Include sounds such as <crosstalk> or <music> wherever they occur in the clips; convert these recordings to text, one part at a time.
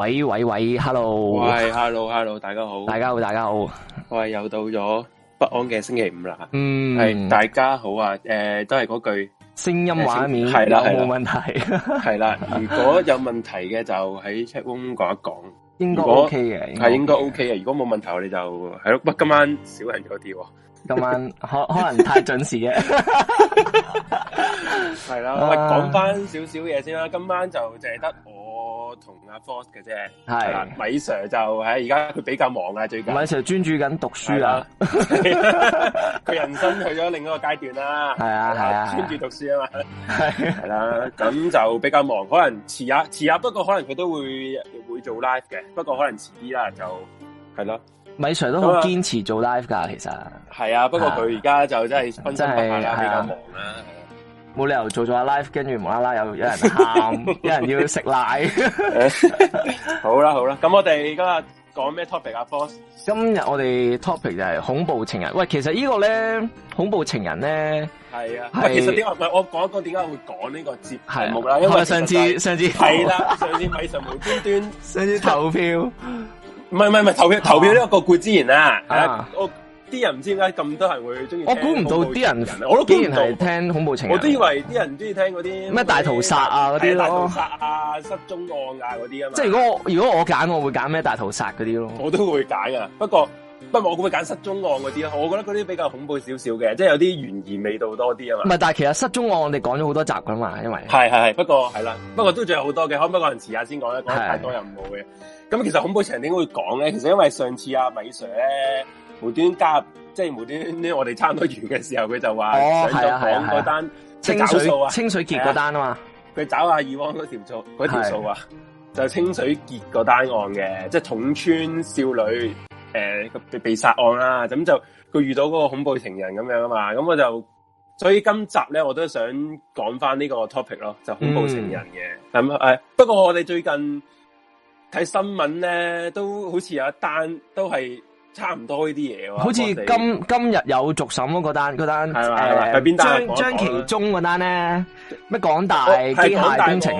喂喂喂，Hello，喂 Hello Hello，大家，大家好，大家好大家好，喂又到咗不安嘅星期五啦，嗯，係大家好啊，誒、呃、都係嗰句聲音畫、呃、面係啦，冇問題係啦，啦， <laughs> 啦，如果有問題嘅就喺 check room 講一講、OK，應該 OK 嘅，係應該 OK 嘅，如果冇問題，我哋就係咯，不過今晚少人咗啲。今晚 <laughs> 可可能太準時嘅，係啦。我講翻少少嘢先啦。今晚就淨係得我同阿 Fox 嘅啫。係、啊、米 Sir 就係而家佢比較忙啊，最近。米 Sir 專注緊讀書啦，佢 <laughs> <laughs> 人生去咗另一個階段啦。係啊係啊，專、啊、注讀書啊嘛。係係、啊、啦，咁、啊、 <laughs> 就比較忙，可能遲下，遲下不過可能佢都會會做 live 嘅，不過可能遲啲啦，就係咯。米 Sir 都好堅持做 live 噶其實係啊，不過佢而家就真係真係係咁忙啦，冇理由做咗下 live，跟住無啦啦又有人喊，有人要食奶。好啦好啦，咁我哋今日講咩 topic 啊？Boss，今日我哋 topic 就係恐怖情人。喂，其實呢個咧恐怖情人咧係啊，喂，其實點解唔係我講一講點解會講呢個節目啦？因為上次上次係啦，上次米 Sir 無端端上次投票。唔係唔係唔係，投票投票呢個故之言啊！啊，我啲人唔知點解咁多人會中意。我估唔到啲人，我都竟然係聽恐怖情。我都以為啲人中意聽嗰啲咩大屠殺啊，嗰啲大屠殺啊，失蹤案啊嗰啲啊嘛。即係如果我如果我揀，我會揀咩大屠殺嗰啲咯。我都會揀啊，不過不過我會揀失蹤案嗰啲啊。我覺得嗰啲比較恐怖少少嘅，即係有啲懸疑味道多啲啊嘛。唔係，但係其實失蹤案我哋講咗好多集噶嘛，因為係係係，不過係啦，不過都仲有好多嘅，可唔可以等陣遲下先講咧？太多任務嘅。咁其實恐怖情人點解會講咧？其實因為上次阿米 Sir 咧，無端加入，即係無端呢，我哋差唔多完嘅時候，佢就話、哦、上咗講嗰單，清水清水結單啊嘛。佢找阿二汪嗰條數，嗰條數啊，啊啊啊就清水結嗰單案嘅，即係筒村少女誒、呃、被被殺案啦、啊。咁就佢遇到嗰個恐怖情人咁樣啊嘛。咁我就所以今集咧，我都想講翻呢個 topic 咯，就是、恐怖情人嘅咁誒。不過我哋最近。睇新聞咧，都好似有一單都係差唔多呢啲嘢喎。好似今今日有續審嗰單，單，嗰單，將張張其中嗰單咧，咩港大機械工程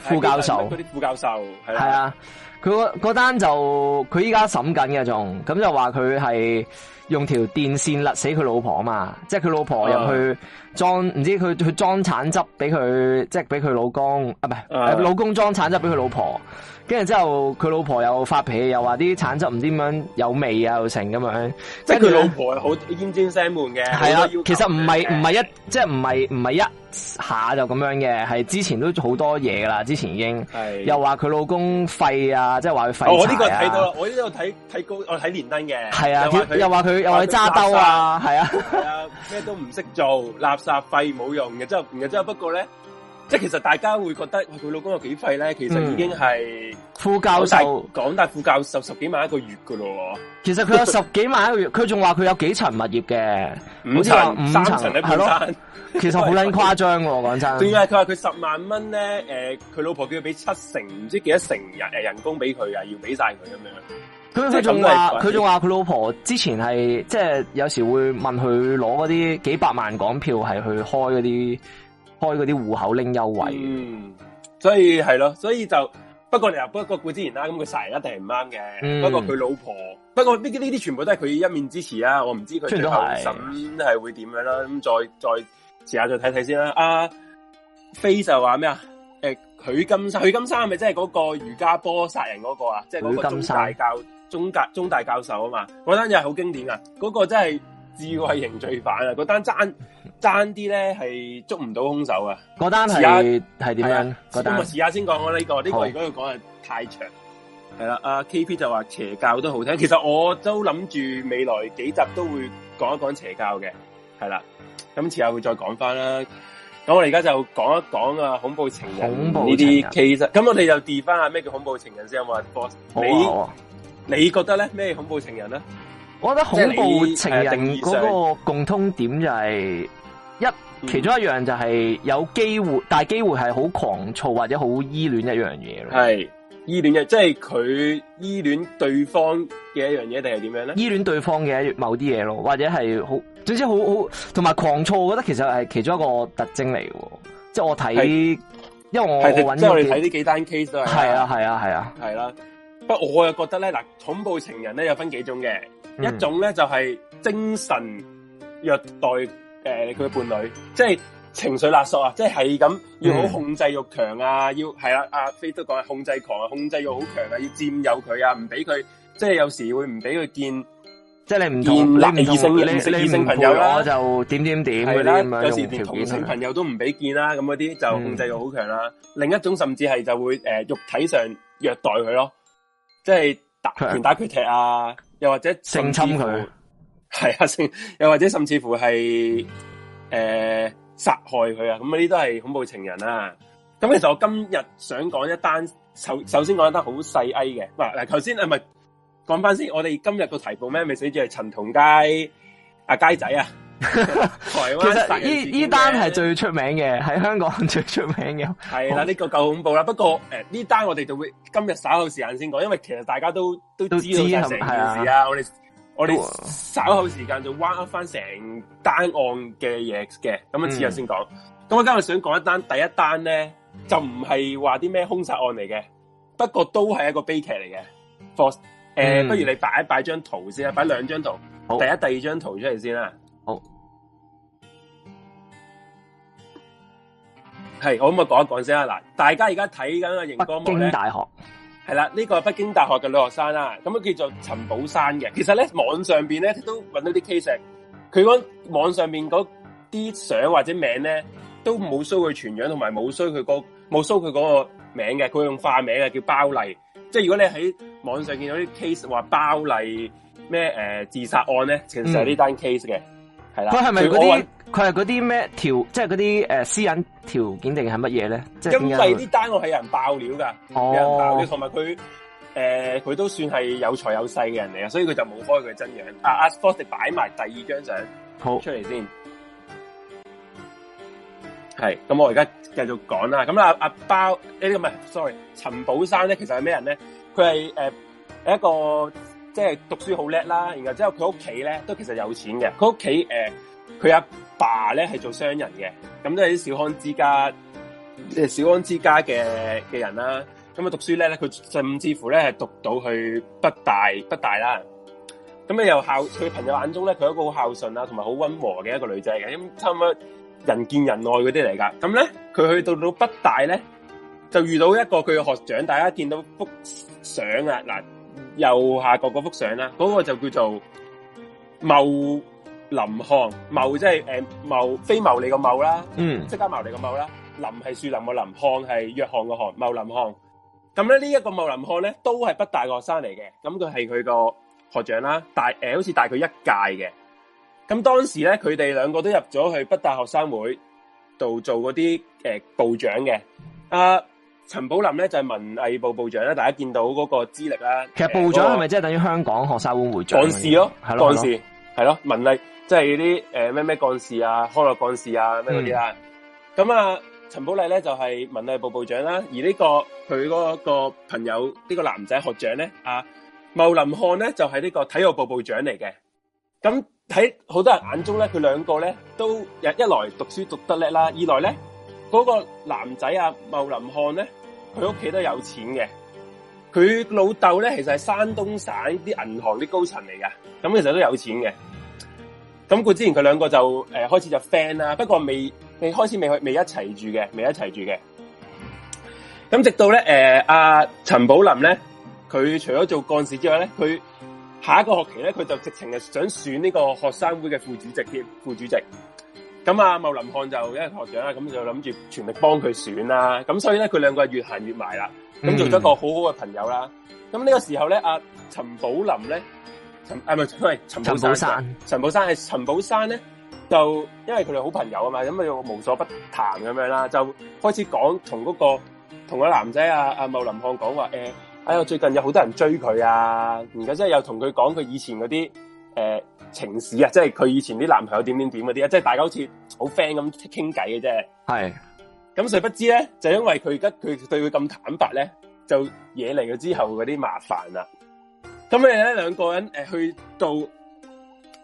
副教授嗰啲副教授係啊，佢嗰單單就佢依家審緊嘅仲，咁就話佢係用條電線勒死佢老婆嘛，即係佢老婆入去裝唔知佢裝裝橙汁俾佢，即係俾佢老公啊，唔係老公裝橙汁俾佢老婆。跟住之後，佢老婆又發脾氣，又話啲橙汁唔知點樣有味啊，又成咁樣。即係佢老婆好奄尖聲悶嘅。係啊，其實唔係唔係一即係唔係唔係一下就咁樣嘅，係之前都好多嘢噶啦，之前已經。係。又話佢老公廢啊，即係話佢廢。我呢個睇到我呢度睇睇高，我睇連登嘅。係啊，又又話佢又話佢揸兜啊，係啊，咩都唔識做，垃圾廢冇用嘅，即係，不過咧。即係其實大家會覺得佢老公有幾廢咧？其實已經係副教授，港大副教授十幾萬一個月噶咯。其實佢有十幾萬一個月，佢仲話佢有幾層物業嘅，五層、三層一餐。其實好捻誇張嘅，講真。仲要係佢話佢十萬蚊咧，誒，佢老婆叫佢俾七成，唔知幾多成人誒，人工俾佢啊，要俾晒佢咁樣。佢佢仲話佢仲話佢老婆之前係即係有時會問佢攞嗰啲幾百萬港票係去開嗰啲。開嗰啲戶口拎優惠，嗯，所以係咯，所以就不過你又不個古之言啦，咁佢殺人一定係唔啱嘅，嗯、不過佢老婆，不過呢啲呢啲全部都係佢一面之詞啊，我唔知佢最後審係會點樣啦，咁再再遲下再睇睇先啦。阿 Fox 就話咩啊？誒，許、啊啊呃、金許金山係咪即係嗰個瑜伽波殺人嗰個啊？即係嗰個中大教中大中大，中大教授啊嘛？嗰單嘢係好經典啊！嗰、嗰個真係智慧型罪犯啊！嗰單爭。 <laughs> 爭啲咧係捉唔到凶手啊。嗰單係係點樣？我試下先講講呢個，呢個如果要講係太長係啦。阿 KP 就話邪教都好聽，其實我都諗住未來幾集都會講一講邪教嘅，係啦。咁遲下會再講翻啦。咁我哋而家就講一講啊，恐怖情人呢啲其實，咁我哋就跌翻下咩叫恐怖情人先。有冇 Boss 你你覺得咧咩恐怖情人咧？我覺得恐怖情人嗰個共通點就係。一，其中一樣就係有機會，但係機會係好狂躁或者好依戀一樣嘢咯。係依戀嘅，即係佢依戀對方嘅一樣嘢，定係點樣咧？依戀對方嘅某啲嘢咯，或者係好，總之好好，同埋狂躁，我覺得其實係其中一個特徵嚟嘅。即係我睇，是因為我我即係我哋睇呢幾單 case 都係，係啊，係啊，係啊，係啦。不過，我又覺得咧，嗱，恐怖情人咧有分幾種嘅，一種咧就係精神虐待。誒，佢嘅伴侶，即係情緒勒索啊，即係係咁要好控制欲強啊，要係啦，阿飛都講係控制狂啊，控制欲好強啊，要佔有佢啊，唔俾佢，即係有時會唔俾佢見，即係你唔同你唔同異性異性朋友啦，就點點點嗰啲咁啊，有時連同性朋友都唔俾見啦，咁啲就控制欲好強啦。另一種甚至係就會誒，肉體上虐待佢咯，即係打拳打佢踢啊，又或者性侵佢。係啊，又或者甚至乎係誒殺害佢啊，咁呢啲都係恐怖情人啊。咁其實我今日想講一單，首首先講一單好細藝嘅。嗱、啊、嗱，頭先係咪講翻先，我哋今日個題目咩？未寫住係陳同佳啊佳仔啊。 <laughs> 台灣 <laughs> 其實呢呢單係最出名嘅，喺香港最出名嘅。係啦，呢、啊這個夠恐怖啦。不過誒，呢、呃、單我哋就會今日稍後時間先講，因為其實大家都都知道成件事，啊、我哋。我哋稍後時間就彎 up 翻成單案嘅嘢嘅，咁啊，之後先講。咁我、嗯、今日想講一單，第一單咧就唔係話啲咩凶殺案嚟嘅，不過都係一個悲劇嚟嘅。Fox 誒，嗯、不如你擺一擺一張圖先啊，擺兩張圖，好第一、第二張圖出嚟先啦。好。係，我咁啊，講一講先啦。嗱，大家而家睇緊嘅熒光幕咧。北京大學。係啦，呢、這個係北京大學嘅女學生啦，咁啊叫做陳寶山嘅。其實咧網上邊咧都揾到啲 case，佢講網上面嗰啲相或者名咧都冇 show 佢全樣，同埋冇 show 佢個冇 show 佢嗰個名嘅，佢用化名嘅叫包麗，即係如果你喺網上見到啲 case 話包麗咩誒、呃、自殺案咧，其實係呢單 case 嘅。嗯係啦，佢係咪嗰啲？佢係嗰啲咩條？即係嗰啲誒私隱條件定係乜嘢咧？呢因為呢單案係有人爆料噶，哦、有人爆料同埋佢誒，佢、呃、都算係有財有勢嘅人嚟啊，所以佢就冇開佢真樣。阿阿斯福地擺埋第二張相好出嚟先，係。咁我而家繼續講啦。咁啊阿包呢個唔係，sorry，陳寶山咧，其實係咩人咧？佢係誒一個。即係讀書好叻啦，然後之後佢屋企咧，都其實有錢嘅，佢屋企誒，佢、呃、阿爸咧係做商人嘅，咁都係啲小康之家，即係小康之家嘅嘅人啦、啊。咁啊讀書叻咧，佢甚至乎咧係讀到去北大，北大啦。咁啊又孝，佢朋友眼中咧佢係一個好孝順啊，同埋好温和嘅一個女仔嘅，咁、哎、差唔多人見人愛嗰啲嚟噶。咁咧佢去到到北大咧，就遇到一個佢嘅學長，大家見到幅相啊嗱。右下角嗰幅相啦，嗰個就叫做茂林漢茂，即係誒，茂非茂利嘅茂啦，嗯，即刻茂利嘅茂啦。林係樹林個林，漢係約翰嘅漢，茂林漢。咁咧呢一個茂林漢咧都係北大學生嚟嘅，咁佢係佢個學長啦，大誒，好似大佢一屆嘅。咁當時咧，佢哋兩個都入咗去北大學生會度做嗰啲誒部長嘅。啊、呃！陳寶林咧就係文藝部部長啦，大家見到嗰個資歷啦。其實部長係咪即係等於香港學生會會長？幹事咯，幹事係咯，文藝即係啲誒咩咩幹事啊，康樂幹事啊咩嗰啲啊。咁啊，陳寶麗咧就係文藝部部長啦，而呢個佢嗰個朋友呢個男仔學長咧啊，茂林漢咧就係呢個體育部部長嚟嘅。咁喺好多人眼中咧，佢兩個咧都一來讀書讀得叻啦，二來咧。嗰個男仔啊，茂林漢咧，佢屋企都有錢嘅，佢老豆咧其實係山東省啲銀行啲高層嚟噶，咁其實都有錢嘅。咁佢之前佢兩個就誒、呃、開始就 friend 啦，不過未未開始未去未一齊住嘅，未一齊住嘅。咁直到咧誒阿陳寶林咧，佢除咗做幹事之外咧，佢下一個學期咧佢就直情係想選呢個學生會嘅副主席添，副主席。咁啊，茂林漢就因為學長啦，咁就諗住全力幫佢選啦。咁所以咧，佢兩個越行越埋啦。咁做咗個好好嘅朋友啦。咁呢、嗯、個時候咧，阿陳寶林咧，陳啊唔係喂陳寶山，陳寶山係陳寶山咧，就因為佢哋好朋友啊嘛，咁啊無無所不談咁樣啦，就開始講同嗰、那個同個男仔阿阿茂林漢講話，誒、欸，哎呀，最近有好多人追佢啊，而家即係又同佢講佢以前嗰啲誒。欸情史啊，即係佢以前啲男朋友點點點嗰啲啊，即係大家好似好 friend 咁傾偈嘅啫。係是，咁誰不知咧，就因為佢而家佢對佢咁坦白咧，就惹嚟咗之後嗰啲麻煩啦。咁你咧兩個人誒、呃、去到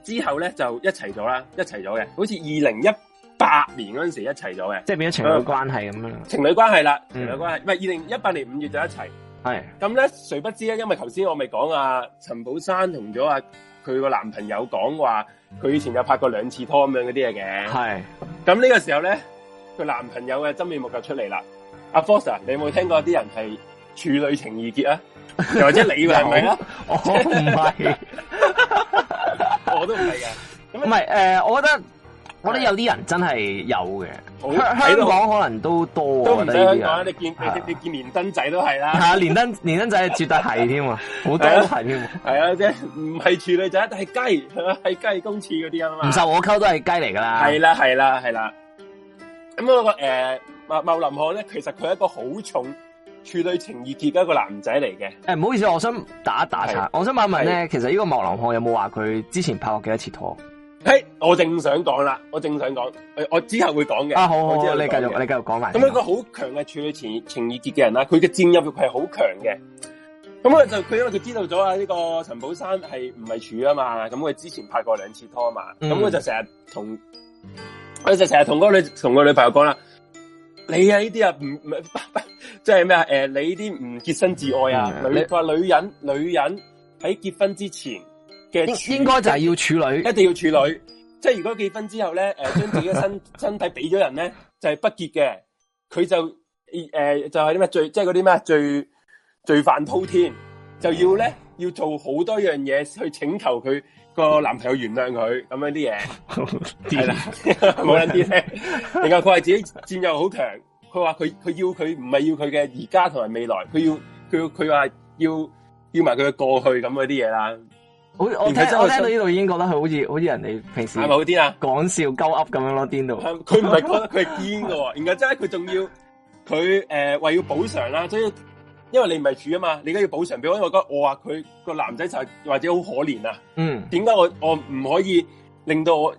之後咧就一齊咗啦，一齊咗嘅，好似二零一八年嗰陣時一齊咗嘅，即係變咗情侶關係咁樣、嗯。情侶關係啦，情侶關係，唔係二零一八年五月就一齊。係是，咁咧誰不知咧，因為頭先我咪講啊，陳寶山同咗啊。佢個男朋友講話，佢以前有拍過兩次拖咁樣嗰啲嘢嘅。係，咁呢個時候咧，佢男朋友嘅真面目就出嚟啦。阿 Fox，你有冇聽過啲人係處女情意結啊？ <laughs> <laughs> 又或者你係咪啊？我唔係， <laughs> <laughs> <laughs> 我都唔係嘅。咁唔係，誒、呃，我覺得。我覺得有啲人真係有嘅，香香港可能都多。都唔止香港，你見你見連登仔都係啦。係啊，連登連登仔絕對係添啊，好多係添。係啊，即係唔係處女但係雞，係雞公廁嗰啲啊嘛。唔受我溝都係雞嚟噶啦。係啦，係啦，係啦。咁嗰個誒茂茂林漢咧，其實佢係一個好重處女情意結嘅一個男仔嚟嘅。誒，唔好意思，我想打一打岔，我想問一問咧，其實呢個茂林漢有冇話佢之前拍過幾多次拖？係、hey,，我正想講啦，我正想講，我之後會講嘅。啊，好好好，之後你繼續，你繼續講埋。咁一個好強嘅處女情情意結嘅人啦，佢嘅佔有欲係好強嘅。咁我就佢因為佢知道咗啊，呢個陳寶珊係唔係處啊嘛，咁佢之前拍過兩次拖嘛，咁佢就成日同，佢、嗯、就成日同個女同個女朋友講啦。你啊呢啲啊唔即係咩啊？誒、 <laughs> 呃，你啲唔潔身自愛啊？嗯、女你話女人女人喺結婚之前。嘅應該就係要處女，一定要處女。即係如果結婚之後咧，誒、呃，將自己嘅身 <laughs> 身體俾咗人咧，就係、是、不潔嘅。佢就誒、呃，就係啲咩罪，即係嗰啲咩罪罪犯滔天，就要咧，要做好多樣嘢去請求佢個男朋友原諒佢咁樣啲嘢。啦 <laughs> 的，冇人啲咧。另外，佢係自己佔有好強。佢話佢佢要佢唔係要佢嘅而家同埋未來，佢要佢要佢話要要埋佢嘅過去咁嗰啲嘢啦。我，我聽我聽到呢度已經覺得佢好似好似人哋平時係咪好癲啊？講笑鳩噏咁樣咯，癲到，佢唔係覺得佢係癲噶，而家真係佢仲要佢誒話要補償啦，所以因為你唔係處啊嘛，你而家要補償俾我，因為我覺得我話佢個男仔就係或者好可憐啊，嗯，點解我我唔可以令到我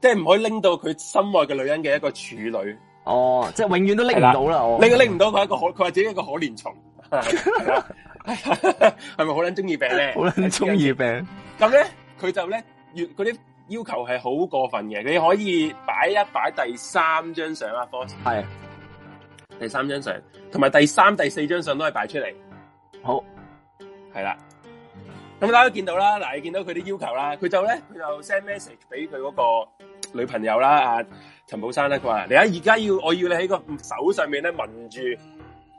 即係唔可以拎到佢心愛嘅女人嘅一個處女？哦，即係永遠都拎唔到啦，拎拎唔到，佢一個可憐蟲，佢或者一個可憐蟲。 <laughs> 係咪好捻中意病咧？好捻中意病咁咧，佢就咧越啲要求係好過分嘅。你可以擺一擺第三張相啊，Fox，係第三張相，同埋第三、第四張相都係擺出嚟。好係啦，咁大家見到啦，嗱，你見到佢啲要求啦，佢就咧，佢就 send message 俾佢嗰個女朋友啦，阿陳寶珊咧，佢話：你啊，而家要我要你喺個手上面咧紋住，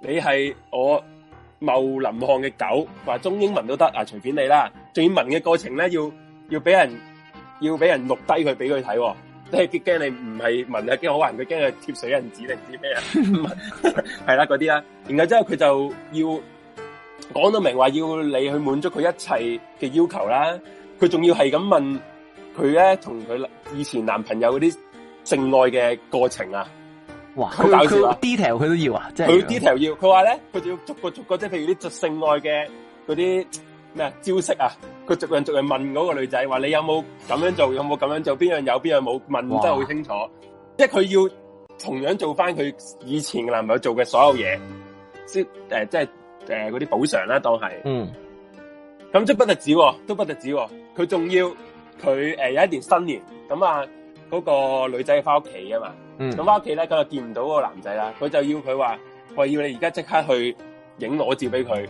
你係我。茂林漢嘅狗，話中英文都得啊，隨便你啦。仲要文嘅過程咧，要要俾人要俾人錄低佢俾佢睇，即係佢驚你唔係文啊，驚好話人佢驚佢貼水印紙定唔知咩啊？係啦，嗰 <laughs> 啲啦。然後之後佢就要講到明話，要你去滿足佢一切嘅要求啦。佢仲要係咁問佢咧，同佢以前男朋友嗰啲性愛嘅過程啊！哇！佢佢 detail 佢都要啊，即係佢 detail 要。佢話咧，佢就要逐個逐個，即係譬如啲性愛嘅嗰啲咩招式啊，佢逐樣逐樣問嗰個女仔，話你有冇咁樣做，嗯、有冇咁樣做，邊樣有邊樣冇，問得好清楚。哇即係佢要同樣做翻佢以前男朋友做嘅所有嘢，即誒、呃，即係誒嗰啲補償啦，當係。嗯。咁即係不得止、哦，都不得止、哦。佢仲要佢誒、呃、有一年新年咁啊。嗰個女仔翻屋企啊嘛，咁翻屋企咧，佢就見唔到嗰個男仔啦，佢就要佢話，我要你而家即刻去影裸照俾佢，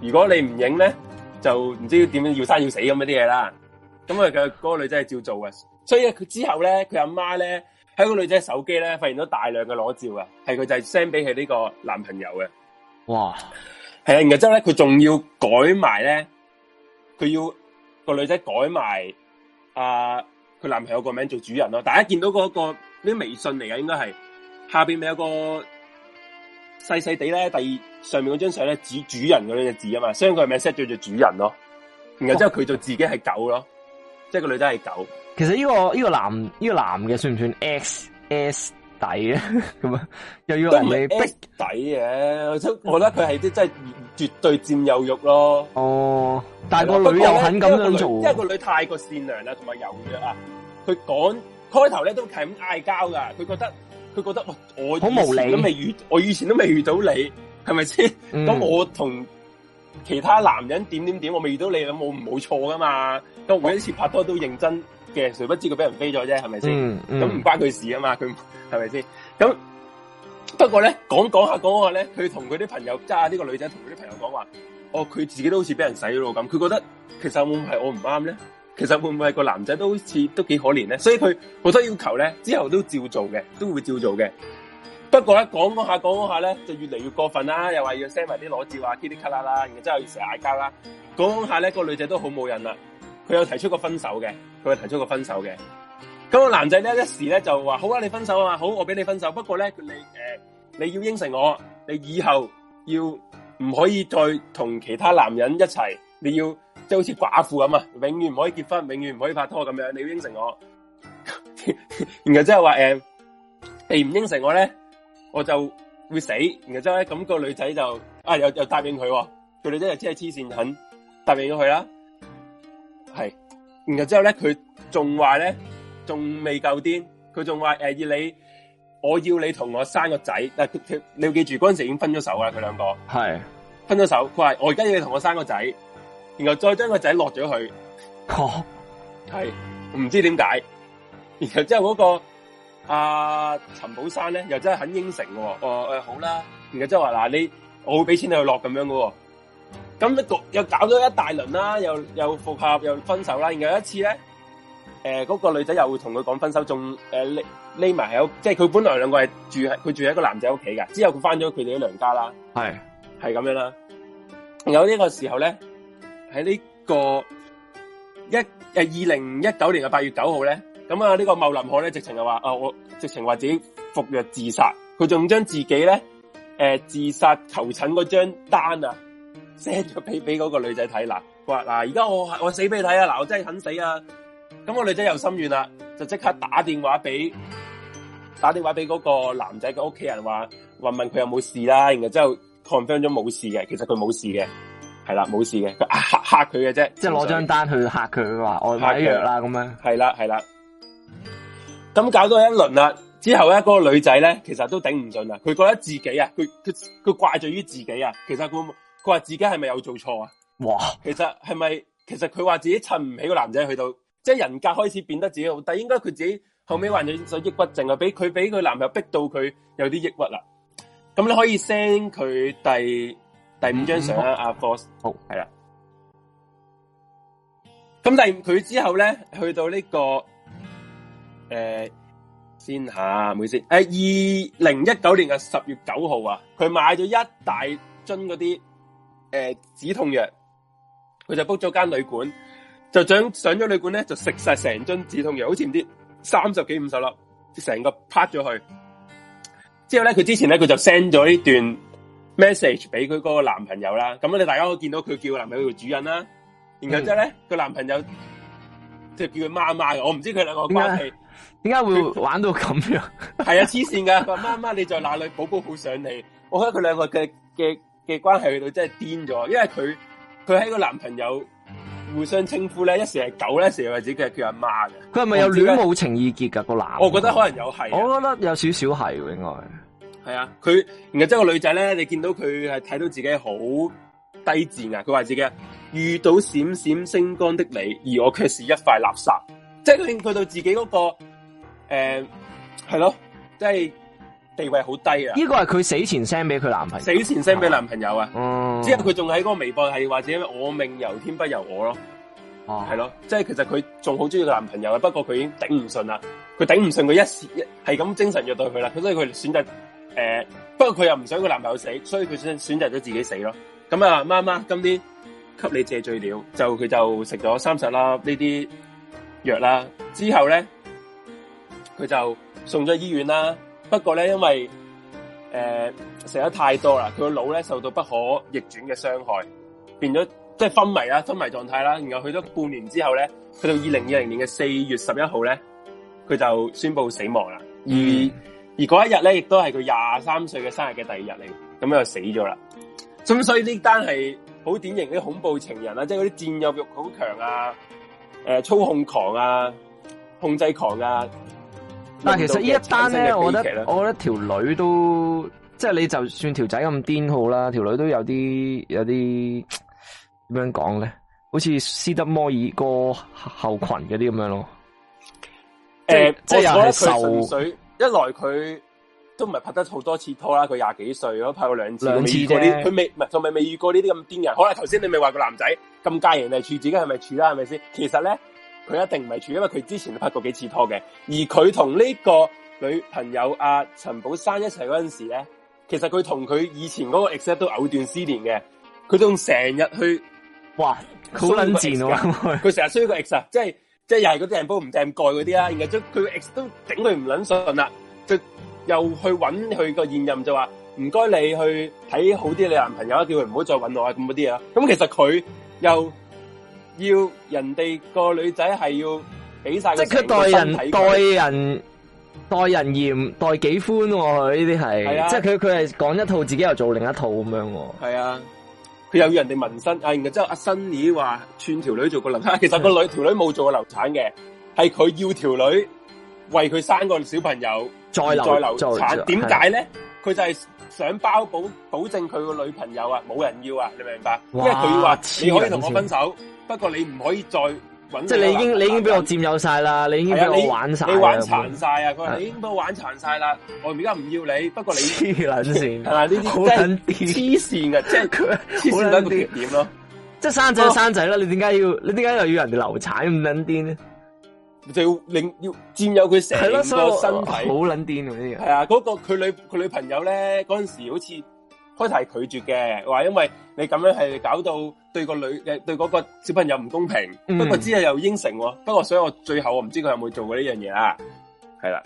如果你唔影咧，就唔知點樣要生要死咁啲嘢啦。咁啊，佢嗰個女仔係照做嘅，所以佢之後咧，佢阿媽咧喺個女仔手機咧發現到大量嘅裸照啊，係佢就係 send 俾佢呢個男朋友嘅。哇，係啊，然之後咧，佢仲要改埋咧，佢要個女仔改埋啊。呃佢男朋友個名做主人咯，大家見到嗰、那個啲、那個、微信嚟嘅應該係下邊咪有個細細地咧，第二，上面嗰張相咧指主人嗰啲字啊嘛，所以佢個名 set 叫做主人咯，哦、然後之後佢就自己係狗咯，即、就、係、是、個女仔係狗。其實呢、這個呢、這個男呢、這個男嘅算唔算 X S 底咧？咁啊，又要人哋逼底嘅， <laughs> 我覺得佢係即真係絕對佔有欲咯。哦，但係個女又肯咁樣做，這因為個女太過善良啦，同埋柔弱啊。佢講開頭咧都係咁嗌交噶，佢覺得佢覺得我我好無理，都未遇我以前都未遇到你，係咪先？咁、嗯、我同其他男人點點點，我未遇到你咁，我唔冇錯噶嘛？咁每一次拍拖都認真嘅，誰不知佢俾人飛咗啫，係咪先？咁唔、嗯嗯、關佢事啊嘛，佢係咪先？咁不過咧講講下講下咧，佢同佢啲朋友即係呢個女仔同佢啲朋友講話，哦，佢自己都好似俾人洗咗。咁，佢覺得其實會唔係我唔啱咧？其實會唔會係個男仔都好似都幾可憐咧？所以佢好多要求咧，之後都照做嘅，都會照做嘅。不過呢，講嗰下，講嗰下咧就越嚟越過分啦！又話要 send 埋啲裸照啊，噼里咔啦啦，然之後要成日嗌交啦。講嗰下咧，個女仔都好冇癮啦。佢有提出個分手嘅，佢有提出個分手嘅。咁、那個男仔咧一時咧就話好啊，你分手啊嘛，好，我俾你分手。不過咧，你誒、呃、你要應承我，你以後要唔可以再同其他男人一齊。你要即係好似寡婦咁啊，永遠唔可以結婚，永遠唔可以拍拖咁樣，你要應承我。 <laughs> 然後之後話誒，你唔應承我咧，我就會死。然後之後咧，咁、個女仔就啊又又答應佢、哦，佢女仔又真係黐線肯答應咗佢啦。係，然後之後咧，佢仲話咧，仲未夠癲，佢仲話誒要你，我要你同我生個仔。但係你要記住，嗰陣時已經分咗手㗎啦，佢兩個係是分咗手。佢話我而家要你同我生個仔。然後再將個仔落咗去，哦，係唔知點解，然後之後嗰、那個阿、啊、陳寶山咧又真係肯應承喎。哦，誒、哎、好啦，然後即係話嗱你，我會俾錢你去落咁樣嘅、哦，咁一個又搞咗一大輪啦，又又復合又分手啦，然後有一次咧，誒、呃、嗰、那個女仔又會同佢講分手，仲誒匿匿埋喺屋，即係佢本來兩個係住喺佢住喺一個男仔屋企嘅，之後佢翻咗佢哋嘅娘家啦，係係咁樣啦，有呢個時候咧。喺呢個一誒二零一九年嘅八月九號咧，咁啊呢個茂林海咧，直情就話、哦呃、啊,啊,啊,啊,啊，我直情話自己服藥自殺，佢仲將自己咧誒自殺求診嗰張單啊，send 咗俾俾嗰個女仔睇，嗱，佢話嗱，而家我我死俾你睇啊，嗱，我真係肯死啊，咁、嗰個女仔又心軟啦，就即刻打電話俾打電話俾嗰個男仔嘅屋企人話，話話問佢有冇事啦、啊，然後之後 confirm 咗冇事嘅，其實佢冇事嘅。係啦，冇事嘅，嚇嚇佢嘅啫，即係攞張單去嚇佢，話我違約啦、啊、咁他樣。係啦係啦，咁、嗯、搞多一輪啦之後咧，嗰、那個女仔咧其實都頂唔順啦，佢覺得自己啊，佢佢佢怪罪於自己啊，其實佢佢話自己係咪有做錯啊？哇其實！其實係咪？其實佢話自己襯唔起個男仔去到，即、就、係、是、人格開始變得自己，好。但係應該佢自己後尾患咗抑鬱症啊，俾佢俾佢男朋友逼到佢有啲抑鬱啦。咁你可以 send 佢第。第五張相啦，阿 Fox 好係啦。咁第五佢之後咧，去到呢個誒先下唔好意思，誒二零一九年嘅十月九號啊，佢買咗一大樽嗰啲誒止痛藥，佢就 book 咗間旅館，就上上咗旅館咧，就食晒成樽止痛藥，好似唔知三十幾五十粒，成個 part 咗佢。之後咧，佢之前咧，佢就 send 咗呢段。message 俾佢嗰個男朋友啦，咁你大家都見到佢叫男朋友做主人啦，然後之後咧，佢、嗯、男朋友即係叫佢媽媽嘅，我唔知佢兩個關係，點解會玩到咁樣？係 <laughs> 啊，黐線噶，話媽媽你在哪裏，寶寶好想你。我覺得佢兩個嘅嘅嘅關係去到真係癲咗，因為佢佢喺個男朋友互相稱呼咧，一時係狗咧，一時又或者佢係叫阿媽嘅。佢係咪有戀母情意結噶個男朋友？我覺得可能有係、啊，我覺得有少少係應該。係啊，佢然後即係個女仔咧，你見到佢係睇到自己好低賤啊！佢話自己遇到閃閃星光的你，而我卻是一塊垃圾，即係佢到自己嗰、那個誒係咯，即係地位好低啊！呢個係佢死前 send 俾佢男朋友，死前 send 俾男朋友啊！即係佢仲喺嗰個微博係話：「自己，自己我命由天不由我咯，哦係咯，啊啊、即係其實佢仲好中意男朋友啊。不過佢已經頂唔順啦，佢頂唔順，佢一時係咁精神虐待佢啦，所以佢選擇。誒、呃，不過佢又唔想佢男朋友死，所以佢選選擇咗自己死咯。咁、嗯、啊，媽媽，今啲給你謝罪了，就佢就食咗三十粒呢啲藥啦。之後咧，佢就送咗醫院啦。不過咧，因為誒食得太多啦，佢個腦咧受到不可逆轉嘅傷害，變咗即係昏迷啦，昏迷狀態啦。然後去咗半年之後咧，去到二零二零年嘅四月十一號咧，佢就宣布死亡啦。而而嗰一日咧，亦都係佢廿三歲嘅生日嘅第二日嚟，咁又死咗啦。咁所以呢單係好典型嘅恐怖情人啦，即係嗰啲佔有欲好強啊，誒、呃、操控狂啊，控制狂啊。但其實一呢一單咧，呢我覺得，我覺得條女都即係你就算條仔咁癲好啦，條女都有啲有啲點樣講咧，好似斯德摩爾個后群嗰啲咁樣咯。誒、欸，即係有啲受水。一來佢都唔係拍得好多次拖啦，佢廿幾歲，拍過兩次，兩次啫。佢未唔係仲未未遇過呢啲咁癲人。好啦，頭先你咪話個男仔咁介人係處自己係咪處啦？係咪先？其實咧，佢一定唔係處，因為佢之前都拍過幾次拖嘅。而佢同呢個女朋友阿、啊、陳寶珊一齊嗰陣時咧，其實佢同佢以前嗰個 ex 都藕斷絲連嘅。佢仲成日去，哇，好卵賤啊！佢成日需要個 ex， <laughs> 即係。即係又係嗰啲人煲唔掟蓋嗰啲啦，然後將佢 ex 都整佢唔卵信啦，就又去揾佢個現任，就話唔該你去睇好啲你男朋友，叫佢唔好再揾我啊，咁嗰啲啊，咁其實佢又要人哋個女仔係要俾晒，啊、即係佢待人待人待人嚴待己寬，佢呢啲係，即係佢佢係講一套，自己又做另一套咁樣，係啊。佢又要人哋紋身，啊！然之後阿新宇話串條女做個流產，其實個女條女冇做過流產嘅，係佢要條女為佢生個小朋友，再再流產，點解咧？佢就係想包保保證佢個女朋友啊，冇人要啊，你明唔明白？因為佢話你可以同我分手，不過你唔可以再。即係你已經你已經俾我佔有晒啦，你已經俾我玩晒啦，你玩殘晒啊！佢話你已經俾我玩殘晒啦，我而家唔要你。不過你黐卵線，係啊呢啲好卵黐線嘅，即係佢黐線一個缺點咯、啊。即係生仔就生仔啦，你點解要你點解又要人哋流產咁撚癲咧？呢就要令要佔有佢成個身體，好撚癲啊！呢係啊，嗰、嗰個佢女佢女朋友咧嗰陣時好似。開頭係拒絕嘅，話因為你咁樣係搞到對個女誒，對嗰個小朋友唔公平。不過之後又應承，不過所以我最後我唔知佢有冇做過呢樣嘢啦。係啦，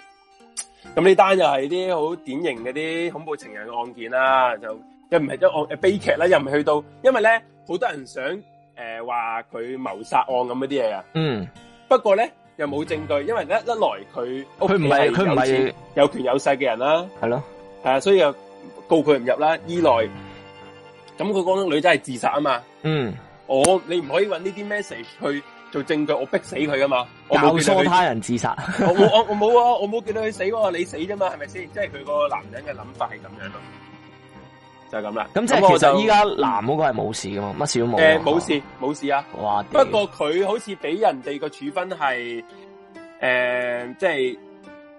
咁呢單又係啲好典型嗰啲恐怖情人嘅案件啦，就又唔係一案誒悲劇啦，又唔去到，因為咧好多人想誒話佢謀殺案咁嗰啲嘢啊。嗯，不過咧又冇證據，因為咧一來佢佢唔係佢唔係有權有勢嘅人啦。係咯，係啊，所以又。告佢唔入啦，依來咁佢講東女仔係自殺啊嘛，嗯，我你唔可以搵呢啲 message 去做證據，我逼死佢噶嘛，我冇唆他，他人自殺 <laughs> ，我我冇啊，我冇見到佢死，你死啫嘛，係咪先？即係佢個男人嘅諗法係咁樣咯，就係咁啦。咁即係其實依家男嗰個係冇事噶嘛，乜事都冇，誒、呃、冇事冇事啊，哇！不過佢好似俾人哋個處分係誒、呃，即係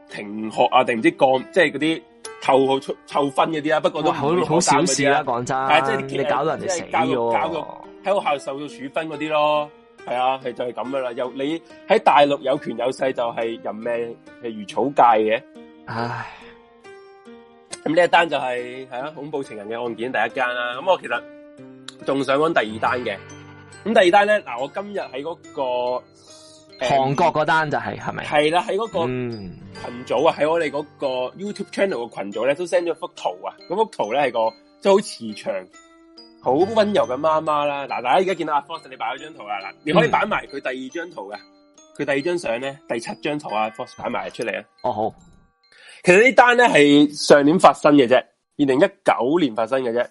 停學啊，定唔知降，即係嗰啲。頭號出扣分嗰啲呀，不過都好少事啦，啊，講真，即你到，啊，搞到人哋死嘅喎，喺學校受到處分嗰啲咯。係啊，係就係咁噶啦。又你喺大陸有權有勢就係人命係如草芥嘅，唉。咁呢，嗯，一單就係係啊恐怖情人嘅案件第一間啦。咁，嗯、我其實仲想搵第二單嘅。咁第二單咧，嗱我今日喺嗰個。韓國嗰單就係係咪？係啦，喺嗰、嗯、個群組啊，喺我哋嗰個 YouTube channel 嘅群組咧，都 send 咗幅圖啊。咁幅圖咧係個即係好慈祥、好溫柔嘅媽媽啦。嗱，大家而家見到阿、啊、Fox 你擺咗張圖啊。嗱，你可以擺埋佢第二張圖啊，佢、嗯、第二張相咧第七張圖啊，Fox 擺埋出嚟啊。哦好，其實呢單咧係上年發生嘅啫，二零一九年發生嘅啫，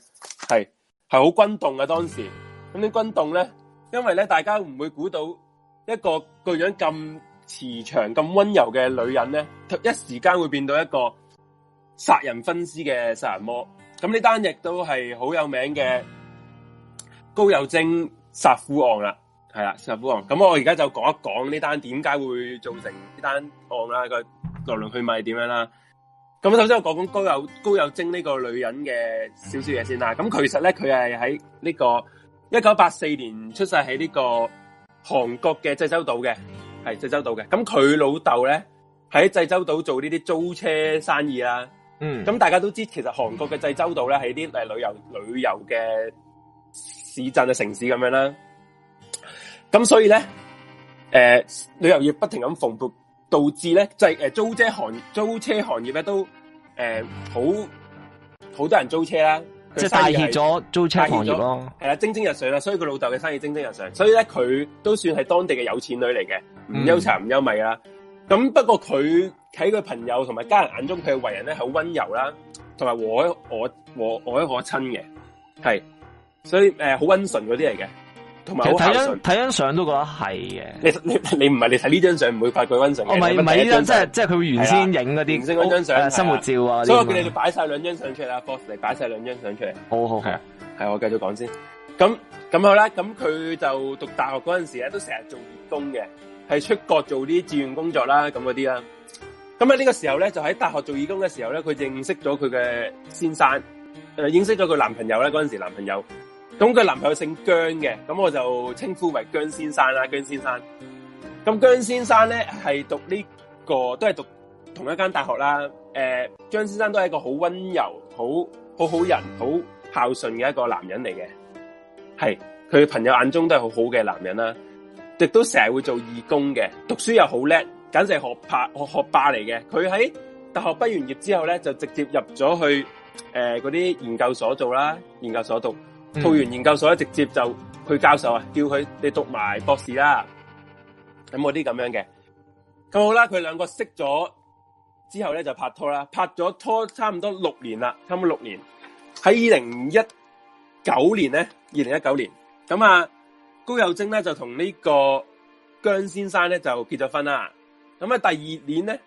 係係好轟動啊。當時，咁啲轟動咧，因為咧大家唔會估到。一個個樣咁慈祥、咁温柔嘅女人咧，一時間會變到一個殺人分屍嘅殺人魔。咁呢單亦都係好有名嘅高有貞殺夫案啦，係啦，殺夫案。咁我而家就講一講呢單點解會造成呢單案啦，個來龍去脈係點樣啦。咁首先我講講高有高有貞呢個女人嘅少少嘢先啦。咁其實咧，佢係喺呢個一九八四年出世喺呢個。韓國嘅濟州島嘅係濟州島嘅，咁佢老豆咧喺濟州島做呢啲租車生意啦，嗯，咁大家都知，其實韓國嘅濟州島咧係啲誒旅遊旅遊嘅市鎮嘅城市咁樣啦，咁所以咧，誒、呃、旅遊業不停咁蓬勃，導致咧即係誒租車行租車行業咧都誒、呃、好好多人租車啦。即係大起咗租車行業咯，係啦，蒸蒸日上啦，所以佢老豆嘅生意蒸蒸日上，所以咧佢都算係當地嘅有錢女嚟嘅，唔憂柴唔憂米啦。咁、嗯、不過佢喺佢朋友同埋家人眼中，佢嘅為人咧好溫柔啦，同埋和藹我和藹可親嘅，係是所以誒好溫順嗰啲嚟嘅。同埋睇張睇張相都覺得係嘅。你你你唔係你睇呢張相唔會發佢温順嘅。唔係唔係呢張，即係即係佢原先影嗰啲。原先嗰張相、哦啊。生活照啊。啊麼所以我叫你哋擺晒兩張相出嚟啊，Fox 你擺晒兩張相出嚟。好好係啊，係我繼續講先。咁咁好啦，咁佢就讀大學嗰陣時咧，都成日做義工嘅，係出國做啲志願工作啦，咁嗰啲啦。咁喺呢個時候咧，就喺大學做義工嘅時候咧，佢認識咗佢嘅先生，誒、呃，認識咗佢男朋友咧，嗰陣時男朋友。咁佢男朋友姓姜嘅咁我就稱呼為姜先生啦，姜先生。咁姜先生咧，係讀呢、呢個都係讀同一間大學啦。誒、呃，姜先生都係一個好溫柔、好好好人、好孝順嘅一個男人嚟嘅，係佢朋友眼中都係好好嘅男人啦。亦都成日會做義工嘅，讀書又好叻，簡直係學，學，學，學霸學學霸嚟嘅。佢喺大學畢完業之後咧，就直接入咗去誒嗰啲研究所做啦，研究所讀。套完、嗯、研究所，直接就去教授啊，叫佢你讀埋博士啦，咁嗰啲咁樣嘅咁好啦。佢兩個識咗之後咧就拍拖啦，拍咗拖差唔多六年啦，差唔多六年。喺二零一九年咧，二零一九年咁啊，高友貞咧就同呢個姜先生咧就結咗婚啦。咁啊，第二年咧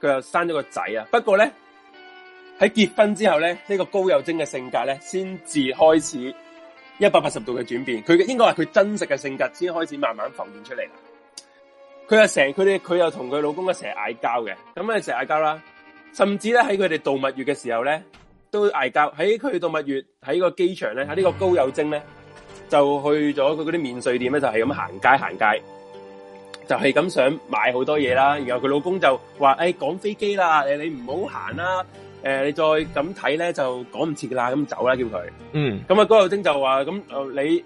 佢又生咗個仔啊，不過咧。喺結婚之後咧，呢個高友貞嘅性格咧，先至開始一百八十度嘅轉變。佢嘅應該話佢真實嘅性格先開始慢慢浮現出嚟啦。佢又成，日，佢哋佢又同佢老公一成日嗌交嘅，咁啊成日嗌交啦。甚至咧喺佢哋度蜜月嘅時候咧，都嗌交。喺佢度蜜月喺個機場咧，喺呢個高友貞咧就去咗佢嗰啲免稅店咧，就係咁行街行街，就係咁想買好多嘢啦。然後佢老公就話：，誒、哎，趕飛機啦，誒，你唔好行啦。誒、呃，你再咁睇咧，就趕唔切啦，咁走啦，叫佢。嗯。咁啊、嗯，郭秀貞就話：，咁、呃，你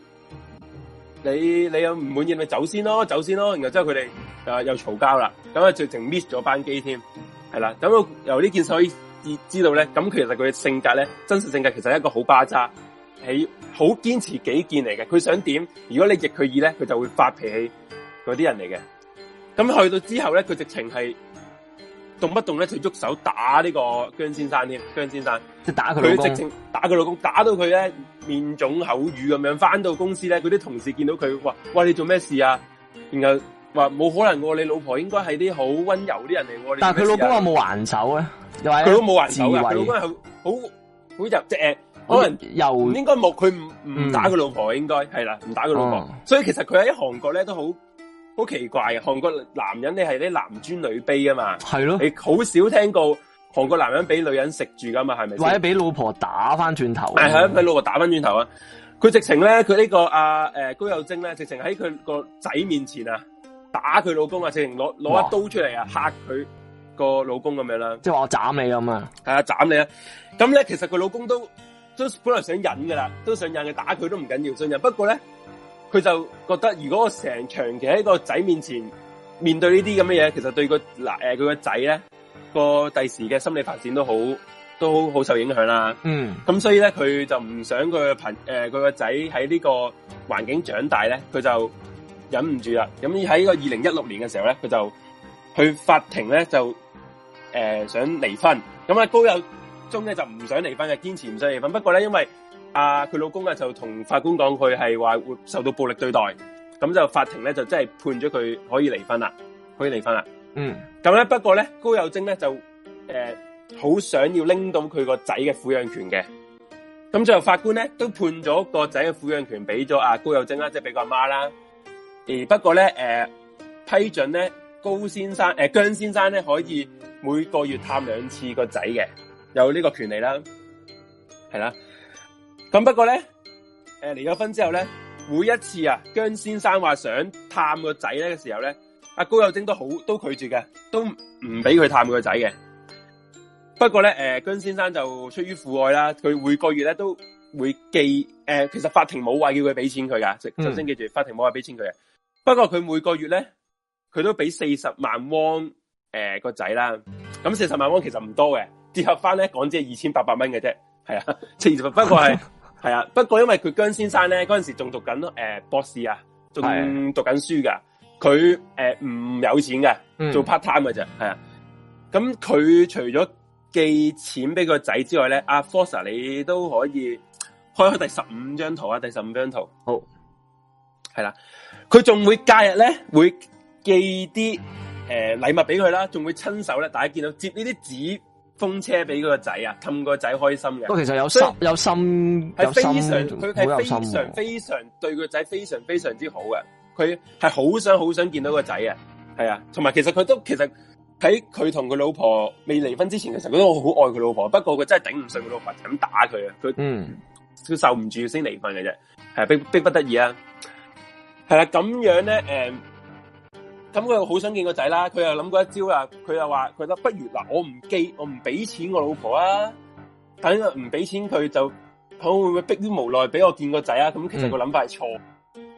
你你有唔滿意咪走先咯，走先咯。然後之後佢哋、呃、又嘈交、嗯、啦，咁啊直情 miss 咗班機添。係啦，咁由呢件事可以知道咧，咁、嗯、其實佢嘅性格咧，真實性格其實係一個好巴渣，係好堅持己見嚟嘅。佢想點，如果你逆佢意咧，佢就會發脾氣嗰啲人嚟嘅。咁、嗯、去到之後咧，佢直情係。動不動咧就喐手打呢個姜先生添，姜先生，即打佢，佢直情打佢老公，打到佢咧面腫口語咁樣，翻到公司咧，嗰啲同事見到佢話，喂，你做咩事啊？然後話冇可能喎，你老婆應該係啲好温柔啲人嚟。啊、但係佢老公有冇還手咧？佢都冇還手噶，佢衛老公係好好就即係誒，可能又應該冇，佢唔唔打佢老、嗯、老婆，應該係啦，唔打佢老婆。所以其實佢喺韓國咧都好。好奇怪啊！韓國男人你係啲男尊女卑啊嘛，係咯的，你好少聽過韓國男人俾女人食住噶嘛，係咪？或者俾老婆打翻轉頭？係啊，俾、啊、老婆打翻轉頭啊！佢直情咧，佢、這個啊呃、呢個阿誒高友貞咧，直情喺佢個仔面前啊，打佢老公啊，直情攞攞一刀出嚟啊，吓佢哇個老公咁樣啦，即係話我斬你咁啊！係啊，斬你啊！咁咧其實佢老公都都本來想忍噶啦，都想忍嘅，打佢都唔緊要，想忍。不過咧。佢就覺得如果我成長期喺個仔面前面對呢啲咁嘅嘢，其實對個嗱誒佢個仔咧個第時嘅心理發展都好都好受影響啦。嗯，咁所以咧佢就唔想佢嘅朋誒佢個仔喺呢個環境長大咧，佢就忍唔住啦。咁喺個二零一六年嘅時候咧，佢就去法庭咧就誒、呃、想離婚。咁啊高友忠咧就唔想離婚嘅，堅持唔想離婚。不過咧因為。啊！佢老公啊，就同法官講，佢係話會受到暴力對待，咁就法庭咧就真係判咗佢可以離婚啦，可以離婚啦。嗯。咁咧，不過咧，高友晶咧就誒好、呃、想要拎到佢個仔嘅撫養權嘅，咁最後法官咧都判咗個仔嘅撫養權俾咗阿高友晶啦，即係俾個阿媽啦。而不過咧，誒、呃、批准咧高先生誒、呃、姜先生咧可以每個月探兩次個仔嘅，有呢個權利啦，係啦。咁不過咧，誒離咗婚之後咧，每一次啊姜先生話想探個仔咧嘅時候咧，阿高友晶都好都拒絕嘅，都唔俾佢探個仔嘅。不過咧，誒、呃、姜先生就出於父愛啦，佢每個月咧都會寄，誒、呃、其實法庭冇話叫佢俾錢佢噶嗯、首先記住法庭冇話俾錢佢嘅。不過佢每個月咧，佢都俾四十萬汪，誒、呃、個仔啦。咁四十萬汪其實唔多嘅，折合翻咧港紙係二千八百蚊嘅啫。係啊，其實不過係。 <laughs> 係啊，不過因為佢姜先生咧，嗰陣時仲讀緊誒、呃、博士啊，仲讀緊書噶，佢誒唔有錢嘅，嗯、做 part time 噶啫，係啊。咁佢除咗寄錢俾個仔之外咧，阿、啊、Fox，你都可以開開第十五張圖啊，第十五張圖，好，係啦。佢仲、啊、會假日咧會寄啲誒禮物俾佢啦，仲會親手咧，大家見到接呢啲紙，風車俾嗰個仔啊，氹個仔開心嘅。不過其實有心，所以有心，非常有心，佢係非常非常對個仔非常非常之好嘅。佢係好想好想見到個仔啊，係啊。同埋其實佢都其實喺佢同佢老婆未離婚之前，嘅時候，佢都好愛佢老婆。不過佢真係頂唔順佢老婆，就咁打佢啊。佢嗯，佢受唔住先離婚嘅啫，係逼逼不得已啊。係啦，咁樣咧，誒、嗯。咁佢好想見個仔啦，佢又諗過一招啦，佢又話佢得不如嗱，我唔寄，我唔俾錢我老婆啊，等佢唔俾錢佢就，佢會唔會逼於無奈俾我見個仔啊？咁其實個諗法係錯，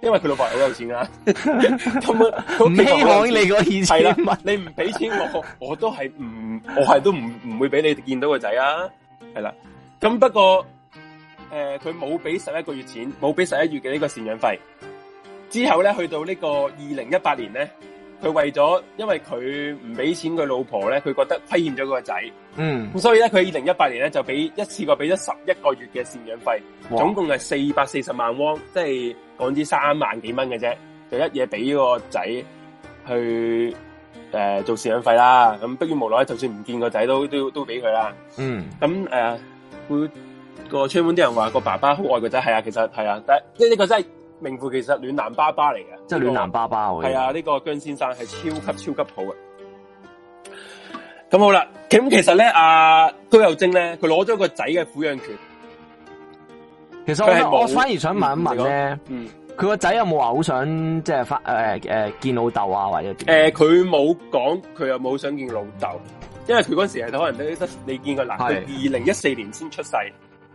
因為佢老婆好有錢呀。咁啊， <laughs> <laughs> 唔俾我你個錢啦， <laughs> 你唔俾錢我，我都係唔，我係都唔唔會俾你見到個仔啊，係啦，咁不過，誒、呃，佢冇俾十一個月錢，冇俾十一月嘅呢個贍養費，之後咧去到個呢個二零一八年咧。佢為咗，因為佢唔俾錢佢老婆咧，佢覺得虧欠咗個仔。嗯，咁所以咧，佢二零一八年咧就俾一次過俾咗十一個月嘅贍養費，哇總共係四百四十萬汪，即係港紙三萬幾蚊嘅啫，就一嘢俾個仔去誒、呃、做贍養費啦。咁迫於無奈，就算唔見個仔都都都俾佢啦。嗯，咁誒，呃、個村門啲人話個爸爸好愛個仔，係啊，其實係啊，但呢、這個真係。名副其實暖男爸爸嚟嘅，即係暖男爸爸喎，係啊，呢、這個姜先生係超級、嗯、超級好嘅。咁好啦，咁其實咧，阿高友晶咧，佢攞咗個仔嘅撫養權。其實，、啊、其實我反而想問一問咧，嗯，佢個仔有冇話好想即係、就是、發誒誒、呃呃、見老豆啊，或者誒，佢冇講佢有冇想見老豆，因為佢嗰時係可能咧得你見個男，佢二零一四年先出世，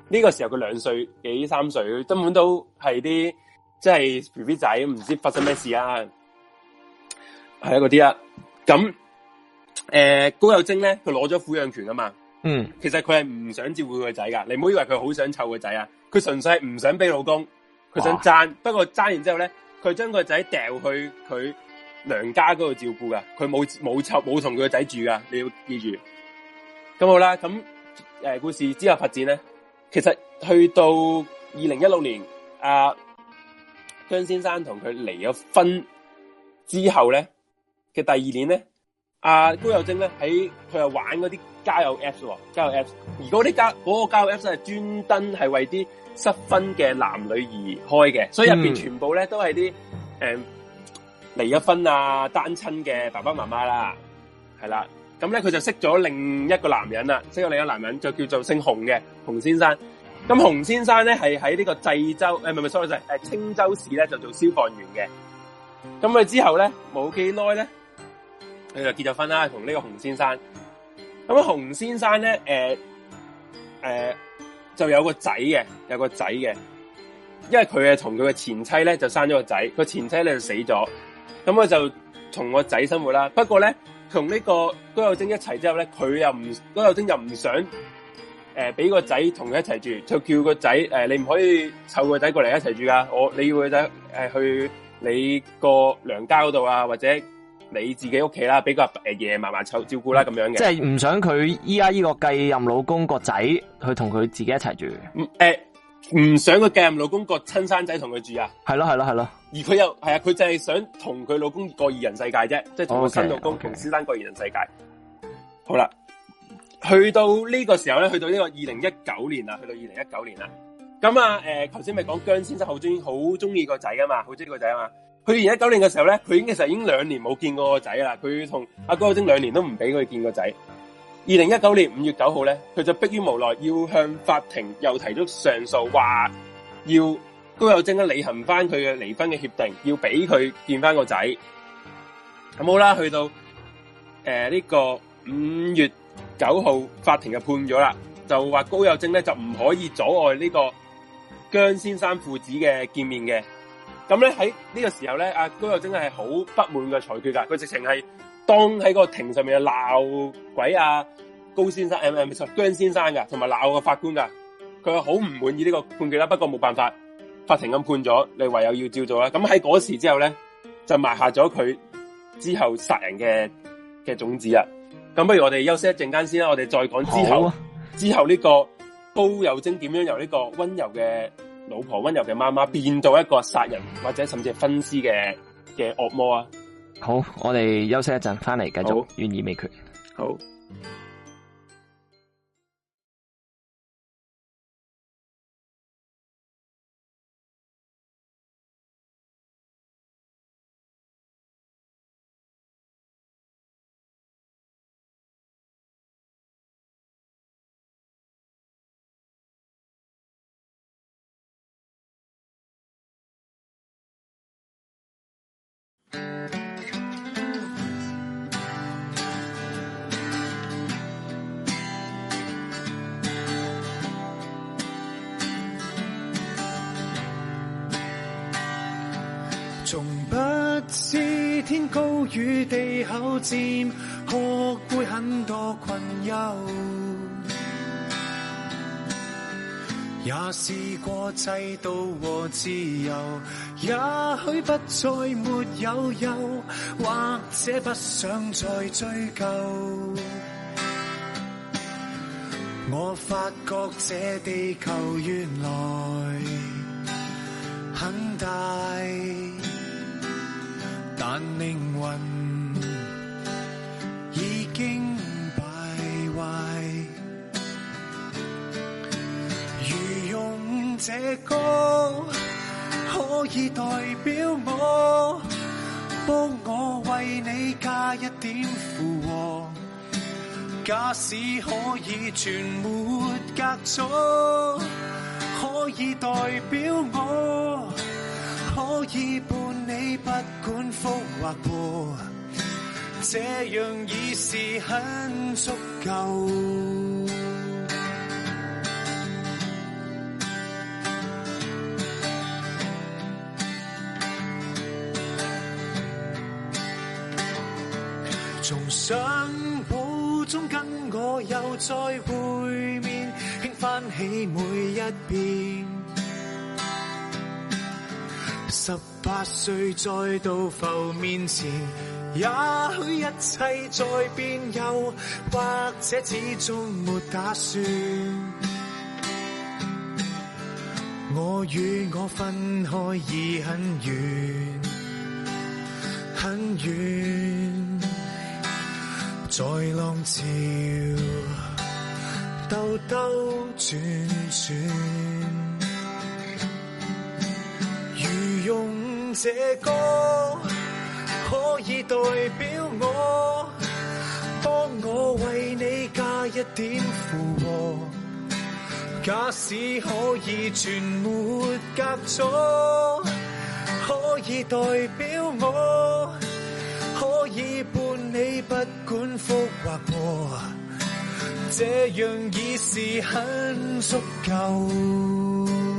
呢的個時候佢兩歲幾三歲，根本都係啲。即係 B B 仔唔知發生咩事啊。係啊嗰啲啦。咁誒、呃，高友晶咧，佢攞咗撫養權啊嘛。嗯，其實佢係唔想照顧佢個仔噶，你唔好以為佢好想湊個仔啊。佢純粹係唔想俾老公，佢想爭。哇不過爭完之後咧，佢將個仔掉去佢娘家嗰度照顧噶，佢冇冇湊冇同佢個仔住噶。你要記住。咁好啦，咁誒、呃，故事之後發展咧，其實去到二零一六年啊。呃張先生同佢離咗婚之後咧，嘅第二年咧，阿高友貞咧喺佢又玩嗰啲交友 apps 喎，交友 apps，而嗰啲交個交友 apps 係專登係為啲失婚嘅男女而開嘅，所以入邊全部咧都係啲誒離咗婚啊單親嘅爸爸媽媽啦，係啦，咁咧佢就識咗另一個男人啦，識咗另一個男人就叫做姓洪嘅洪先生。咁洪先生咧係喺呢個濟州誒，唔係、哎、唔係、sorry 誒清州市，咧就做消防員嘅。咁佢之後咧冇幾耐咧，佢就結咗婚啦，同呢個洪先生。咁啊洪先生咧誒誒就有個仔嘅，有個仔嘅。因為佢啊同佢嘅前妻咧就生咗個仔，個前妻咧就死咗。咁佢就同個仔生活啦。不過咧同呢個高友晶一齊之後咧，佢又唔高友晶又唔想。誒，俾個仔同佢一齊住，就叫個仔誒，你唔可以湊個仔過嚟一齊住㗎。我你要個仔誒去你個娘家嗰度啊，或者你自己屋企啦，俾個誒爺爺嫲嫲湊照顧啦，咁、嗯、樣嘅。即係唔想佢依家呢個繼任老公個仔去同佢自己一齊住。唔誒、嗯、唔、呃、想個繼任老公個親生仔同佢住啊。係咯，係咯，係咯。而佢又係啊，佢就係想同佢老公過二人世界啫，即係同佢新老公同先生過二人世界。好啦。去到呢個時候咧，去到呢個二零一九年啦，去到二零一九年啦。咁啊，誒、呃，頭先咪講姜先生好中好中意個仔啊嘛，好中意個仔啊嘛。佢二零一九年嘅時候咧，佢已經其實已經兩年冇見過個仔啦。佢同阿高友貞兩年都唔俾佢見個仔。二零一九年五月九號咧，佢就迫於無奈要向法庭又提出上訴，話要高友貞啊履行翻佢嘅離婚嘅協定，要俾佢見翻個仔。咁好啦，去到誒呢、呃這個五月。九號法庭就判咗啦，就話高有貞咧就唔可以阻礙呢個姜先生父子嘅見面嘅。咁咧喺呢個時候咧，阿高有貞係好不滿嘅裁決噶，佢直情係當喺個庭上面鬧鬼呀、啊，高先生唔係、唔係、哎、姜先生噶，同埋鬧個法官噶。佢好唔滿意呢個判決啦，不過冇辦法，法庭咁判咗，你唯有要照做啦。咁喺嗰時之後咧，就埋下咗佢之後殺人嘅嘅種子啊。咁不如我哋休息一陣間先啦，我哋再講之後、啊、之後呢個高友貞點樣由呢個溫柔嘅老婆、溫柔嘅媽媽變做一個殺人或者甚至分屍嘅嘅惡魔啊！好，我哋休息一陣，翻嚟繼續好懸疑未決。好。有漸學會很多困擾，也試過制度和自由，也許不再沒有有，或者不想再追究。我發覺這地球原來很大，但靈魂。這歌可以代表我，幫我為你加一點附和。假使可以全沒隔阻，可以代表我，可以伴你不管風或雨。這樣已是很足夠。從相簿中跟我又再會面，輕翻起每一篇。十八歲再度浮面前，也許一切再變，又或者始終沒打算。我與我分開已很遠，很遠。在浪潮兜兜轉轉，如用這歌可以代表我，幫我為你加一點負荷。假使可以全沒隔阻，可以代表我。可以伴你不管福或禍，這樣已是很足夠。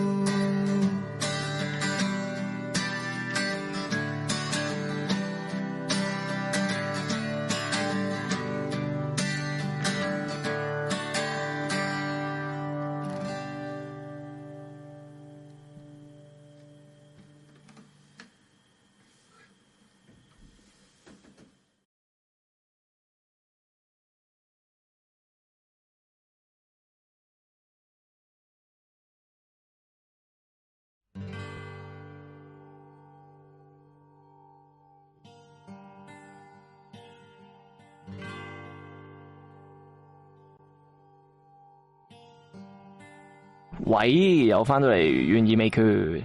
喂，又翻到嚟，懸疑未決。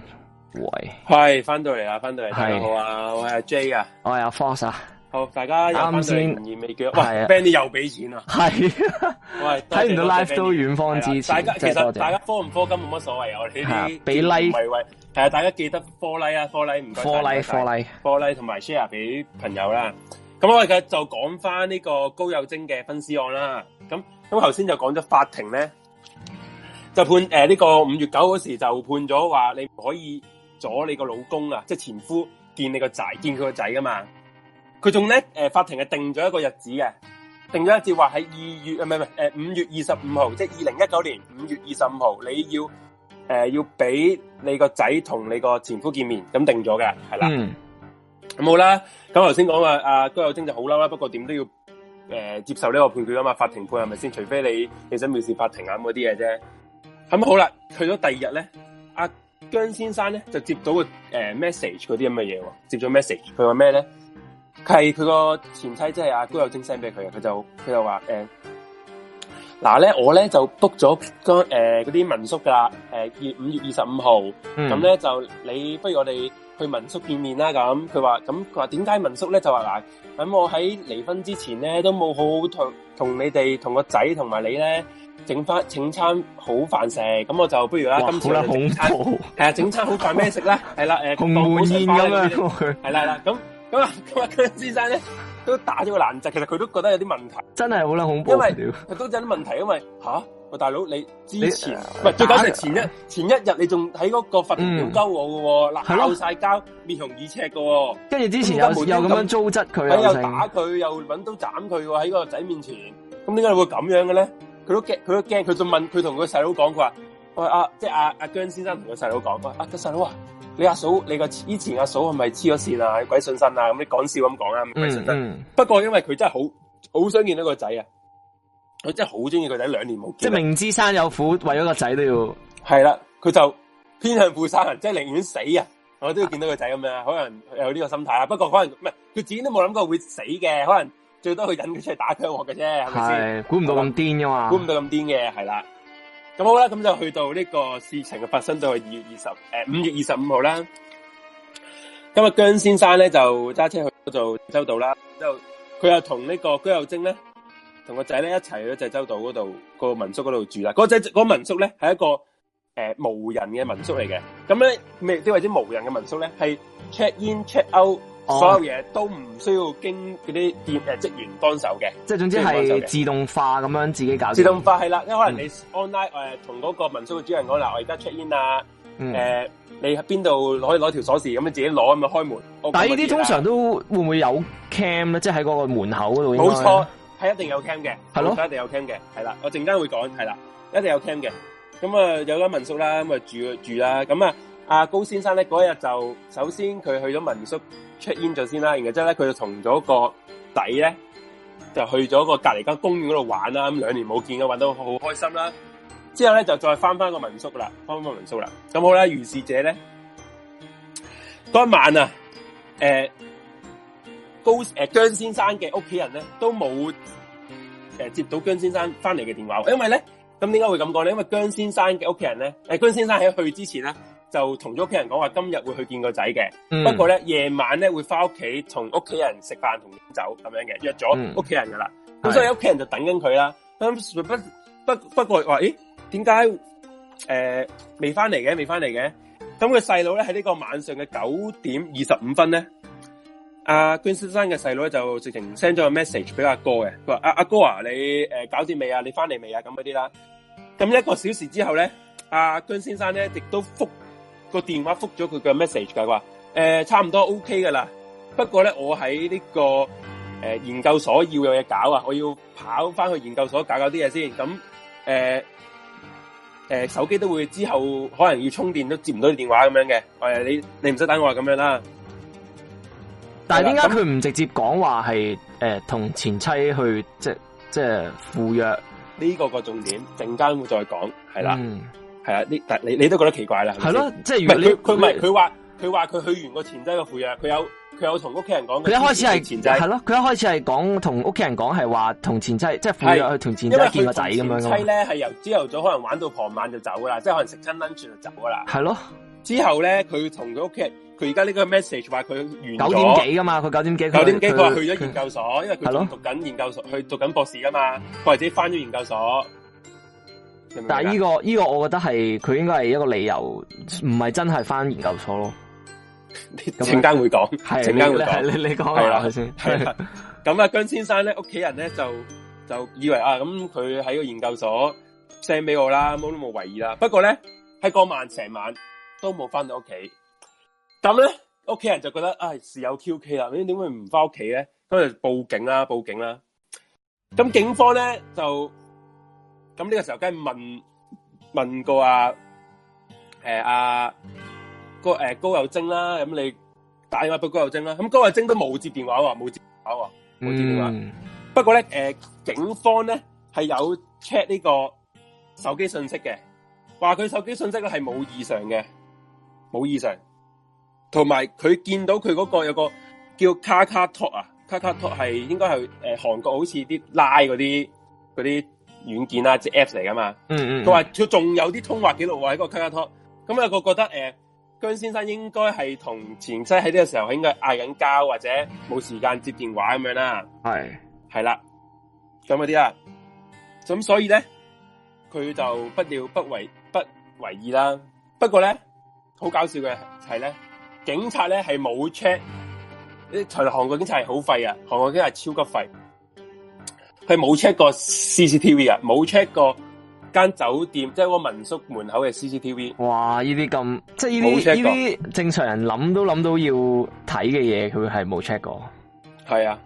喂，係翻到嚟啦，翻到嚟，係好啊。我係阿 J 啊，我係阿 Fox 啊，好，大家啱先，懸疑未決。喂，啊，Ben，你又俾錢啊？係，喂，睇唔到 live 都遠方知。大家其實大家科唔科金冇乜所謂，我哋啲俾 like，係啊，大家記得科 like 啊，科 like 唔該。科 like 科 like 同埋 share 俾朋友啦。咁我哋今日就講翻呢個高友貞嘅分屍案啦。咁咁頭先就講咗法庭咧。就判誒呢、呃這個五月九嗰時就判咗話，你唔可以阻你個老公啊，即、就、係、是、前夫見你個仔，見佢個仔噶嘛。佢仲咧誒，法庭係定咗一個日子嘅，定咗一節，話喺二月，唔係唔係誒五月二十五號，即係二零一九年五月二十五號，你要誒、呃、要俾你個仔同你個前夫見面，咁定咗嘅係啦。咁、嗯嗯、好啦，咁頭先講話，高友貞就好嬲啦，不過點都要誒、呃、接受呢個判決啊嘛，法庭判係咪先？除非你你想藐視法庭啊嗰啲嘢啫。咁、嗯、好啦，去咗第二日咧，阿、啊、姜先生咧就接到個誒、呃、message 嗰啲咁嘅嘢喎，接咗 message，佢話咩咧？係佢個前妻即係阿高有貞 send 俾佢啊，佢就佢就話誒，嗱咧我咧就 book 咗嗰誒啲民宿噶啦，誒、呃、五月二十五號，咁咧、嗯嗯、就你不如我哋去民宿見面啦咁，佢話，咁佢話點解民宿咧就話嗱，咁、啊嗯、我喺離婚之前咧都冇好好同同你哋同個仔同埋你咧。整翻整餐好飯食，咁我就不如啦。今次好啦，恐怖係啊！整餐好飯咩食咧？係啦，誒，當古天恩啊，係啦啦。咁咁啊，姜先生咧都打咗個難窒，其實佢都覺得有啲問題，真係好啦，恐怖，因為都有啲問題，因為吓，喂，大佬你之前唔係最搞笑，前一前一日你仲喺嗰個佛像溝我嘅，嗱，鬧晒交，面紅耳赤嘅，跟住之前又冇嘢咁樣糟質佢，又打佢，又揾刀斬佢，喺個仔面前，咁點解你會咁樣嘅咧？佢都驚，佢都驚，佢仲問，佢同佢細佬講，佢話：喂、啊，話阿即係阿阿姜先生同佢細佬講，佢、啊、話：阿個細佬啊，你阿嫂，你個以前阿嫂係咪黐咗線啊？鬼信心啊！咁你講笑咁講啊，鬼信心。嗯嗯、不過因為佢真係好好想見到個仔啊，佢真係好中意個仔，兩年冇見即係明知山有虎為咗個仔都要。係啦，佢就偏向虎山行，即係寧願死啊，我都要見到個仔咁樣。啊、可能有呢個心態啊。不過可能唔係，佢自己都冇諗過會死嘅，可能。最多去引佢出嚟打槍我嘅啫，係咪先？估唔到咁癲嘅嘛？估唔到咁癲嘅係啦。咁好啦，咁就去到呢個事情嘅發生到係二月二十、呃，誒五月二十五號啦。咁啊姜先生咧就揸車去咗濟州島啦，之後佢又同呢個居有精咧，同個仔咧一齊去咗濟州島嗰度個民宿嗰度住啦。嗰、那、仔、個那個、民宿咧係一個誒、呃、無人嘅民宿嚟嘅，咁咧未即係或者無人嘅民宿咧係 check in check out。哦、所有嘢都唔需要經嗰啲店誒職員幫手嘅，即係總之係自動化咁樣自己搞。自動化係啦，因為可能你 online 誒同嗰、嗯呃、個民宿嘅主人講啦，我而家 check in 啊，誒、嗯呃、你喺邊度可以攞條鎖匙咁樣自己攞咁樣開門。開門但係呢啲通常都會唔會有 cam 咧、啊，即係喺嗰個門口嗰度。冇錯，係一定有 cam 嘅，係咯，一定有 cam 嘅，係啦，我陣間會講，係啦，一定有 cam 嘅。咁啊，有間民宿啦，咁啊住住啦，咁啊，阿高先生咧嗰日就首先佢去咗民宿。check in 先啦，然後之後咧佢就同咗個底咧，就去咗個隔籬間公園嗰度玩啦。咁兩年冇見嘅，玩得好開心啦。之後咧就再翻翻個民宿啦，翻翻個民宿啦。咁好啦，如是者咧嗰晚啊，誒、呃、高誒、呃、姜先生嘅屋企人咧都冇誒接到姜先生翻嚟嘅電話，因為咧咁點解會咁講咧？因為姜先生嘅屋企人咧，誒、呃、姜先生喺去之前咧。就同咗屋企人講話今日會去見個仔嘅，嗯、不過咧夜晚咧會翻屋企同屋企人食飯同飲酒咁樣嘅，約咗屋企人噶啦，咁、嗯、所以屋企人就等緊佢啦。咁是的 不不不過話咦，點解誒未翻嚟嘅？未翻嚟嘅？咁佢細佬咧喺呢個晚上嘅九點二十五分咧，阿、啊、姜先生嘅細佬就直情 send 咗個 message 俾阿哥嘅，佢話阿阿哥啊，你誒搞掂未啊？你翻嚟未啊？咁嗰啲啦。咁、那、一個小時之後咧，阿、啊、姜先生咧亦都復。個電話復咗佢嘅 message 噶佢話誒、呃、差唔多 OK 噶啦不過咧我喺呢個誒、呃、研究所要有嘢搞啊，我要跑翻去研究所搞搞啲嘢先。咁誒誒手機都會之後可能要充電都接唔到你電話咁樣嘅，誒、哎、你你唔使等我咁樣啦。但係點解佢唔直接講話係誒同前妻去即係即係赴約？呢個個重點，陣間會再講係啦。係啊，呢但你你都覺得奇怪啦，係囉。咯，即係如果佢佢唔係佢話佢話佢去完個前妻嘅赴約，佢有佢有同屋企人講。佢一開始係前妻，係咯。佢一開始係講同屋企人講係話同前妻，即係赴約去同前妻見個仔咁樣。前妻咧係由朝頭早可能玩到傍晚就走啦，即係可能食餐 lunch 就走啦。係咯。之後咧，佢同佢屋企人，佢而家呢個 message 話佢完九點幾噶嘛，佢九點幾，九點幾佢話去咗研究所，因為佢讀緊研究所，去讀緊博士噶嘛，或者翻咗研究所。但係呢個呢個，呢個我覺得係佢應該係一個理由，唔係真係翻研究所咯。陣間 <laughs> 那會講，係 <laughs> 是，陣間會講 <laughs> 你你講係咪先？咁啊，姜先生咧，屋企人咧就就以為啊，咁佢喺個研究所 send 俾我啦，冇乜冇懷疑啦。不過咧，喺個晚成晚都冇翻到屋企，咁咧屋企人就覺得啊、哎，事有蹊蹺啦，你點會唔翻屋企咧？咁就報警啦、啊，報警啦、啊。咁警方咧就。咁呢個時候梗係問問過阿誒個誒高友貞、呃、啦，咁你打電話俾高友貞啦，咁高友貞都冇接電話喎、哦，冇接電話喎、哦，冇接電話。嗯、不過咧，誒、呃、警方咧係有 check 呢個手機信息嘅，話佢手機信息咧係冇異常嘅，冇異常。同埋佢見到佢嗰個有個叫卡卡 t a l k 啊卡卡 k a l k 係應該係誒、呃、韓國好似啲拉嗰啲嗰啲。軟件啦，即係 Apps 嚟噶嘛。嗯嗯。佢話佢仲有啲通話記錄喺嗰個 carphone，咁啊佢覺得誒、欸，姜先生應該係同前妻喺呢個時候應該嗌緊交或者冇時間接電話咁樣啦、啊。係係啦，咁嗰啲啦，咁所以咧，佢就不料不為不為意啦。不過咧，好搞笑嘅係咧，警察咧係冇 check。除嚟韓國警察係好廢啊，韓國警察係超級廢。佢冇 check 過 CCTV 啊，冇 check 過間酒店，即係嗰個民宿門口嘅 CCTV。哇！呢啲咁，即係呢啲呢啲正常人諗都諗到要睇嘅嘢，佢係冇 check 過。係啊，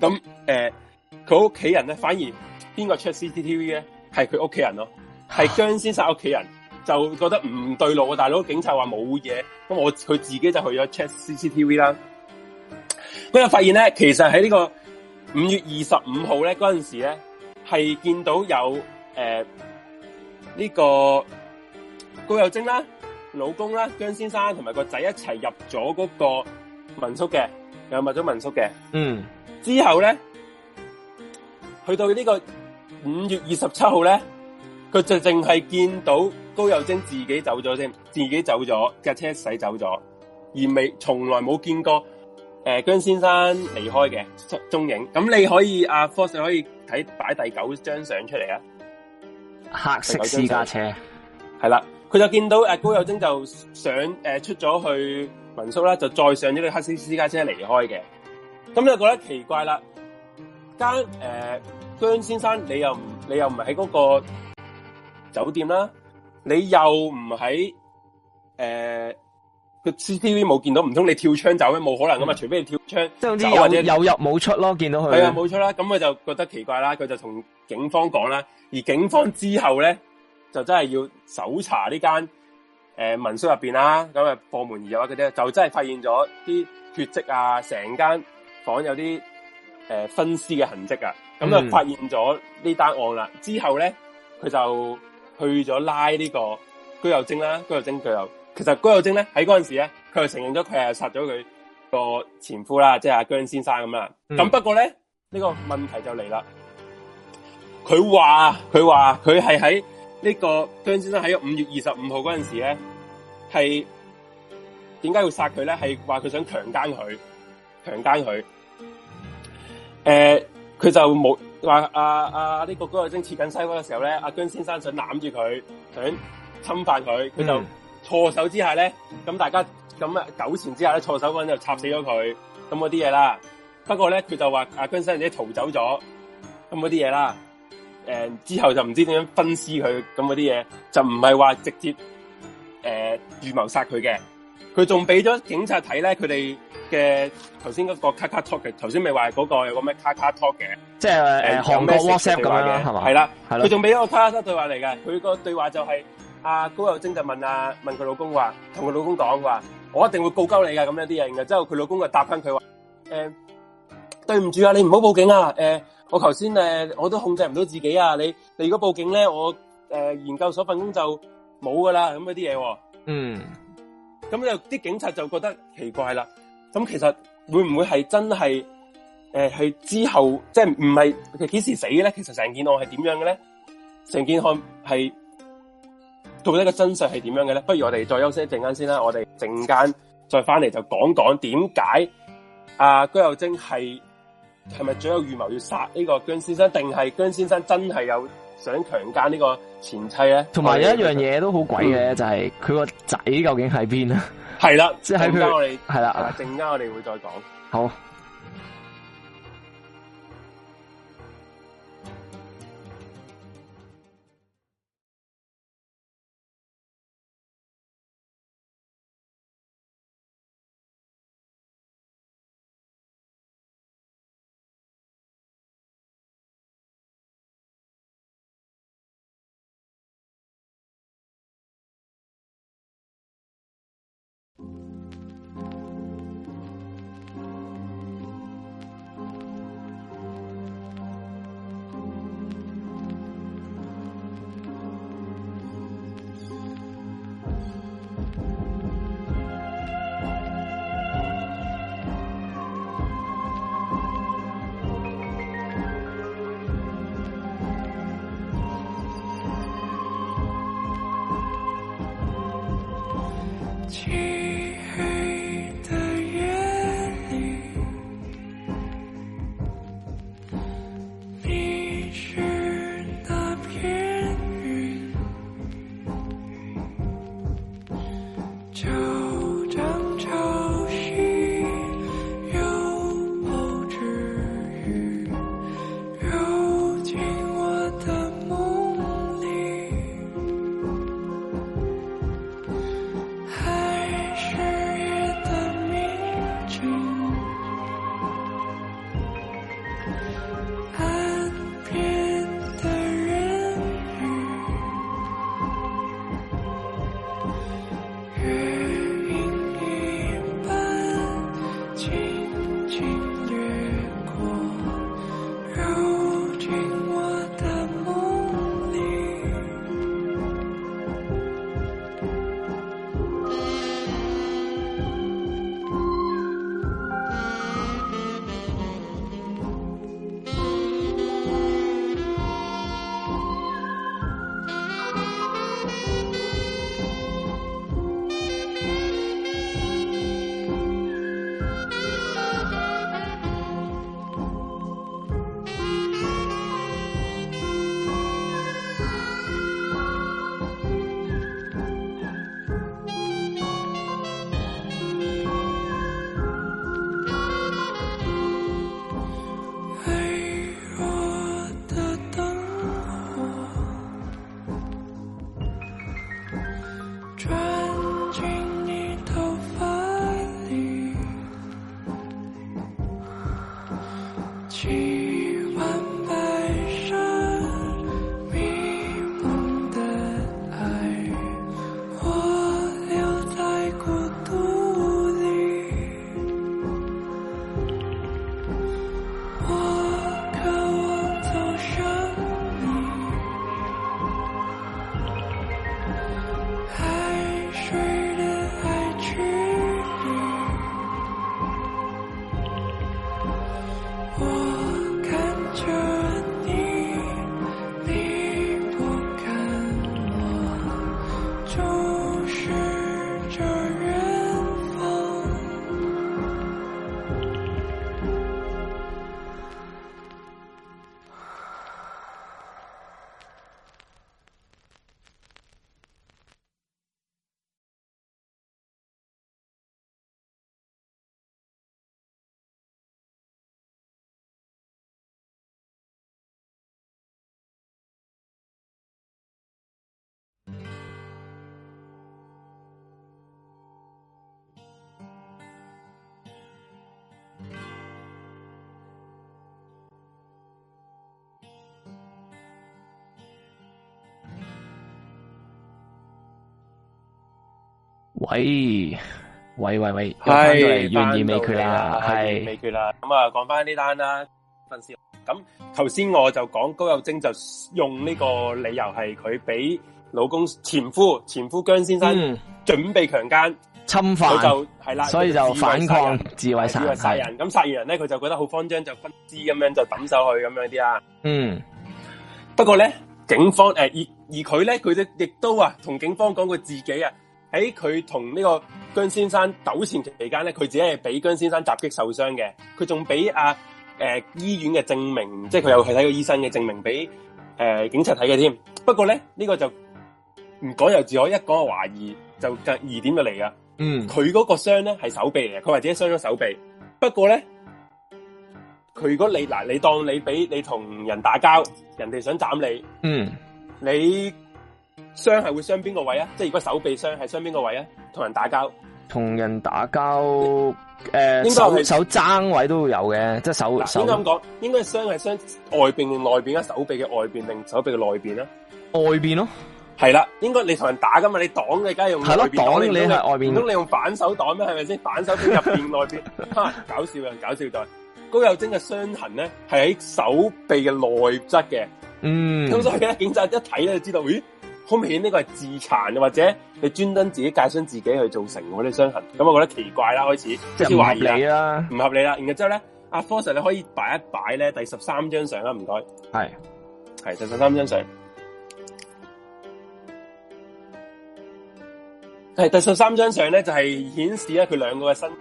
咁誒，佢屋企人咧反而邊個 check CCTV 咧？係佢屋企人咯，係 <laughs> 姜先生屋企人，就覺得唔對路啊！大佬，警察話冇嘢，咁我佢自己就去咗 check CCTV 啦。佢又發現咧，其實喺呢個。五月二十五號咧，嗰陣時咧係見到有誒呢、呃這個高友貞啦，老公啦姜先生同埋個仔一齊入咗嗰個民宿嘅，入密咗民宿嘅。嗯，之後咧去到呢個五月二十七號咧，佢就淨係見到高友貞自己走咗先，自己走咗架車駛走咗，而未從來冇見過。誒、呃，姜先生離開嘅蹤影，咁你可以阿、啊、Fox 可以睇擺第九張相出嚟啊！黑色私家車係啦，佢就見到阿、呃、高友晶就上誒、呃、出咗去民宿啦，就再上呢個黑色私家車離開嘅。咁你就覺得奇怪啦？間誒、呃、姜先生你又，你又唔你又唔係喺嗰個酒店啦，你又唔喺誒？呃個 CCTV 冇見到，唔通你跳窗走咩？冇可能噶嘛，嗯、除非你跳窗，即係有或者有，有入冇出咯，見到佢係啊冇出啦，咁佢就覺得奇怪啦，佢就同警方講啦，而警方之後咧就真係要搜查呢間誒民宿入邊啦，咁啊破門而入嗰啲，就真係發現咗啲血迹啊，成間房有啲誒、呃、分屍嘅痕迹啊，咁就發現咗呢單案啦，嗯、之後咧佢就去咗拉呢個居有精啦，居有精佢又，居其實高有精咧喺嗰陣時咧，佢就承認咗佢係殺咗佢個前夫啦，即係阿姜先生咁啦。咁不過咧，呢、嗯、個問題就嚟啦。佢話佢話佢係喺呢個姜先生喺五月二十五號嗰陣時咧，係點解要殺佢咧？係話佢想強姦佢，強姦佢。誒、呃，佢就冇話阿啊呢、啊這個高有精切緊西瓜嘅時候咧，阿姜先生想攬住佢，想侵犯佢，佢就。嗯錯手之下咧，咁大家咁啊糾纏之下咧，錯手嗰陣就插死咗佢，咁嗰啲嘢啦。不過咧，佢就話阿姜生仔逃走咗，咁嗰啲嘢啦。誒，之後就唔知點樣分屍佢，咁嗰啲嘢就唔係話直接誒、呃、預謀殺佢嘅。佢仲俾咗警察睇咧，佢哋嘅頭先嗰個卡卡 talk 嘅，頭先咪話嗰個有個咩卡卡 talk 嘅，即係韓國 WhatsApp 咁樣嘅係嘛？係啦嗎，係佢仲俾咗個卡卡 talk 對話嚟嘅，佢個對話就係、是。阿高有精就問啊問佢老公話，同佢老公講話，我一定會告鳩你㗎。咁樣啲嘢然之後佢老公就答翻佢話：誒、欸，對唔住啊，你唔好報警啊。誒、欸，我頭先誒，我都控制唔到自己啊。你你如果報警咧，我誒、呃、研究所份工就冇噶啦。咁啲嘢。嗯。咁咧，啲警察就覺得奇怪啦。咁其實會唔會係真係？誒、欸，係之後即係唔係其實幾時死咧？其實成件案係點樣嘅咧？成件案係。到底個真相係點樣嘅咧？不如我哋再休息一陣間先啦，我哋陣間再翻嚟，就講講點解阿姜又貞係係咪最有預謀要殺呢個姜先生，定係姜先生真係有想強姦呢個前妻咧？同埋有一樣嘢都好鬼嘅，就係佢個仔究竟喺邊啊？係啦了，即係佢係啦，陣間我哋了會再講好。喂喂喂喂，係懸疑未決啦，係未決啦。咁啊，講翻呢單啦，分屍。咁頭先我就講高友貞就用呢個理由係佢俾老公前夫前夫姜先生準備強姦，侵犯，就係啦，所以就反抗，自衛殺人。咁殺完人咧，佢就覺得好慌張，就分屍咁樣就抌手去咁樣啲啊。嗯，不過咧，警方誒而而佢咧，佢亦都啊，同警方講過自己啊。喺佢同呢個姜先生糾纏期間咧，佢自己係俾姜先生襲擊受傷嘅，佢仲俾阿誒醫院嘅證明，即係佢又係睇過醫生嘅證明俾誒、呃、警察睇嘅添。不過咧，呢、這個就唔講又自可一講懷疑就疑點就嚟㗎。嗯，佢嗰個傷咧係手臂嚟嘅，佢話自己傷咗手臂。不過咧，佢如果你嗱，你當你俾你同人打交，人哋想斬你，嗯，你。傷係會傷邊個位啊？即係如果手臂傷，係傷邊個位啊？同人打交，同人打交，誒、呃，應該手手爭位都會有嘅，即係手手。點咁講？應該傷係傷外邊定內邊啊？手臂嘅外邊定手臂嘅內邊啊？外邊咯，係啦，應該你同人打噶嘛？你擋嘅，梗係用內邊擋。擋你你外邊，咁你用反手擋咩？係咪先？反手邊入邊內邊，搞笑人，搞笑到。高友貞嘅傷痕咧，係喺手臂嘅內側嘅，嗯，咁所以咧，警察，一睇咧就知道，咦？好明顯，呢個係自殘嘅，或者佢專登自己介傷自己去造成嗰啲傷痕，咁我覺得奇怪啦，開始即係懷疑啦，唔合理啦。然後之後咧，阿 Fox 你可以擺一擺咧第十三張相啦，唔該，係係第十三張相，係第十三張相咧就係顯示咧佢兩個嘅身型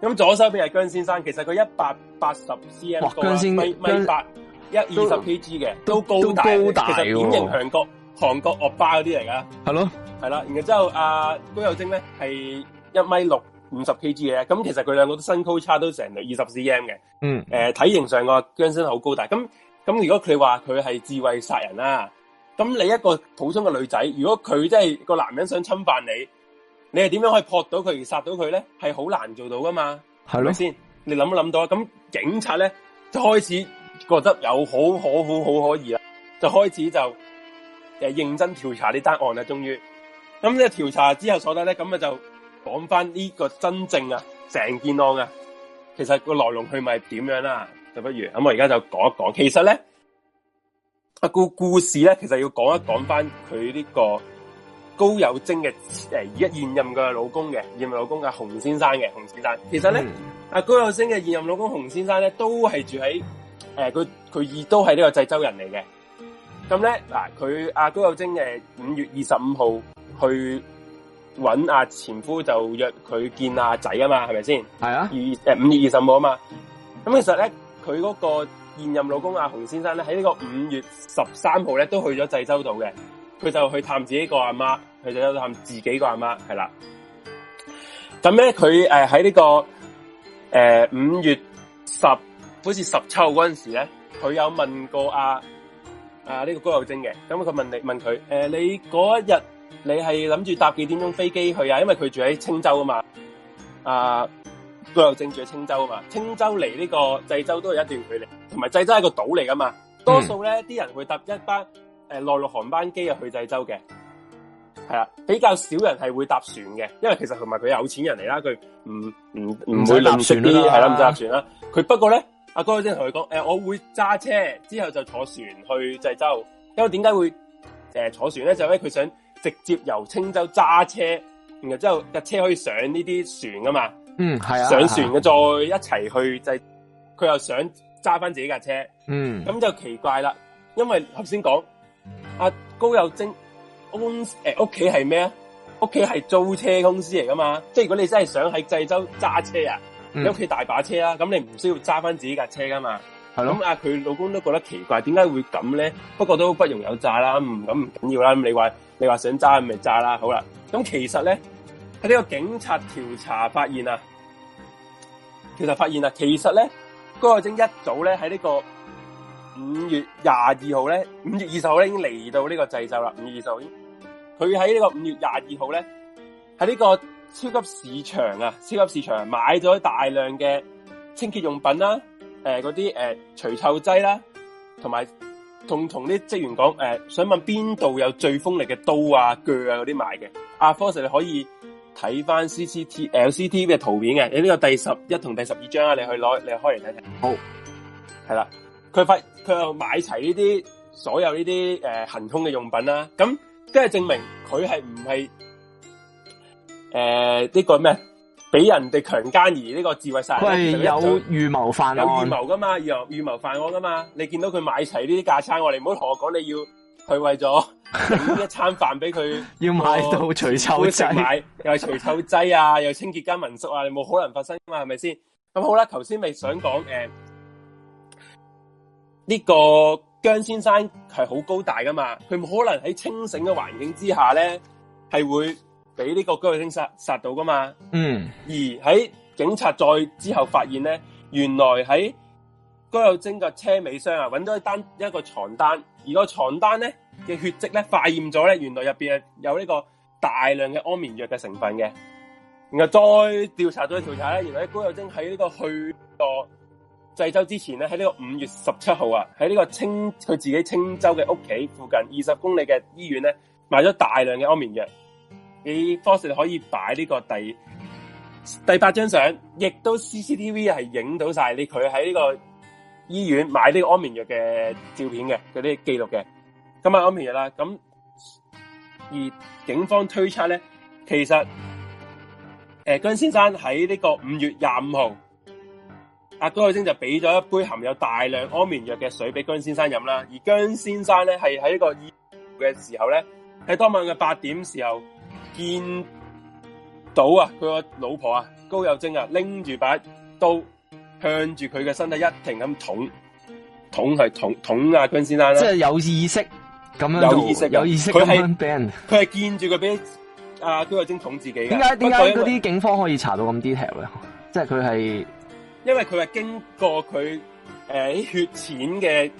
嘅。咁左手邊係姜先生，其實佢一百八十 cm 高，米八，一二十 kg 嘅，都高大，典型強國。韓國惡霸嗰啲嚟噶，係咯，係啦。然後之後阿高友晶咧係一米六五十 kg 嘅，咁其實佢兩個身高差都成二十幾 cm 嘅。嗯，誒，體型上個姜身好高大，咁咁如果佢話佢係智慧殺人啦，啊，咁你一個普通嘅女仔，如果佢真係個男人想侵犯你，你係點樣可以撲到佢而殺到佢咧？係好難做到噶嘛，係咪先？你諗都諗到啦。咁警察咧就開始覺得有好可好好可疑啦，就開始就。誒，認真調查呢單案咧，終於，咁呢調查之後所得咧，咁啊就講翻呢個真正啊，成件案啊，其實個來龍去脈點樣啦、啊，就不如咁、嗯、我而家就講一講。其實咧，阿故故事咧，其實要講一講翻佢呢個高有晶嘅誒，現任嘅老公嘅現任老公嘅、啊、洪先生嘅洪先生。其實咧，阿、嗯、高有晶嘅現任老公洪先生咧，都係住喺誒，佢佢亦都係呢個濟州人嚟嘅。咁咧，嗱佢阿高友貞，誒，五月二十五號去揾阿前夫，就約佢見阿仔啊嘛，係咪先？係啊，二誒五月二十五號啊嘛。咁其實咧，佢嗰個現任老公阿洪先生咧，喺呢個五月十三號咧都去咗濟州島嘅，佢就去探自己個阿媽，佢就去探自己、個阿媽係啦。咁、呃、咧，佢誒喺呢個誒五月十，好似十七號嗰陣時咧，佢有問過阿、啊。啊！呢、這個高友正嘅，咁佢問你問佢，誒、呃，你嗰一日你係諗住搭幾點鐘飛機去啊？因為佢住喺青州啊嘛，啊，高友正住喺青州啊嘛，青州離呢個濟州都係一段距離，同埋濟州係個島嚟噶嘛，嗯、多數咧啲人會搭一班誒、呃、內陸航班機啊去濟州嘅，係啦，比較少人係會搭船嘅，因為其實同埋佢有錢人嚟啦，佢唔唔唔會搭船啦，係啦，唔搭船啦，佢不過咧。阿高有貞同佢講，誒、欸，我會揸車，之後就坐船去濟州。因為點解會誒、呃、坐船咧？就咧、是、佢想直接由青州揸車，然後之後架車可以上呢啲船噶嘛。嗯，係啊，上船嘅、啊啊、再一齊去濟。佢又想揸返自己架車。嗯，咁就奇怪啦。因為頭先講阿高有貞屋誒屋企係咩啊？屋企係租車公司嚟噶嘛？即係如果你真係想喺濟州揸車啊？屋企大把車啦，咁你唔需要揸翻自己架車噶嘛？係囉，咁啊，佢老公都覺得奇怪，點解會咁咧？不過都不容有詐啦，唔咁唔緊要啦。咁你話你話想揸咪揸啦，好啦。咁其實咧喺呢個警察調查發現啊，其實發現啊，其實咧，江愛正一早咧喺呢個五月廿二號咧，五月二十號咧已經嚟到呢個濟州啦。五月二十號已經，佢喺呢個五月廿二號咧喺呢個。超級市場啊，超級市場、啊、買咗大量嘅清潔用品啦、啊，誒嗰啲誒除臭劑啦、啊，同埋同同啲職員講，誒、呃、想問邊度有最鋒利嘅刀啊、鋸啊嗰啲買嘅？阿、啊、Fox 你可以睇翻 CCTV、c t v 嘅圖片嘅、啊，你、這、呢個第十一同第十二張啊，你去攞你開嚟睇睇。好，係啦，佢發佢又買齊呢啲所有呢啲誒行通嘅用品啦、啊，咁即係證明佢係唔係。誒，呢、呃，這個咩？俾人哋強姦而呢、這個自衛殺人，有預謀犯案，有預謀噶嘛？有預，預謀犯案噶嘛？你見到佢買齊呢啲架撐，我哋唔好同我講你要佢為咗 <laughs> 一餐飯俾佢， <laughs> 要買到除臭劑，又係除臭劑啊， <laughs> 又清潔間民宿啊，你冇可能發生噶、啊、嘛？係咪先？咁好啦，頭先咪想講誒，呢、呃，這個姜先生係好高大噶嘛？佢冇可能喺清醒嘅環境之下咧，係會。俾呢個高友晶殺殺到噶嘛？嗯，而喺警察，再之後發現咧，原來喺高友晶嘅車尾箱啊，揾到一單，一個床單，而嗰個床單咧嘅血迹咧化驗咗咧，原來入邊有呢個大量嘅安眠藥嘅成分嘅。然後再調查再調查咧，原來高友晶喺呢個去過濟州之前咧，喺呢個五月十七號啊，喺呢個青佢自己青州嘅屋企附近二十公里嘅醫院咧，買咗大量嘅安眠藥。你 Fox 可以擺呢個第第八張相，亦都 CCTV 係影到晒你佢喺呢個醫院買呢個安眠藥嘅照片嘅嗰啲記錄嘅，咁係安眠藥啦。咁而警方推測咧，其實誒、呃、姜先生喺呢個五月廿五號，阿高海星就俾咗一杯含有大量安眠藥嘅水俾姜先生飲啦。而姜先生咧係喺呢個醫院嘅時候咧，喺當晚嘅八點時候。見到啊，佢個老婆啊，高友貞啊，拎住把刀向住佢嘅身體，一停咁捅，捅係捅捅啊，君先生啦、啊，即係有意識咁樣，有意識，有意識咁樣，佢係佢係見住佢俾阿高友貞捅自己，點解？點解嗰啲警方可以查到咁 detail 咧？即係佢係因為佢係經過佢誒、呃、血錢嘅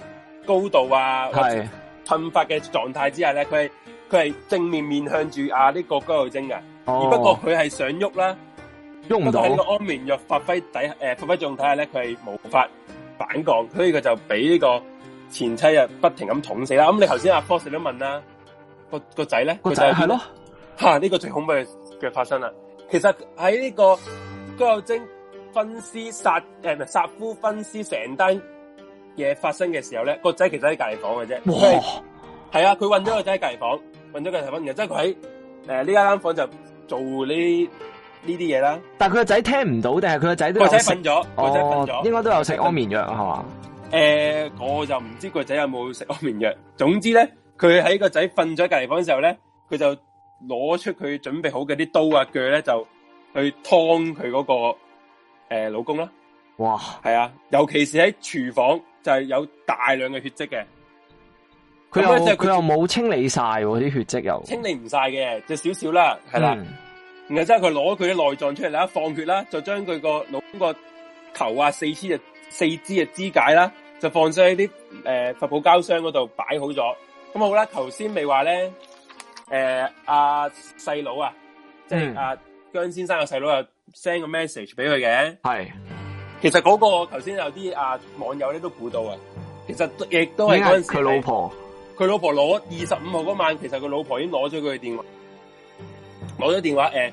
高度啊，噴是發嘅狀態之下咧，佢。佢係正面面向住啊呢個高有貞嘅，而不過佢係想喐啦動動，喐唔到喺安眠藥發揮底誒、呃、發揮狀態下咧，佢係無法反抗，所以佢就俾呢個前妻啊不停咁捅死啦。咁、嗯、你頭先阿 Fox 都問啦，個個仔咧，佢就係咯吓，呢個，啊這個最恐怖嘅發生啦。其實喺呢個高有貞分屍殺誒殺夫分屍成單嘢發生嘅時候咧，個仔其實喺隔籬房嘅啫。哇，係啊，佢揾咗個仔喺隔籬房。瞓咗隔籬房，嘅即係佢喺誒呢間房間就做呢呢啲嘢啦。但係佢個仔聽唔到，但係佢個仔都？哦、個仔瞓咗，個仔瞓咗，應該都有食安眠藥係嘛？誒吧、呃，我就唔知個仔有冇食安眠藥。嗯、總之咧，佢喺個仔瞓咗隔籬房嘅時候咧，佢就攞出佢準備好嘅啲刀啊鋸咧，就去劏佢嗰個誒、呃、老公啦。哇，係啊，尤其是喺廚房就係、是、有大量嘅血跡嘅。佢又佢又冇清理晒啲血跡又清理唔晒嘅，就少少啦，係啦。嗯、然後之後佢攞佢啲內臟出嚟啦，放血啦，就將佢個腦個頭啊、四肢啊、四肢啊肢解啦，就放咗喺啲誒發泡膠箱嗰度擺好咗。咁、嗯、好啦，頭先咪話咧誒阿細佬啊，即係阿姜先生個細佬又 send 個 message 俾佢嘅係。是其實嗰、那個頭先有啲阿、啊、網友咧都估到啊，其實亦都係嗰陣時佢老婆。佢老婆攞二十五號嗰晚，其實佢老婆已經攞咗佢嘅電話，攞咗電話誒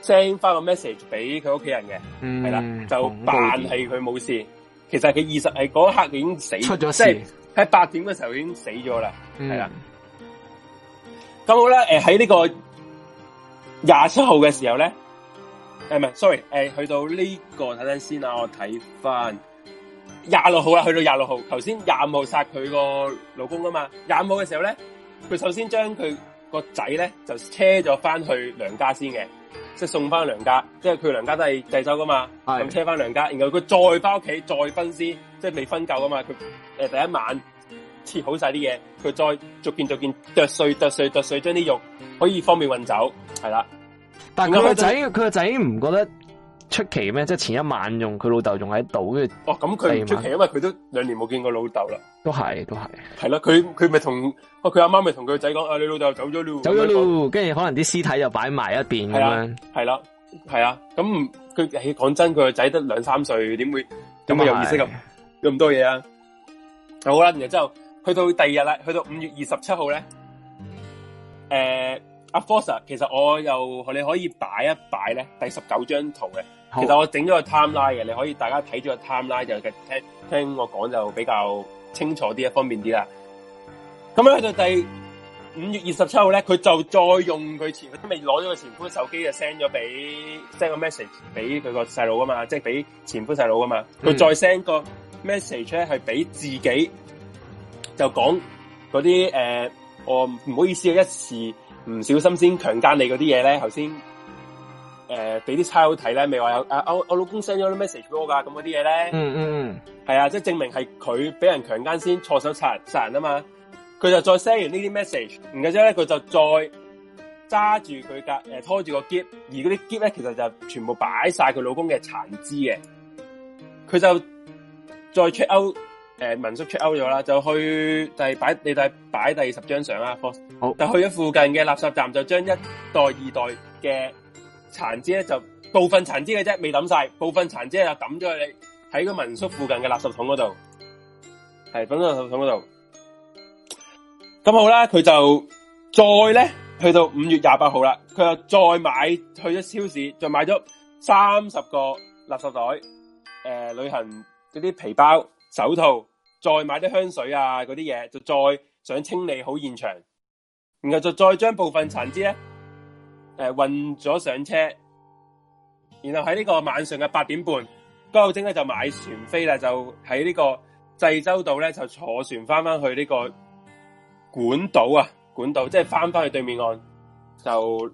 send 翻個 message 俾佢屋企人嘅，係啦、嗯，就扮係佢冇事，其實佢二十係嗰一刻已經死出咗事，喺八點嘅時候已經死咗、嗯呃呃呃、啦，係啦。咁好啦，誒喺呢個廿七號嘅時候咧，誒唔係，sorry，誒去到呢個睇睇先啊，我睇翻。廿六號啦，去到廿六號。頭先廿五號殺佢個老公噶嘛？廿五號嘅時候咧，佢首先將佢個仔咧就車咗翻去娘家先嘅，即係送翻娘家，即係佢娘家都係濟州噶嘛，咁是的 車翻娘家。然後佢再翻屋企再分屍，即係未分夠㗎嘛。佢誒第一晚切好晒啲嘢，佢再逐件逐件剁碎、剁碎、剁碎,碎,碎,碎,碎，將啲肉可以方便運走，係啦。但佢個仔，佢個仔唔覺得。出奇咩？即係前一晚用佢老豆仲喺度，嘅哦，咁佢出奇，因為佢都兩年冇見過老豆啦。都係，都係。係咯，佢佢咪同佢阿媽咪同佢個仔講啊，你老豆走咗咯，走咗了咯，跟住可能啲屍體又擺埋一邊咁的樣。係啦，係啊，咁佢講真，佢個仔得兩三歲，點會咁會有意識咁咁的多嘢啊？好啦，然後之後去到第二日啦，去到五月二十七號咧，誒、呃，阿、啊、Fox 其實我又你可以擺一擺咧，第十九張圖嘅。好其實我整咗個 timeline 嘅，你可以大家睇住個 timeline 就聽聽聽我講就比較清楚啲，方便啲啦。咁樣去到第五月二十七號咧，佢就再用佢前咪攞咗個前夫手機就 send 咗俾 send 個 message 俾佢個細佬噶嘛，即係俾前夫細佬噶嘛。佢、嗯、再 send 個 message 咧係俾自己就那些，就講嗰啲誒，我唔好意思，一時唔小心先強姦你嗰啲嘢咧，頭先。誒，俾啲差佬睇咧，未話有誒、啊啊，我我老公 send 咗啲 message 俾我噶，咁嗰啲嘢咧，嗯嗯嗯，係啊，即係證明係佢俾人強奸先錯手殺人殺人啊嘛，佢就再 send 完呢啲 message，然之後咧佢就再揸住佢架誒拖住個箧，而嗰啲箧咧其實就全部擺晒佢老公嘅殘肢嘅，佢就再 check out 誒、呃、民宿 check out 咗啦，就去就係擺你睇，擺第十張相啦，好，就去咗附近嘅垃圾站，就將一代二代嘅。殘肢咧就部分殘肢嘅啫，未抌晒，部分殘肢就抌咗你喺個民宿附近嘅垃圾桶嗰度，係，咁垃圾桶嗰度。咁好啦，佢就再咧去到五月廿八號啦，佢又再買去咗超市，就買咗三十個垃圾袋，誒、呃，旅行嗰啲皮包、手套，再買啲香水啊嗰啲嘢，就再想清理好現場，然後就再將部分殘肢咧。誒，運咗、呃、上車，然後喺呢個晚上嘅八點半，高警咧就買船飛啦，就喺呢個濟州島咧就坐船翻翻去呢個管道啊，管道即係翻翻去對面岸。就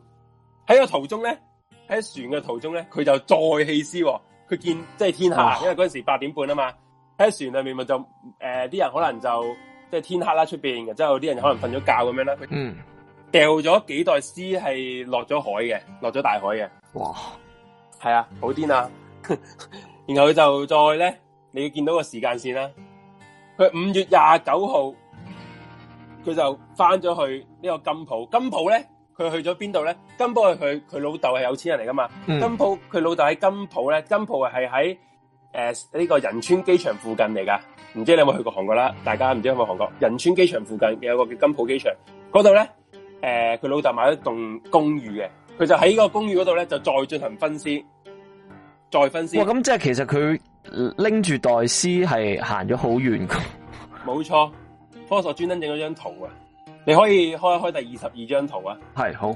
喺個途中咧，喺船嘅途中咧，佢就再棄屍。佢見即係天黑，哇因為嗰陣時八點半啊嘛，喺船裏面咪就誒啲、呃、人可能就即係天黑啦出邊，然之後啲人可能瞓咗覺咁樣咧。嗯。掉咗幾袋屍係落咗海嘅，落咗大海嘅。哇，係啊，好癲啊！ <laughs> 然後佢就再咧，你要見到個時間線啦。佢五月廿九號，佢就翻咗去呢個金浦。金浦咧，佢去咗邊度咧？金浦係佢佢老豆係有錢人嚟噶嘛、嗯金金？金浦佢老豆喺金浦咧，金浦係喺誒呢個仁川機場附近嚟噶。唔知你有冇去過韓國啦？大家唔知有冇去過韓國？仁川機場附近有個叫金浦機場，嗰度咧。誒，佢、呃、老豆買咗棟公寓嘅，佢就喺個公寓嗰度咧，就再進行分屍，再分屍。咁即係其實佢拎住袋屍係行咗好遠嘅。冇錯，科索專登整咗張圖啊！你可以開一開第二十二張圖啊。係好。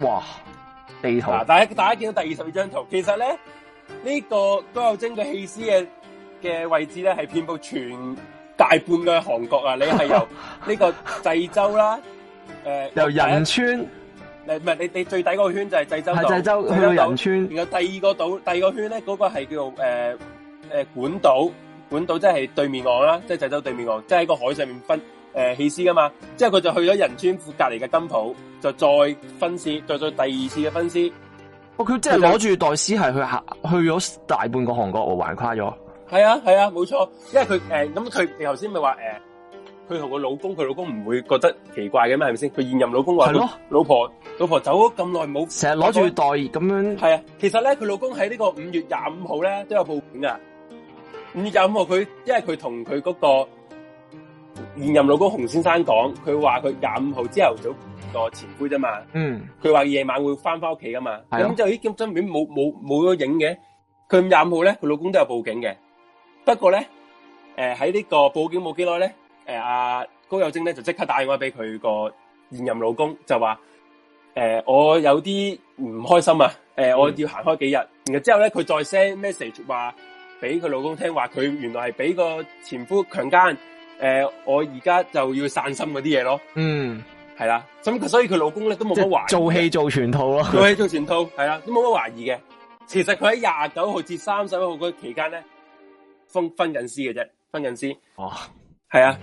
哇！地圖，嗱，大家大家見到第二十二張圖，其實咧呢、這個都有精嘅棄屍嘅嘅位置咧，係遍佈全大半嘅韓國啊，你係由呢個濟州啦， <laughs> 呃、由仁川，唔係、呃、你你最底嗰個圈就係濟州島，濟州去到仁川，然後第二個島第二個圈咧，嗰、那個係叫做誒管島。管島即係對面岸啦，即、就、係、是、濟州對面岸，即係喺個海上面分誒棄、呃、屍㗎嘛，之後佢就去咗仁川附隔籬嘅金浦，就再分屍，再做第二次嘅分屍。我佢即係攞住袋屍係去就去咗大半個韓國喎，橫跨咗。係啊係啊，冇錯，因為佢誒，咁佢你頭先咪話誒，佢同個老公，佢老公唔會覺得奇怪嘅咩？係咪先？佢現任老公話，係咯，老婆老婆走咗咁耐冇，成日攞住袋咁樣。係啊，其實咧佢老公喺呢個五月廿五號咧都有報警噶。五月廿五號佢，因為佢同佢嗰個現任老公洪先生講，佢話佢廿五號朝頭早個前夫啫嘛。嗯。佢話夜晚會翻翻屋企噶嘛。係啊。咁就已經針片冇冇冇咗影嘅。佢廿五號咧，佢老公都有報警嘅。不過咧，誒喺呢個報警冇幾耐咧，誒、呃、阿高友貞咧就即刻打電話俾佢個現任老公，就話：誒、呃、我有啲唔開心啊！誒、呃、我要行開幾日。嗯、然後之後咧，佢再 send message 話俾佢老公聽，話佢原來係俾個前夫強姦。誒、呃、我而家就要散心嗰啲嘢咯。嗯，係啦。咁佢所以佢老公咧都冇乜懷疑，做戲做全套咯、啊，做戲做全套係啦，都冇乜懷疑嘅。其實佢喺廿九號至三十一號嗰期間咧。分分緊屍嘅啫，分緊屍。哦，係啊。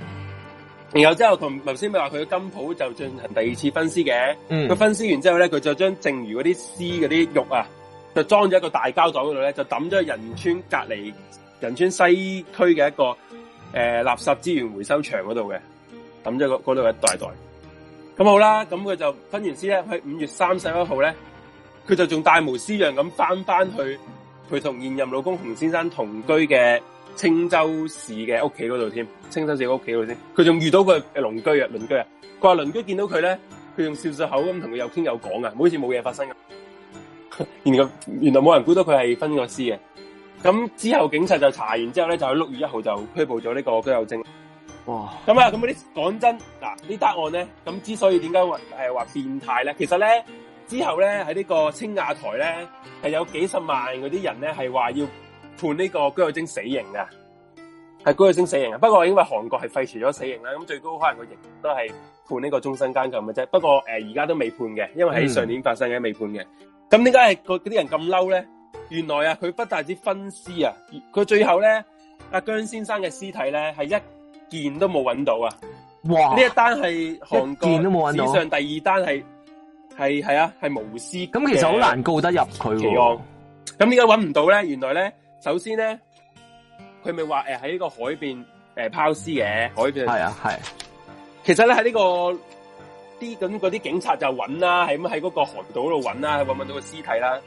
然後之後同頭先咪話佢嘅金寶就進行第二次分屍嘅。嗯。Mm. 分屍完之後咧，佢就將剩餘嗰啲屍、嗰啲肉啊，就裝咗一個大膠袋嗰度咧，就抌咗去仁川隔離仁川西區嘅一個誒、呃、垃圾資源回收場嗰度嘅，抌咗個嗰度一袋袋。咁好啦，咁佢就分完屍咧，喺五月三十一號咧，佢就仲大模斯樣咁翻返去佢同現任老公洪先生同居嘅青州市嘅屋企嗰度添，青州市嘅屋企嗰度添，佢仲遇到佢個鄰居啊鄰居啊，佢話鄰居見到佢咧，佢用笑笑口咁同佢有傾有講啊，好似冇嘢發生啊。 <laughs> 原來原來冇人估到佢係分咗屍嘅。咁之後警察就查完之後咧，就喺六月一號就拘捕咗呢個高有情。哇！咁啊，咁嗰啲講真嗱，啲答案咧，咁之所以點解話誒話變態咧，其實咧之後咧喺呢在這個青瓦台咧係有幾十萬嗰啲人咧係話要。判呢個居有精死刑嘅，係居有精死刑啊！不過因為韓國係廢除咗死刑啦，咁最高可能個刑都係判呢個終身監禁嘅啫。不過誒，而家都未判嘅，因為喺上年發生嘅未判嘅。咁點解係嗰啲人咁嬲咧？原來啊，佢不但止分屍啊，佢最後咧阿姜先生嘅屍體咧係一件都冇揾到啊！哇！呢一單係韓國都冇揾到史上第二單係係係啊係無屍咁、啊、其實好難告得入佢嘅，咁點解揾唔到咧？原來咧。首先咧，佢咪話誒喺呢個海邊誒拋屍嘅，海邊係啊係。其實咧喺呢個啲咁嗰啲警察就揾啦，係咁喺嗰個海島度揾啦，揾到個屍體啦。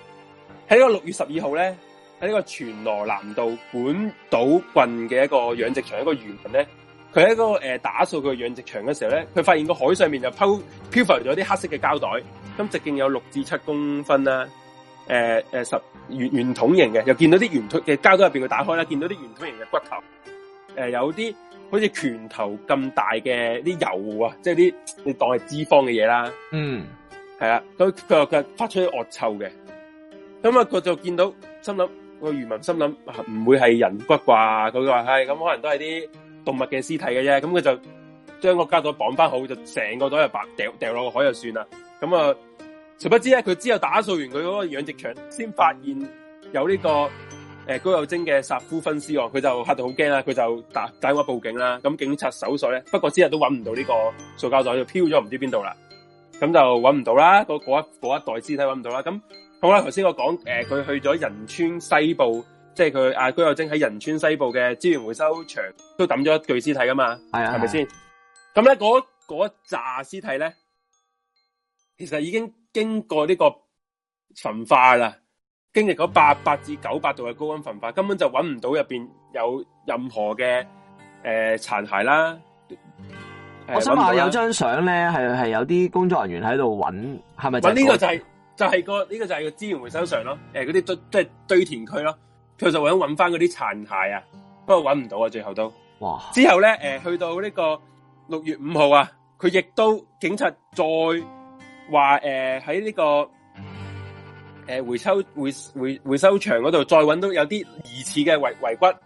喺呢個六月十二號咧，喺呢個全羅南道本島郡嘅一個養殖場一個漁民咧，佢喺嗰個誒打掃佢養殖場嘅時候咧，佢發現個海上面就拋漂浮咗啲黑色嘅膠袋，咁直徑有六至七公分啦。誒誒、呃呃，十圓圓筒形嘅，又見到啲圓筒嘅膠袋入邊，佢打開啦，見到啲圓筒形嘅骨頭，誒、呃，有啲好似拳頭咁大嘅啲油啊，即係啲你當係脂肪嘅嘢啦。嗯，係啦，咁佢話佢發出啲惡臭嘅，咁啊，佢就見到心諗，個漁民心諗唔會係人骨啩？佢話係咁，可能都係啲動物嘅屍體嘅啫，咁佢就將個膠袋綁翻好，就成個袋就白掉掉落個海就算啦，咁啊。誰不知咧？佢之後打掃完佢嗰個養殖場，先發現有呢、這個誒、呃、高友晶嘅殺夫分屍案，佢就嚇到好驚啦，佢就打打電話報警啦。咁警察搜索咧，不過之後都揾唔到呢個塑膠袋，飄就飄咗唔知邊度啦。咁就揾唔到啦，嗰一嗰一袋屍體揾唔到啦。咁好啦，頭先我講誒，佢、呃、去咗仁川西部，即係佢阿高友晶喺仁川西部嘅資源回收場都抌咗一具屍體㗎嘛，係是啊係咪先？咁咧嗰嗰紮屍體咧，其實已經。經過呢個焚化啦，經歷咗八百至九百度嘅高溫焚化，根本就揾唔到入邊有任何嘅誒殘骸啦。呃、我想心話有張相咧，係係有啲工作人員喺度揾，係咪、那個？揾呢個就係、是、就係、是、個呢、這個就係個資源回收場咯。誒，嗰啲堆即係堆填區咯，佢就會揾翻嗰啲殘骸啊，找不過揾唔到啊，最後都。哇！之後咧，誒、呃，去到呢個六月五號啊，佢亦都警察再。話誒喺呢個誒、呃、回收回回回收場嗰度再揾到有啲疑似嘅遺遺骨，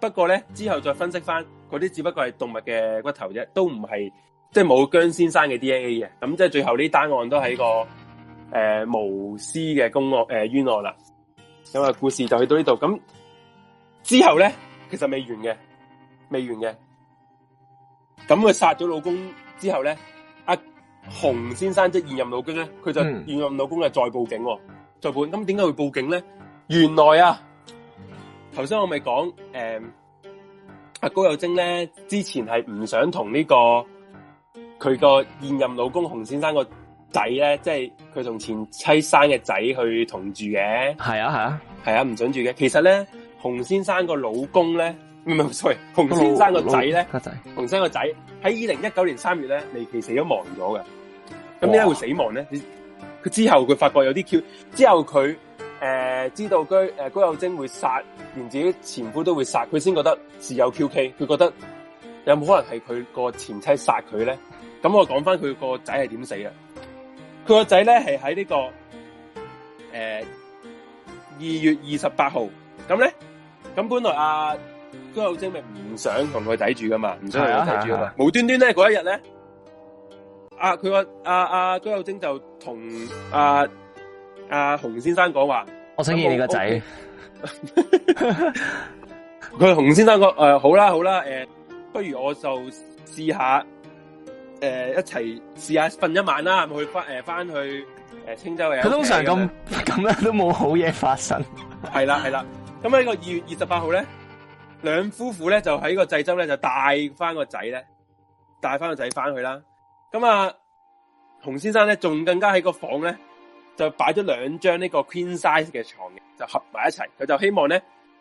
不過咧之後再分析翻，嗰啲只不過係動物嘅骨頭啫，都唔係即係冇姜先生嘅 DNA 嘅，咁即係最後呢單案都係個誒、呃、無屍嘅公案誒、呃、冤案啦。咁啊，故事就去到呢度，咁之後咧其實未完嘅，未完嘅，咁佢殺咗老公之後咧。洪先生即現任老公咧，佢就現任老公就再報警，嗯、再報警，咁點解會報警咧？原來啊，頭先我咪講誒，阿、嗯、高友晶咧之前係唔想同呢、呢個佢個現任老公洪先生個仔咧，即係佢同前妻生嘅仔去同住嘅。係啊，係啊，係啊，唔想住嘅。其實咧，洪先生個老公咧。唔係，唔係，sorry，洪先生個仔咧，洪、哦哦哦哦、生個仔喺二零一九年三月咧離奇死咗亡咗嘅。咁點解會死亡咧？佢哇之後佢發覺有啲 Q，之後佢誒、呃、知道佢誒、呃、高友晶會殺，連自己前夫都會殺，佢先覺得是有 QK。佢覺得有冇可能係佢個前妻殺佢咧？咁我講返佢個仔係點死啊？佢個仔咧係喺呢個誒二月二十八號。咁咧，咁本來阿。高有貞咪唔想同佢抵住㗎嘛，唔想同佢抵住㗎嘛，啊啊啊、無端端咧嗰一日咧，啊，佢個啊，啊，高有貞就同阿阿洪先生講話，我想見、嗯、你個仔。佢洪我 <laughs> <laughs> 先生講誒、呃，好啦好啦，誒、呃，不如我就試下，誒、呃，一齊試下瞓一晚啦，去翻誒翻去誒青、呃、州嘅這樣 樣。佢通常咁咁呢都冇好嘢發生 <laughs> <laughs> 。係啦係啦，咁喺個二月二十八號咧。兩夫婦咧就喺個濟州咧就帶翻個仔咧，帶翻個仔翻去啦。咁啊，洪先生咧仲更加喺個房咧就擺咗兩張呢個 queen size 嘅床，就合埋一齊。佢就希望咧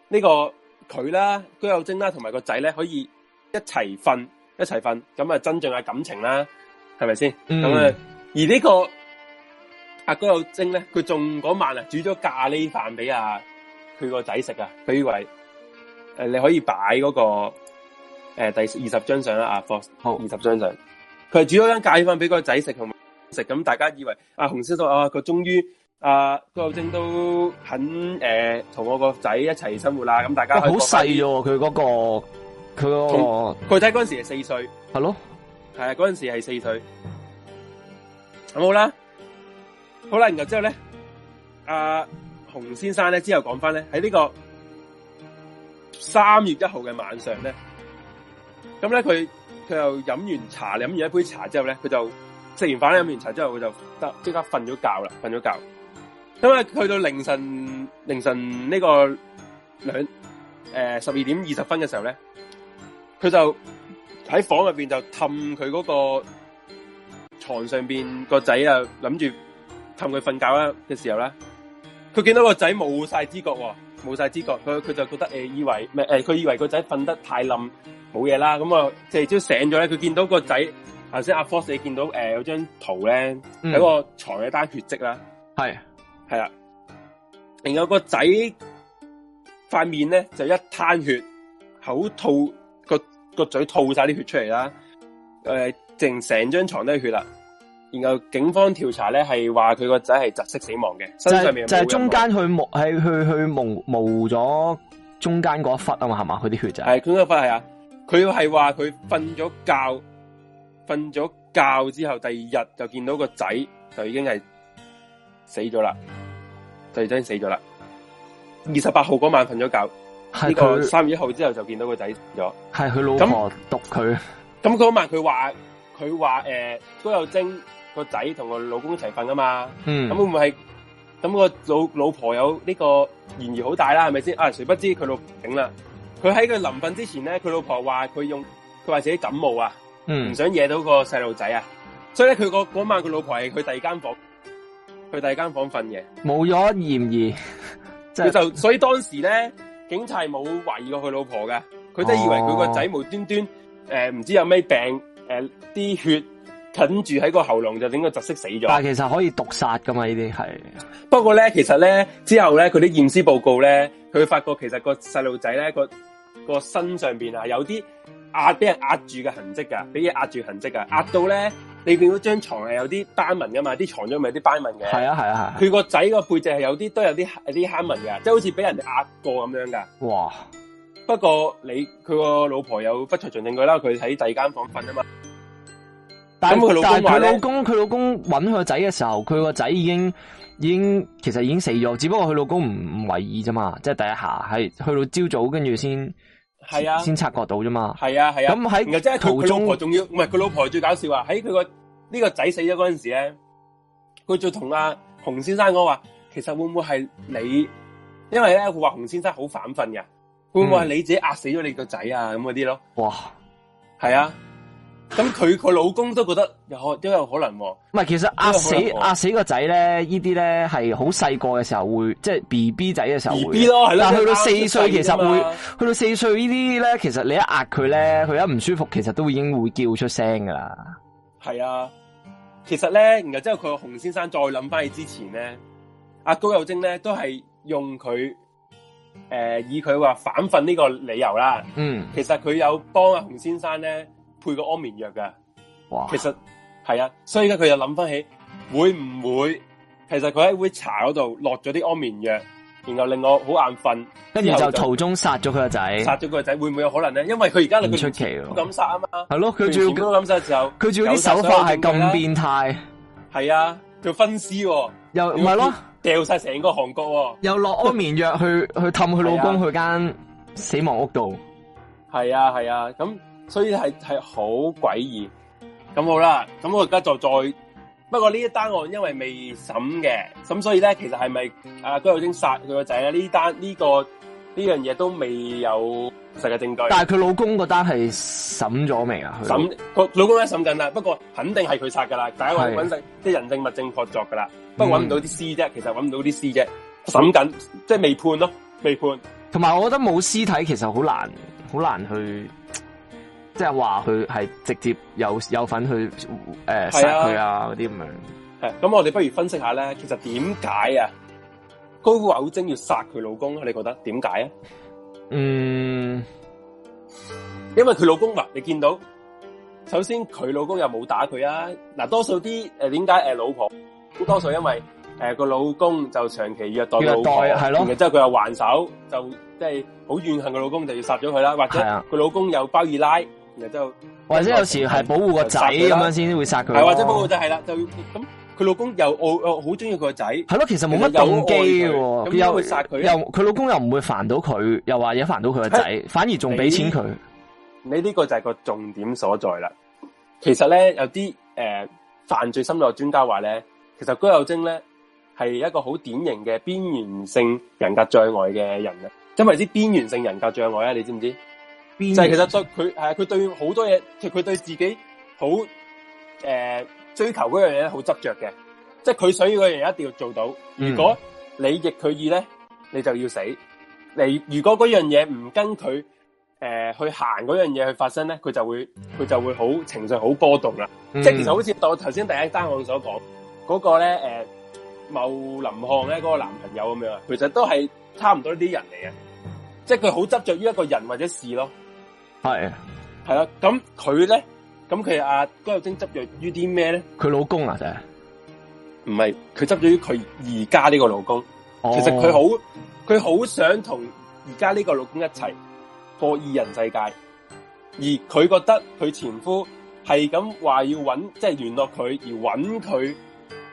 呢、這個佢啦、居友晶啦同埋個仔咧可以一齊瞓一齊瞓，咁啊增進下感情啦，係咪先？咁、嗯這個、啊，而呢個阿居友晶咧，佢仲嗰晚啊煮咗咖喱飯俾啊，佢個仔食啊，佢以為。誒，你可以擺嗰、那個誒、呃、第二十張相啦，阿、啊、Fox。Oss，好，二十張相，佢係煮咗間芥粉俾個仔食同食，咁大家以為阿、啊、洪先生啊，佢終於阿個後都肯誒同、啊、我個仔一齊生活啦，咁、啊、大家好細啫，佢嗰個佢嗰個佢仔嗰陣時係四歲，係咯，係啊，陣、那個那個嗯、時係四歲，咁好啦，好啦，然後之後咧，阿、啊、洪先生咧之後講翻咧喺呢個。三月一號嘅晚上咧，咁咧佢佢又飲完茶，飲完一杯茶之後咧，佢就食完飯，飲完茶之後佢就得即刻瞓咗覺啦，瞓咗覺了。咁啊，去到凌晨凌晨呢個兩誒十二點二十分嘅時候咧，佢就喺房入邊就氹佢嗰個床上邊個仔啊，諗住氹佢瞓覺啦嘅時候咧，佢見到個仔冇晒知覺喎。冇晒知覺，佢佢就覺得誒、呃，以為咪誒，佢、呃、以為個仔瞓得太冧冇嘢啦，咁、嗯、啊、呃，即係朝醒咗咧，佢見到個仔頭先阿 Fox 你見到誒、呃，有張圖咧喺、嗯、個床嘅單血迹啦，係係啦，然後個仔塊面咧就一灘血，口吐個個嘴吐晒啲血出嚟啦，誒、呃，成成張床都係血啦。然後警方調查呢，係話佢個仔係窒息死亡嘅，身上面就是、就係、是、中間去冇喺去去矇矇咗中間嗰一忽啊嘛，係嘛佢啲血就係中間一忽係啊，佢係話佢瞓咗覺，瞓咗覺之後第二日就見到個仔就已經係死咗啦，就真係死咗啦。二十八號嗰晚瞓咗覺，呢他個三月一號之後就見到個仔死咗，係佢老婆那毒佢他。咁嗰、那個、晚佢話佢話誒都有精。個仔同個老公一齊瞓啊嘛，咁、嗯、會唔會係咁個老老婆有呢個嫌疑好大啦？係咪先啊？誰不知佢老頂啦？佢喺佢臨瞓之前咧，佢老婆話佢用佢話自己感冒啊，唔、嗯、想惹到個細路仔啊，所以咧佢個嗰晚佢老婆係去第二間房去第二間房瞓嘅，冇咗嫌疑，就 <laughs> 所以當時咧警察係冇懷疑過佢老婆嘅，佢都以為佢個仔無端端誒唔、呃、知有咩病誒啲、呃、血，困住喺個喉嚨就整個窒息死咗。但係其實可以毒殺噶嘛？呢啲係。不過咧，其實咧之後咧，佢啲驗屍報告咧，佢發覺其實個細路仔咧個個身上邊啊，啊，啊有啲壓俾人壓住嘅痕迹㗎，俾嘢壓住痕迹㗎。壓到咧你邊到張床係有啲斑紋噶嘛，啲床褥咪有啲斑紋嘅。係啊係啊係。佢個仔個背脊係有啲都有啲有啲坑紋㗎，即係好似俾人哋壓過咁樣噶。哇嘩！不過你佢個老婆有不尋常證，證據啦，佢喺第二間房瞓啊嘛。但係佢老，老公，佢老公揾佢個仔嘅時候，佢個仔已經，已經其實已經死咗，只不過佢老公唔唔為意啫嘛，即係第一下係去到朝早，跟住先係啊，先察覺到啫嘛，係啊係啊。咁喺即係途中，仲要唔係佢老婆最搞笑，這個、啊？喺佢個呢個仔死咗嗰陣時咧，佢就同阿洪先生講話，其實會唔會係你？因為咧，佢話洪先生好反憤嘅，會唔會係你自己壓死咗你個仔啊？咁嗰啲咯，哇，係啊。咁佢個老公都覺得有可，都有，有可能，啊。唔係，其實壓死壓、啊、死個仔咧，呢啲咧係好細個嘅時候會，即係 B B 仔嘅時候會。B B 咯，係啦。但係去到四歲，其實會去到四歲呢啲咧，其實你一壓佢咧，佢一唔舒服，其實都已經會叫出聲噶啦。係啊，其實咧，然後之後佢個洪先生再諗翻起之前咧，阿高有貞咧都係用佢誒、呃、以佢話反瞓呢個理由啦。嗯，其實佢有幫阿洪先生咧。配個安眠藥噶，其實係啊，所以而家佢又諗翻起，會唔會其實佢喺杯茶嗰度落咗啲安眠藥，然後令我好眼瞓，跟住就途中殺咗佢個仔，殺咗佢個仔會唔會有可能咧？因為佢而家令佢出奇咯，咁殺啊嘛，係咯，佢仲要咁諗殺嘅時候，佢仲要啲手法係咁變態，係啊，佢分屍又唔係咯，掉晒成個韓國又落安眠藥去去氹佢老公去間死亡屋度，係啊係啊咁。所以係係好詭異，咁好啦，咁我而家就再不過呢一單案，因為未審嘅。咁所以咧，其實係咪啊佢已經殺佢個仔咧？呢單呢個呢樣嘢都未有實嘅證據。但係佢老公個單係審咗未啊？審個老公咧審緊啦，不過肯定係佢殺噶啦，大家揾證即係人證物證確鑿噶啦，嗯、不過搵唔到啲屍啫，其實搵唔到啲屍啫，審緊審即係未判咯，未判。同埋我覺得冇屍體其實好難，好難去。即係話佢係直接有有份去誒殺佢啊嗰啲咁樣。係咁、啊，我哋不如分析下咧，其實點解啊？高偶精要殺佢老公咧？你覺得點解啊？嗯，因為佢老公啊，你見到首先佢老公又冇打佢啊。嗱，多數啲誒點解誒老婆？多數因為誒個、呃、老公就長期虐待老婆，係咯，然之後佢又還手，就即係好怨恨個老公，就要殺咗佢啦。或者佢、啊、老公有包二奶。然後或者有時係保護個仔咁樣先會殺佢，啊，或者保護仔係啦，就咁佢老公又好中意佢個仔，係咯，其實冇乜動機嘅，又殺佢，又佢又老公又唔會煩到佢，又話嘢煩到佢個仔，是反而仲俾錢佢這。他你呢個就係個重點所在啦。其實咧，有啲誒、呃、犯罪心理學專家話咧，其實高友晶咧，係一個好典型嘅邊緣性人格障礙嘅人啊。因為啲邊緣性人格障礙啊，你知唔知？就係其實對佢係佢對好多嘢，佢對自己好誒、呃、追求嗰樣嘢好執着嘅，即係佢想要嗰樣嘢一定要做到。如果你逆佢意咧，你就要死。你如果嗰樣嘢唔跟佢誒、呃、去行嗰樣嘢去發生咧，佢就會佢就會好情緒好波動啦。嗯、即係其實好似我頭先第一單案所講嗰，那個咧，誒、呃，茂林漢咧嗰，那個男朋友咁樣，其實都係差唔多呢啲人嚟嘅，即係佢好執着於一個人或者事咯。係，係啦。咁佢咧，咁佢阿高秀晶執着於啲咩咧？佢老公啊，就唔係佢執着於佢而家呢個老公。哦，其實佢好，佢好想同而家呢個老公一齊過二人世界。而佢覺得佢前夫係咁話要揾，即係聯絡佢，而揾佢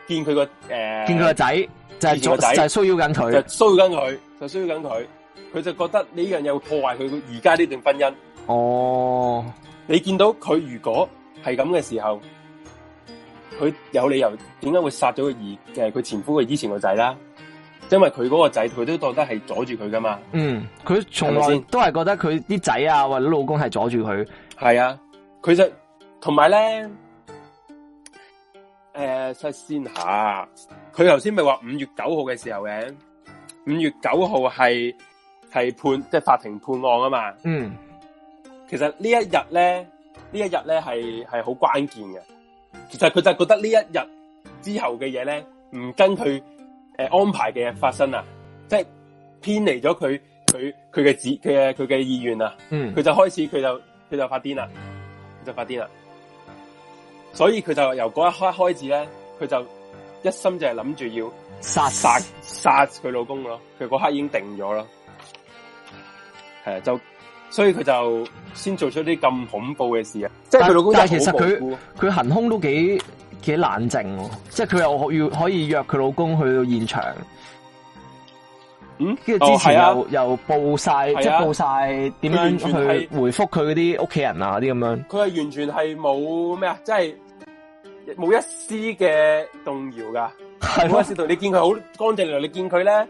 見佢個誒，呃、見佢個仔，就係、是、做，就係騷擾緊佢，就騷擾緊佢，就騷擾緊佢。佢就覺得呢樣嘢會破壞佢而家呢段婚姻。哦，oh. 你見到佢如果係咁嘅時候，佢有理由點解會殺咗個兒？佢前夫嘅以前個仔啦，因為佢嗰個仔，佢都覺得係阻住佢噶嘛。嗯，佢從來都係覺得佢啲仔啊或者老公係阻住佢。係嗎啊，佢就同埋咧，誒、呃，首先吓，佢頭先咪話五月九號嘅時候嘅，五月九號係係判即係、就是、法庭判案啊嘛。嗯。其實一呢一日咧，呢一日咧係係好關鍵嘅。其實佢就覺得呢一日之後嘅嘢咧，唔跟佢誒、呃、安排嘅嘢發生啊，即係偏離咗佢佢佢嘅旨嘅佢嘅意願啊。嗯，佢就開始佢就佢就發癲啦，就發癲啦。所以佢就由嗰一刻開始咧，佢就一心就係諗住要殺殺殺佢老公咯。佢嗰刻已經定咗啦，係、呃、啊就。所以佢就先做出啲咁恐怖嘅事啊！即係佢老公但，但係其實佢佢行凶都幾幾冷靜，即係佢又可要可以約佢老公去到現場。嗯，跟住之前又、哦啊、又報晒，啊、即係報晒點樣去回覆佢嗰啲屋企人啊啲咁樣。佢係完全係冇咩啊，即係冇一絲嘅動搖噶。係咯，同你見佢好乾淨，你見佢咧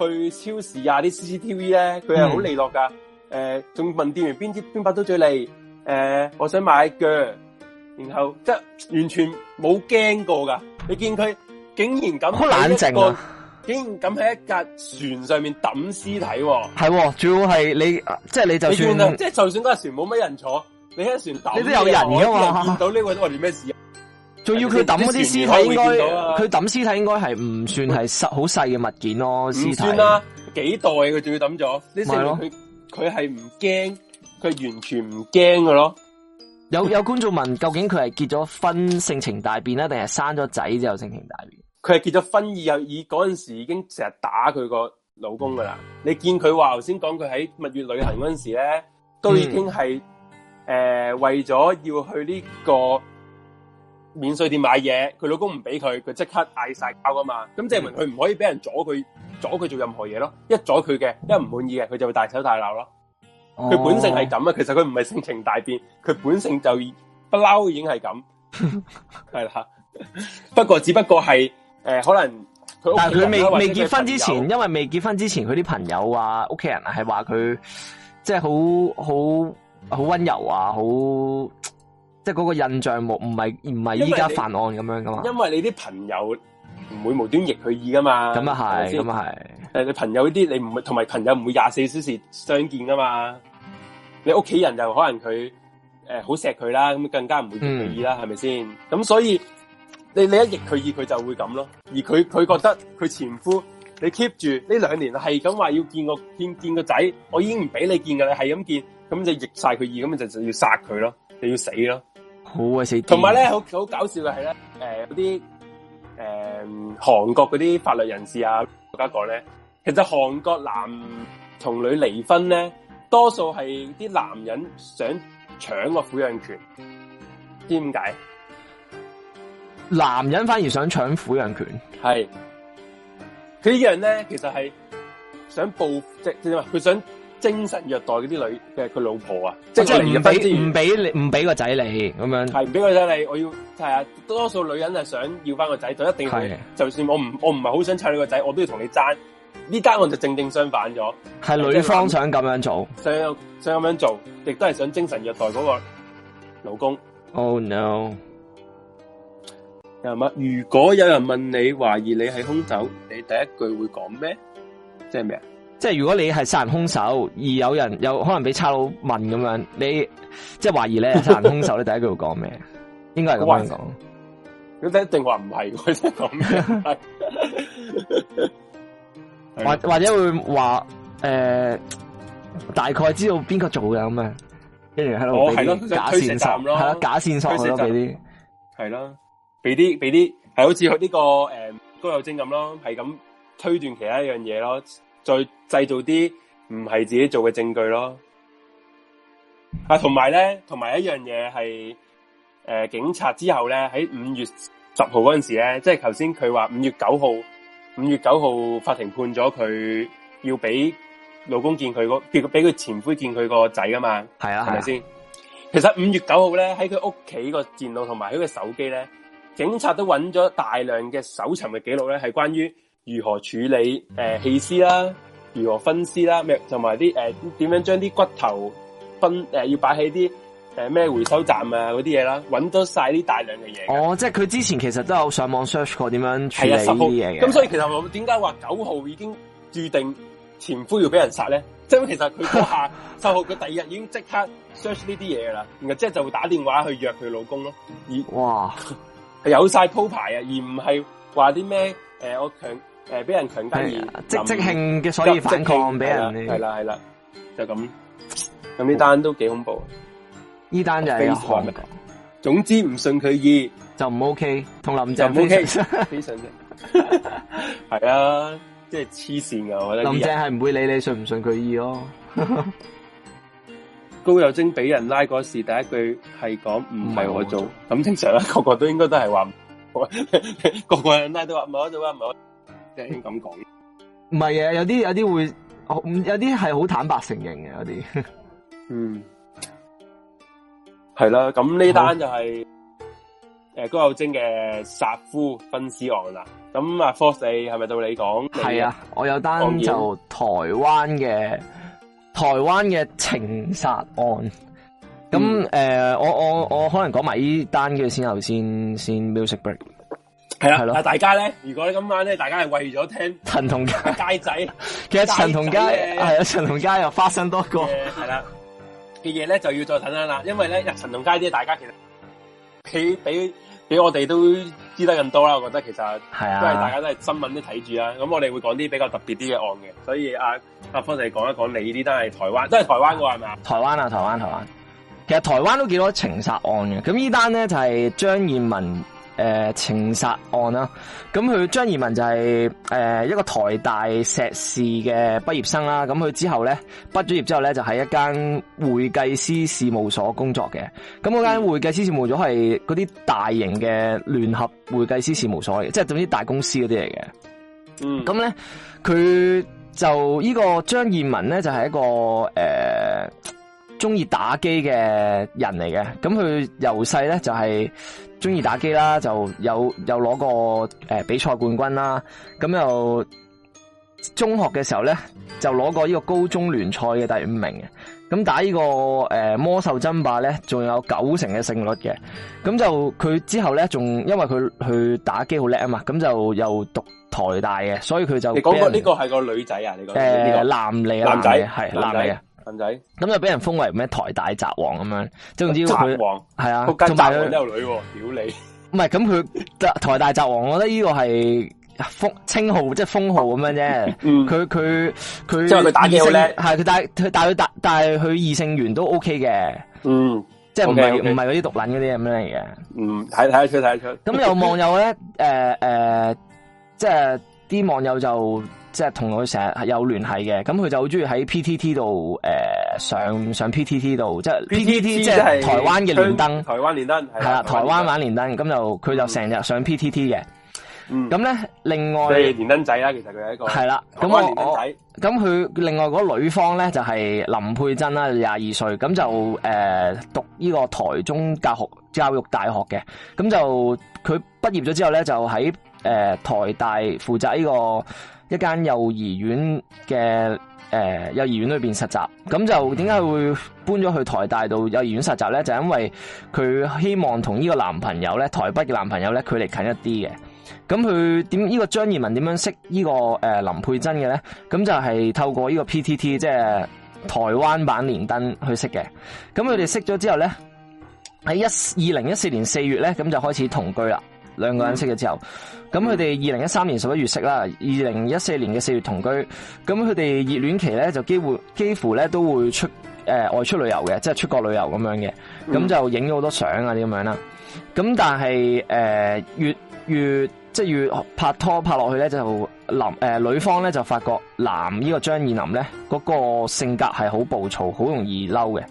去超市啊啲 CCTV 咧，佢係好利落噶。嗯誒，仲、呃、問店員邊支邊把刀最利？誒、呃，我想買鋸。然後即係完全冇驚過噶。你見佢竟然咁，好冷靜、啊、竟然咁喺一架船上面抌屍體、哦。係、嗯哦，主要係你即係你就算，即係、就是、就算嗰架船冇乜人坐，你喺船你，你都有人噶嘛？見到呢位、啊、都話咩事仲要佢抌嗰啲屍體，應該佢抌屍體應該係唔算係好細嘅物件咯、哦。屍、嗯、屍體唔算啦，幾代佢仲要抌咗呢？佢係唔驚，佢完全唔驚嘅咯，有。有有觀眾問，究竟佢係結咗婚性情大變啦，定係生咗仔之後性情大變？佢係結咗婚而又以嗰陣時已經成日打佢個老公噶啦。你見佢話頭先講佢喺蜜月旅行嗰陣時咧，都已經係誒、嗯呃、為咗要去呢、這個。免稅店買嘢，佢老公唔俾佢，佢即刻嗌晒交啊嘛！咁證明佢唔可以俾人阻佢，阻佢做任何嘢咯。一阻佢嘅，一唔滿意嘅，佢就會大吵大鬧咯。佢、哦、本性係咁啊，其實佢唔係性情大變，佢本性就不嬲已經係咁，係啦。不過只不過係誒、呃，可能佢未未結婚之前，因為未結婚之前，佢啲朋友啊、屋企人啊，係話佢即係好好好溫柔啊，好。即係嗰個印象冇，唔係唔係而家犯案咁樣噶嘛？因為你啲朋友唔會無端逆佢意噶嘛。咁啊係，咁係吧。誒，你朋友呢啲你唔會，同埋朋友唔會廿四小時相見噶嘛？你屋企人又可能佢誒好錫佢啦，咁、呃、更加唔會逆佢意啦，係咪先？咁所以你你一逆佢意，佢就會咁咯。而佢佢覺得佢前夫你 keep 住呢兩年係咁話要見個見見個仔，我已經唔俾你見噶，你係咁見，咁就逆晒佢意，咁咪就就要殺佢咯，就要死咯。好鬼死！同埋咧，好好搞笑嘅係咧，誒嗰啲誒韓國嗰啲法律人士啊，家講咧，其實韓國男同女離婚咧，多數係啲男人想搶個撫養權，知唔解？男人反而想搶撫養權，係佢呢樣咧，其實係想報，即，即，點啊？佢想。精神虐待嗰啲女嘅佢老婆啊，即係唔俾唔俾你唔俾個仔你咁樣，係唔俾個仔你，我要係啊，多數女人係想要翻個仔，就一定係，的就算我唔我唔係好想湊你個仔，我都要同你爭。呢單我就正正相反咗，係女方，就是，想咁樣做，想想咁樣做，亦都係想精神虐待嗰個老公。Oh no！有乜？如果有人問你懷疑你係凶手，你第一句會講咩？即係咩啊？即係如果你係殺人兇手，而有人有可能俾差佬問咁樣，你即係懷疑你係殺人兇手你第一句會講咩？ <laughs> 應該係咁樣講，佢一定話唔係，佢想講咩？或 <laughs> <laughs> 的或者會話誒、呃，大概知道邊個做嘅咁樣。跟住喺度俾啲假線索，係啦、哦、假線索咯俾啲，係咯俾啲俾啲，係好似佢呢個誒高友精咁咯，係咁推斷其他一樣嘢咯。再製造啲唔係自己做嘅證據咯，啊，同埋咧，同埋一樣嘢係，誒，警察之後咧，喺五月十號嗰陣時咧，即係頭先佢話五月九號，五月九號法庭判咗佢要俾老公見佢個，見俾佢前夫見佢個仔㗎嘛，係啊，係咪先？啊、其實五月九號咧，喺佢屋企個電腦同埋佢個手機咧，警察都揾咗大量嘅搜尋嘅記錄咧，係關於，如何處理誒、棄屍啦，如何分屍啦，咩同埋啲誒點樣將啲骨頭分誒、呃、要擺喺啲誒咩回收站啊嗰啲嘢啦，揾到晒啲大量嘅嘢。哦，即係佢之前其實都有上網 search 過點樣處理呢啲嘢嘅。咁所以其實我點解話九號已經注定前夫要俾人殺咧？即、就、係、是、其實佢下 <laughs> 十號佢第二日已經即刻 search 呢啲嘢噶啦，然後即係就打電話去約佢老公咯。而哇， <laughs> 有晒鋪排啊，而唔係話啲咩誒我強。誒，俾人強奸，啊，即即興嘅，所以反抗俾人。係啦，係啦，啊啊啊啊，就咁。咁呢單都幾恐怖啊！呢單就，是是就 OK，非常。總之唔信佢意就唔 OK，同林鄭唔 OK 非常係啊，即係黐線噶，我覺得林鄭係唔會理會你順唔順佢意咯，哦。 <laughs> 高友貞俾人拉嗰時，第一句係講唔係我做，咁正常啦，個個都應該都係話， <laughs> 各個個拉都話唔係我做，唔 <laughs> 係咁講，唔係嘅，有啲有啲會，有啲係好坦白承認嘅，有啲、嗯啊，嗯，係啦，咁呢單就係誒高友貞嘅殺夫分屍案啦，咁啊 Fox 係咪到你講？係啊，我有單就台灣嘅台灣嘅情殺案，咁誒、嗯呃，我我我可能講埋呢單嘅先後，後先先 music break。係大家咧，如果你今晚咧，大家係為咗聽陳同佳,佳仔， <laughs> 其實陳同佳係啊，陳同佳又發生多個係啦嘅嘢咧，就要再睇下啦，因為咧，阿陳同佳啲大家其實比比,比我哋都知得咁多啦，我覺得其實係啊，因為大家都係新聞都睇住啦，咁我哋會講啲比較特別啲嘅案嘅，所以阿阿方就講一講你呢單係台灣，都係台灣嘅係嘛？台灣啊，台灣，台灣，其實台灣都幾多情殺案嘅，咁呢單咧就係張燕文。誒，情殺、呃、案啦，咁佢張彥文就係、是、誒、呃、一個台大碩士嘅畢業生啦，咁佢之後咧畢咗業之後咧就喺、是、一間會計師事務所工作嘅，咁嗰間會計師事務所係嗰啲大型嘅聯合會計師事務所嘅，即係總之大公司嗰啲嚟嘅，咁咧佢就、這個、張民呢個張彥文咧就係、是、一個誒。呃中意打機嘅人嚟嘅，咁佢由細咧就係中意打機啦，就有有攞過誒、呃、比賽冠軍啦，咁又中學嘅時候咧就攞過呢個高中聯賽嘅第五名嘅，咁打呢、這個誒、呃、魔獸爭霸咧，仲有九成嘅勝率嘅，咁就佢之後咧仲因為佢去打機好叻啊嘛，咁就又讀台大嘅，所以佢就你講個呢個係個女仔、這個呃、啊？你講誒男嚟仔，男仔係男嚟啊。仔咁就俾人封為咩台大宅王咁樣，即之王，係啊，同埋佢都有女、啊，屌你！唔係咁佢台大宅王，我覺得呢個係封稱號，即、就、係、是、封號咁樣啫。佢佢佢，即係佢打嘢好叻，係佢帶佢帶佢帶係佢異性緣都 OK 嘅。嗯，即係唔係唔係嗰啲毒撚嗰啲咁樣嚟嘅。嗯，睇睇得出睇得出。咁有網友咧，誒誒，即係啲網友就。即係同佢成日有聯繫嘅，咁佢就好中意喺 P.T.T. 度、誒上、呃、上，上 P.T.T. 度，即係 P.T.T. P.T.T.，即係台灣嘅連登，台灣連登係啦，台灣玩連登，咁對就佢就成日上 P.T.T. 嘅。咁咧、嗯，另外，係連登仔啦，其實佢係一個系啦，咁連登仔。咁佢另外嗰女方咧就係、是、林佩珍啦，廿二歲，咁就誒、呃、讀呢個台中教學教育大學嘅，咁就佢畢業咗之後咧就喺誒、呃、台大負責呢、這個。一間幼兒園嘅誒幼兒園裏邊實習，咁就點解會搬咗去台大度幼兒園實習咧？就因為佢希望同呢個男朋友咧台北嘅男朋友咧距離近一啲嘅。咁佢點呢個張彥文點樣識呢、這個誒、呃、林佩珍嘅咧？咁就係透過呢個 P T T 即係台灣版連登去識嘅。咁佢哋識咗之後咧，喺一二零一四年四月咧，咁就開始同居啦。兩個人識嘅之後，咁佢哋二零一三年十一月識啦，二零一四年嘅四月同居，咁佢哋熱戀期咧就幾乎幾乎咧都會出誒、呃、外出旅遊嘅，即係出國旅遊咁樣嘅，咁、嗯、就影咗好多相啊啲咁樣啦。咁但係誒、呃、越越即係越拍拖拍落去咧就誒、呃呃、女方咧就發覺男個張呢個張彥霖咧嗰個性格係好暴躁，好容易嬲嘅。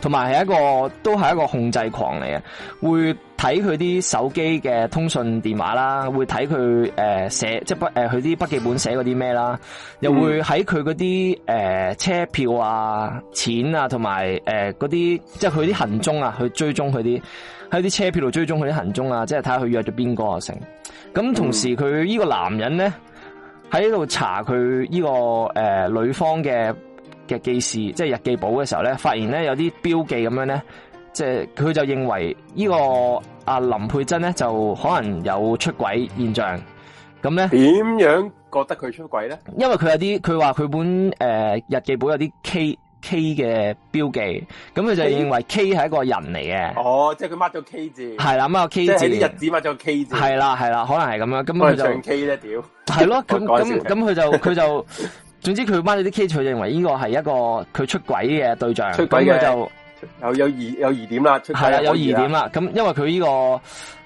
同埋係一個都係一個控制狂嚟嘅，會睇佢啲手機嘅通訊電話啦，會睇佢誒寫即係不誒佢啲筆記本寫嗰啲咩啦，又會喺佢嗰啲誒車票啊、錢啊，同埋誒嗰啲即係佢啲行蹤啊，去追蹤佢啲喺啲車票度追蹤佢啲行蹤啊，即係睇下佢約咗邊個啊成。咁同時佢呢個男人咧喺度查佢呢個誒、呃、女方嘅嘅記事，即係日記簿嘅時候咧，發現咧有啲標記咁樣咧，即係佢就認為呢個阿林佩珍咧就可能有出軌現象，咁咧點樣覺得佢出軌咧？因為佢有啲，佢話佢本誒、呃、日記簿有啲 K K 嘅標記，咁佢就認為 K 係一個人嚟嘅。哦，即係佢 mark 咗 K 字，係啦，mark K 字，即係啲日子 mark 咗 K 字，係啦係啦，可能係咁樣。咁佢就 K 啫，屌，係咯，咁咁咁佢就佢就。總之佢翻咗啲 case，佢認為呢個係一個佢出軌嘅對象，出軌嘅就有有疑有疑點啦，係啦有，有疑點啦。咁因為佢呢、這個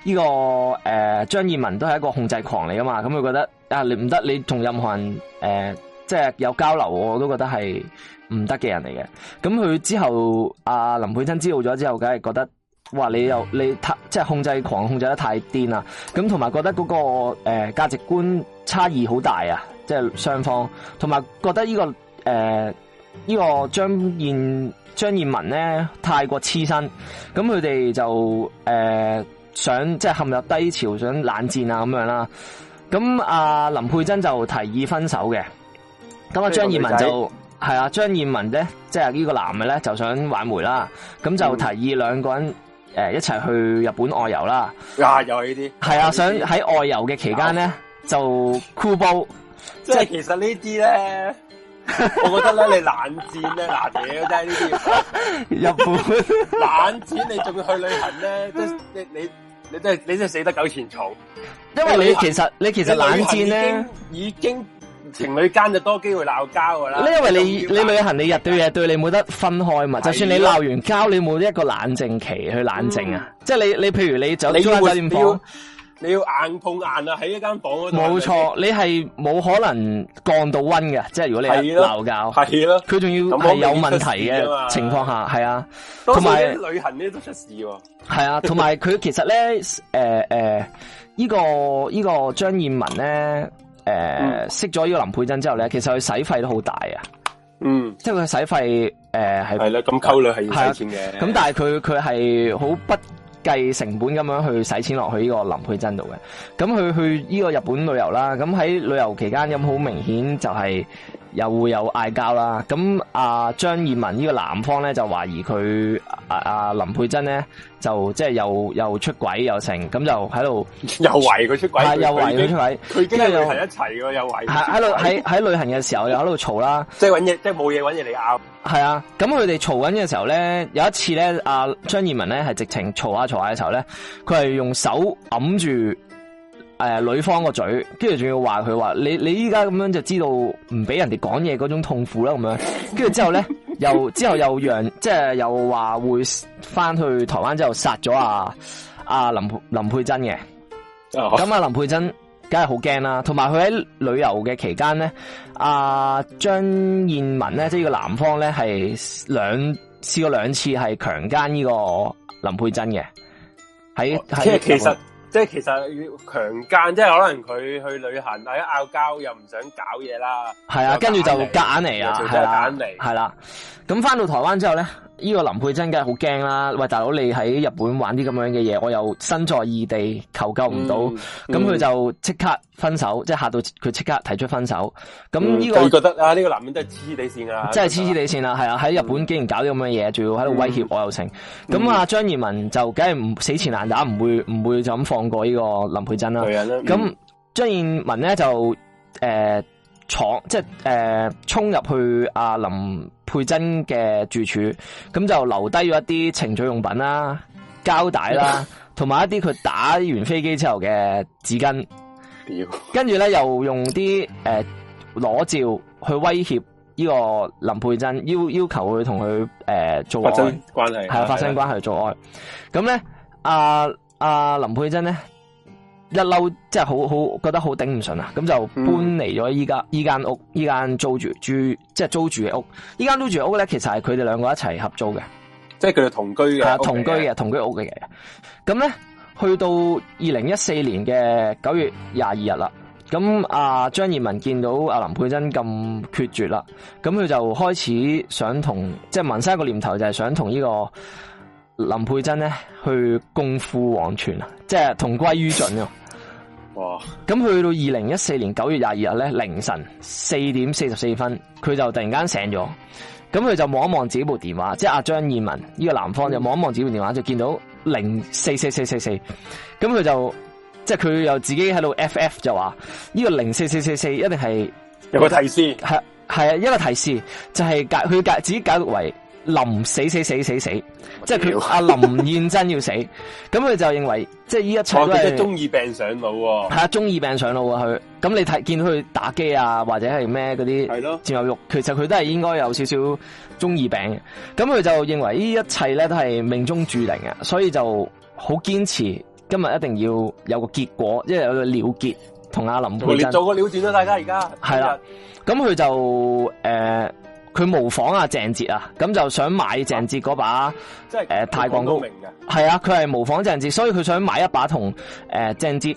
呢、這個誒張彥文都係一個控制狂嚟噶嘛，咁佢覺得啊你唔得，你同任何人誒、呃、即係有交流，我都覺得係唔得嘅人嚟嘅。咁佢之後阿林佩珍知道咗之後，梗、啊、係覺得哇你又你即係控制狂，控制得太癲啦。咁同埋覺得嗰、那個誒價、呃、值觀差異好大啊。即係雙方，同埋覺得呢、這個誒呢、呃這個張燕張燕文咧太過黐身，咁佢哋就誒、呃、想即係陷入低潮，想冷戰啊咁樣啦。咁阿林佩珍就提議分手嘅。咁阿張燕文就係啊，張燕文咧即係呢、就是、個男嘅咧就想挽回啦，咁就提議兩個人誒、呃、一齊去日本外遊啦。啊，有呢啲係啊，想喺外遊嘅期間咧、啊、就箍煲。即係其實呢啲咧，我覺得咧，你冷戰咧，嗱，屌真係呢啲，日本冷戰你仲要去旅行咧，即係你你你真係你真係死得九前草。因為你其實你其實冷戰咧，已經情侶間就多機會鬧交噶啦。你因為你你旅行你日對夜對你冇得分開嘛，就算你鬧完交，你冇一個冷靜期去冷靜啊，即係你你譬如你走住間酒店房。你要硬碰硬啊！喺一間房嗰度，冇錯，你係冇可能降到溫嘅，即係如果你鬧交，係咯，佢仲要係有問題嘅情況下，係啊，同埋旅行咧都出事喎，係啊，同埋佢其實咧，誒誒，呢個呢個張燕文咧，誒，識咗呢個林佩珍之後咧，其實佢使費都好大啊，嗯，即係佢使費，誒係係啦，咁溝女係要使錢嘅，咁但係佢佢係好不。計成本咁樣去使錢落去呢個林佩珍度嘅，咁佢去呢個日本旅遊啦，咁喺旅遊期間咁好明顯就係、是。又會有嗌交啦，咁阿張彥文呢個男方咧，就懷疑佢阿林佩珍咧，就即係又又出軌又成，咁就喺度又懷疑佢出軌，又懷疑佢出軌，佢已經係旅行一齊嘅，又懷疑喺度喺喺旅行嘅時候又喺度嘈啦，即係搵嘢，即係冇嘢搵嘢嚟拗。係啊，咁佢哋嘈緊嘅時候咧，有一次咧，阿張彥文咧係直情嘈下嘈下嘅時候咧，佢係用手揞住。誒、呃，女方個嘴，跟住仲要話佢話，你，你依家咁樣就知道唔俾人哋講嘢嗰種痛苦啦，咁樣，跟住之後咧，又之後又讓，即係又話會返去台灣之後殺咗阿阿林林佩珍嘅。咁阿、oh. 林佩珍梗係好驚啦，同埋佢喺旅遊嘅期間咧，阿、啊、張彥文咧，即係呢個男方咧，係兩試過兩次係強姦呢個林佩珍嘅。喺係、oh. 其實。即係其實要強姦，即係可能佢去旅行，大家拗交又唔想搞嘢啦。係啊，跟住就夾硬嚟啊，係啦，夾硬嚟，係啦。咁翻到台灣之後咧，呢個林佩珍梗係好驚啦。喂，大佬你喺日本玩啲咁樣嘅嘢，我又身在異地求救唔到，咁佢就即刻分手，即係嚇到佢即刻提出分手。咁呢個覺得啊，呢個男人真係黐黐地線啊，真係黐黐地線啦，係啊！喺日本竟然搞啲咁嘅嘢，仲要喺度威脅我又成。咁啊張怡文就梗係唔死纏爛打，唔會唔會就咁放過呢個林佩珍啦，咁張、嗯、燕文咧就誒闖、呃，即係誒、呃、衝入去阿林佩珍嘅住處，咁就留低咗一啲情趣用品啦、膠帶啦，同埋一啲佢打完飛機之後嘅紙巾，跟住咧又用啲誒、呃、裸照去威脅呢個林佩珍，要要求佢同佢誒做愛關係，係發生關係做愛，咁咧阿。呃阿林佩珍咧一嬲，即係好好覺得好頂唔順啊，咁就搬嚟咗依家依間屋，依間、嗯、租住住，即係租住嘅屋。依間租住嘅屋咧,其實係佢哋兩個一齊合租嘅，即係佢哋同居嘅，同居嘅同居屋嘅咁咧，去到、啊、二零一四年嘅九月廿二日啦，咁阿張彥文見到阿林佩珍咁決絕啦，咁佢就開始想同，即係萌生一個念頭，就係想同呢、呢個林佩珍咧去共赴黃泉啊，即係同歸於盡咯。哇！咁去到二零一四年九月廿二日咧凌晨四點四十四分，佢就突然間醒咗。咁佢就望一望自己部電話，即係阿張彥文呢個男方就望一望自己部電話，就見到零四四四四四。咁佢就即係佢又自己喺度 ff 就話呢個零四四四四一定係有個提示，係，係啊，一個提示就係解佢解自己解讀為。林死死死死死，死死死死 <laughs> 即係阿林燕珍要死，咁佢就認為即係呢一切都。都就中二病上腦，哦，係啊，中二病上腦啊，佢。咁你睇見佢打機啊，或者係咩嗰啲，係咯，佔有慾，其實佢都係應該有少少中二病嘅。咁佢就認為呢一切咧都係命中注定嘅。所以就好堅持今日一定要有個結果，即係有個了結，同阿林。做你做個了斷啦，啊，大家而家。係啦，咁佢就誒。呃佢模仿阿鄭捷啊，咁就想買鄭捷嗰把，即係誒鈦鋼刀，係啊，佢係模仿鄭捷，所以佢想買一把同誒鄭、呃、捷誒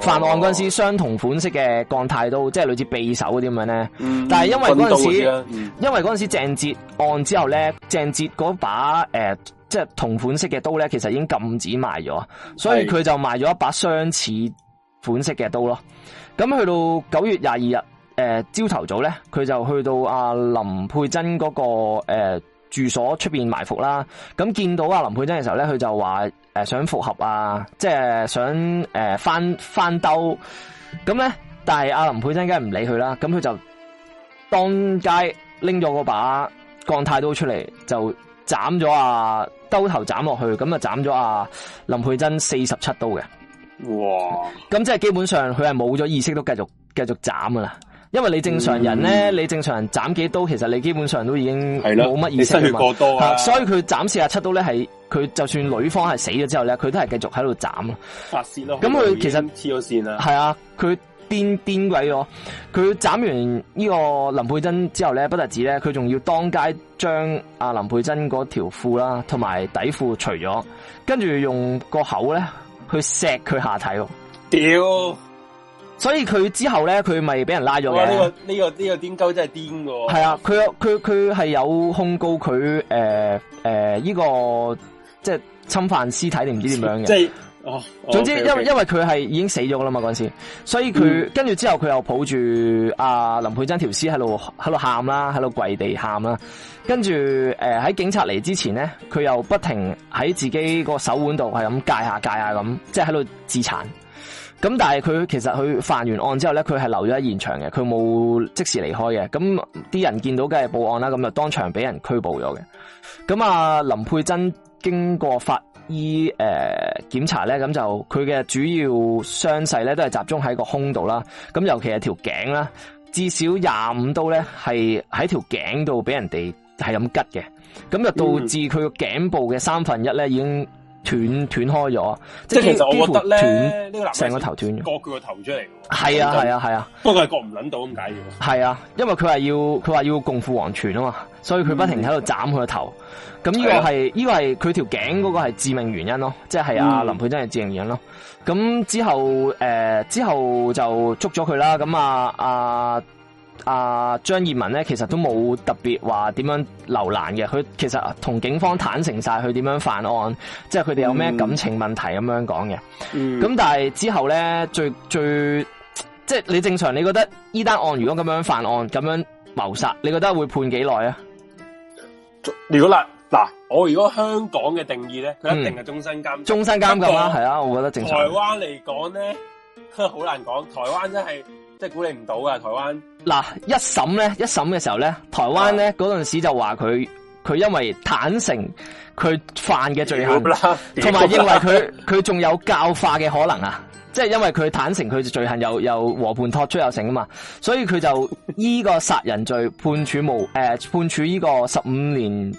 犯、呃、案嗰陣時相同款式嘅鋼太刀，哦、即係類似匕首啲咁樣咧。嗯、但係因為嗰陣時，嗯、因為嗰陣時鄭捷案之後咧，鄭捷嗰把誒、呃、即係同款式嘅刀咧，其實已經禁止賣咗，所以佢就賣咗一把相似款式嘅刀咯。咁是去到九月廿二日。誒，朝頭、呃、早咧，佢就去到阿、啊、林佩珍嗰、那個誒、呃、住所出邊埋伏啦。咁見到阿、啊、林佩珍嘅時候咧，佢就話誒、呃、想復合啊，即係想誒、呃、翻翻兜。咁咧，但係阿、啊、林佩珍梗係唔理佢啦。咁佢就當街拎咗個把鋼太刀出嚟，就斬咗啊兜頭斬落去。咁啊斬咗阿林佩珍四十七刀嘅。哇！咁即係基本上佢係冇咗意識都繼續繼續斬噶啦。因為你正常人咧，嗯、你正常人斬幾刀，其實你基本上都已經冇乜意識啊。過多了，所以佢斬四啊七刀咧，係佢就算女方係死咗之後咧，佢都係繼續喺度斬啊。發洩咯，咁佢其實黐咗線啦。係啊，佢癲癲鬼咗。佢斬完呢個林佩珍之後咧，不單止咧，佢仲要當街將阿林佩珍嗰條褲啦，同埋底褲除咗，跟住用個口咧去錫佢下體哦。屌！所以佢之後咧，佢咪俾人拉咗嘅。哇！呢個呢、這個呢、這個真癲鳩真係癲嘅。係啊，佢佢佢係有控告佢誒誒呢個即係侵犯屍體定唔知點樣嘅。即係哦。總之，因、哦 okay, okay、因為佢係已經死咗啦嘛嗰陣時，所以佢、嗯、跟住之後佢又抱住阿、啊、林佩珍條屍喺度喺度喊啦，喺度跪地喊啦。跟住誒喺警察嚟之前咧，佢又不停喺自己個手腕度係咁戒下戒下咁，即係喺度自殘。咁但係佢其實佢犯完案之後咧，佢係留咗喺現場嘅，佢冇即時離開嘅。咁啲人見到梗係報案啦，咁就當場俾人拘捕咗嘅。咁啊，林佩珍經過法醫誒檢、呃、查咧，咁就佢嘅主要傷勢咧都係集中喺個胸度啦。咁尤其係條頸啦，至少廿五刀咧係喺條頸度俾人哋係咁拮嘅，咁就導致佢個頸部嘅三分一咧已經。斷斷開咗，即係其實我覺得咧，呢個男成個頭斷，割佢個頭出嚟嘅，係啊係啊係啊，真不過係割唔捻到咁解嘅，係啊，因為佢係要佢話要共赴黃泉啊嘛，所以佢不停喺度斬佢個頭，咁呢、嗯、個係呢的個係佢條頸嗰個係致命原因咯，即係阿林佩珍係致命原因咯，咁、嗯、之後誒、呃、之後就捉咗佢啦，咁啊啊。啊阿張燕文咧，其實都冇特別話點樣留難嘅，佢其實同警方坦誠晒佢點樣犯案，即係佢哋有咩感情問題咁樣講嘅。咁、嗯嗯、但係之後咧，最最即係你正常，你覺得呢單案如果咁樣犯案咁樣謀殺，你覺得會判幾耐啊？如果嗱嗱，我如果香港嘅定義咧，佢一定係終身監終、嗯、身監禁啦、啊，係過啊，我覺得正常。台灣呵呵。台灣嚟講咧，佢好難講，台灣真係。即係估你唔到噶，台灣嗱，一審咧，一審嘅時候咧，台灣咧嗰陣時就話佢佢因為坦誠，佢犯嘅罪行，同埋認為佢佢仲有教化嘅可能啊！ <laughs> 即係因為佢坦誠，佢罪行又又和盤托出又成啊嘛，所以佢就依個殺人罪判處無誒、呃、判處依個十五年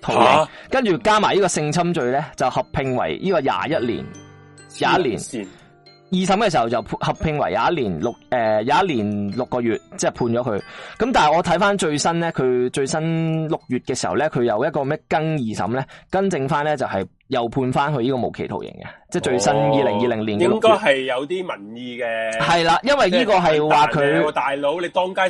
徒刑，跟住、啊、加埋呢個性侵罪咧就合併為依個廿一年廿一年。二審嘅時候就合併為有一年六誒有、呃、一年六個月，即係判咗佢。咁但係我睇翻最新咧，佢最新六月嘅時候咧，佢有一個咩更二審咧，更正翻咧就係、是、又判翻佢呢個無期徒刑嘅。即係最新二零二零年應該係有啲民意嘅。係啦，因為呢個係話佢大佬，你當街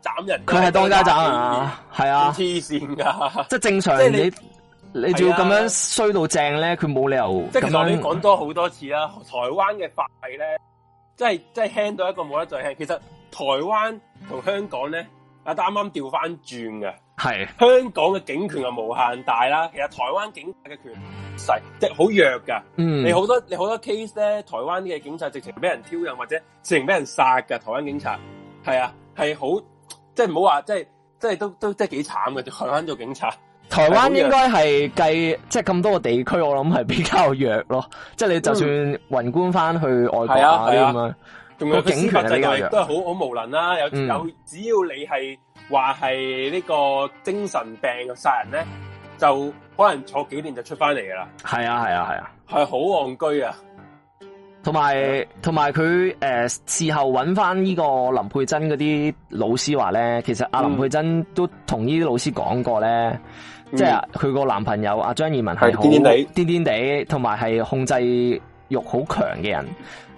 斬人，佢係當街斬人啊，係的啊，黐線噶，的即係正常。你就要咁樣衰到正咧，佢冇、啊、理由。即係其實我已講多好多次啦，台灣嘅法例咧，即係即係輕到一個冇得再輕。其實台灣同香港咧，啊啱啱調翻轉噶。係是香港嘅警權又無限大啦，其實台灣警察嘅權勢即係好弱噶。嗯，你好多你好多 case 咧，台灣嘅警察直情俾人挑釁或者直情俾人殺噶。台灣警察係啊，係好即係唔好話，即係即係都都即係幾慘噶。台灣做警察。台灣應該係計即係咁多個地區，我諗係比較弱咯。即係你就算宏觀翻去外國啊啲咁樣，仲、啊啊、有司法制度都係好好無能啦、啊。有有，嗯、只要你係話係呢個精神病嘅殺人咧，就可能坐幾年就出翻嚟噶啦。係啊係啊係啊，係好戇居啊。同埋同埋佢誒事後揾翻呢個林佩珍嗰啲老師話咧，其實阿、啊、林佩珍都同呢啲老師講過咧。嗯、即係佢個男朋友阿張儀文係癲癲地，癲癲地，同埋係控制慾好強嘅人，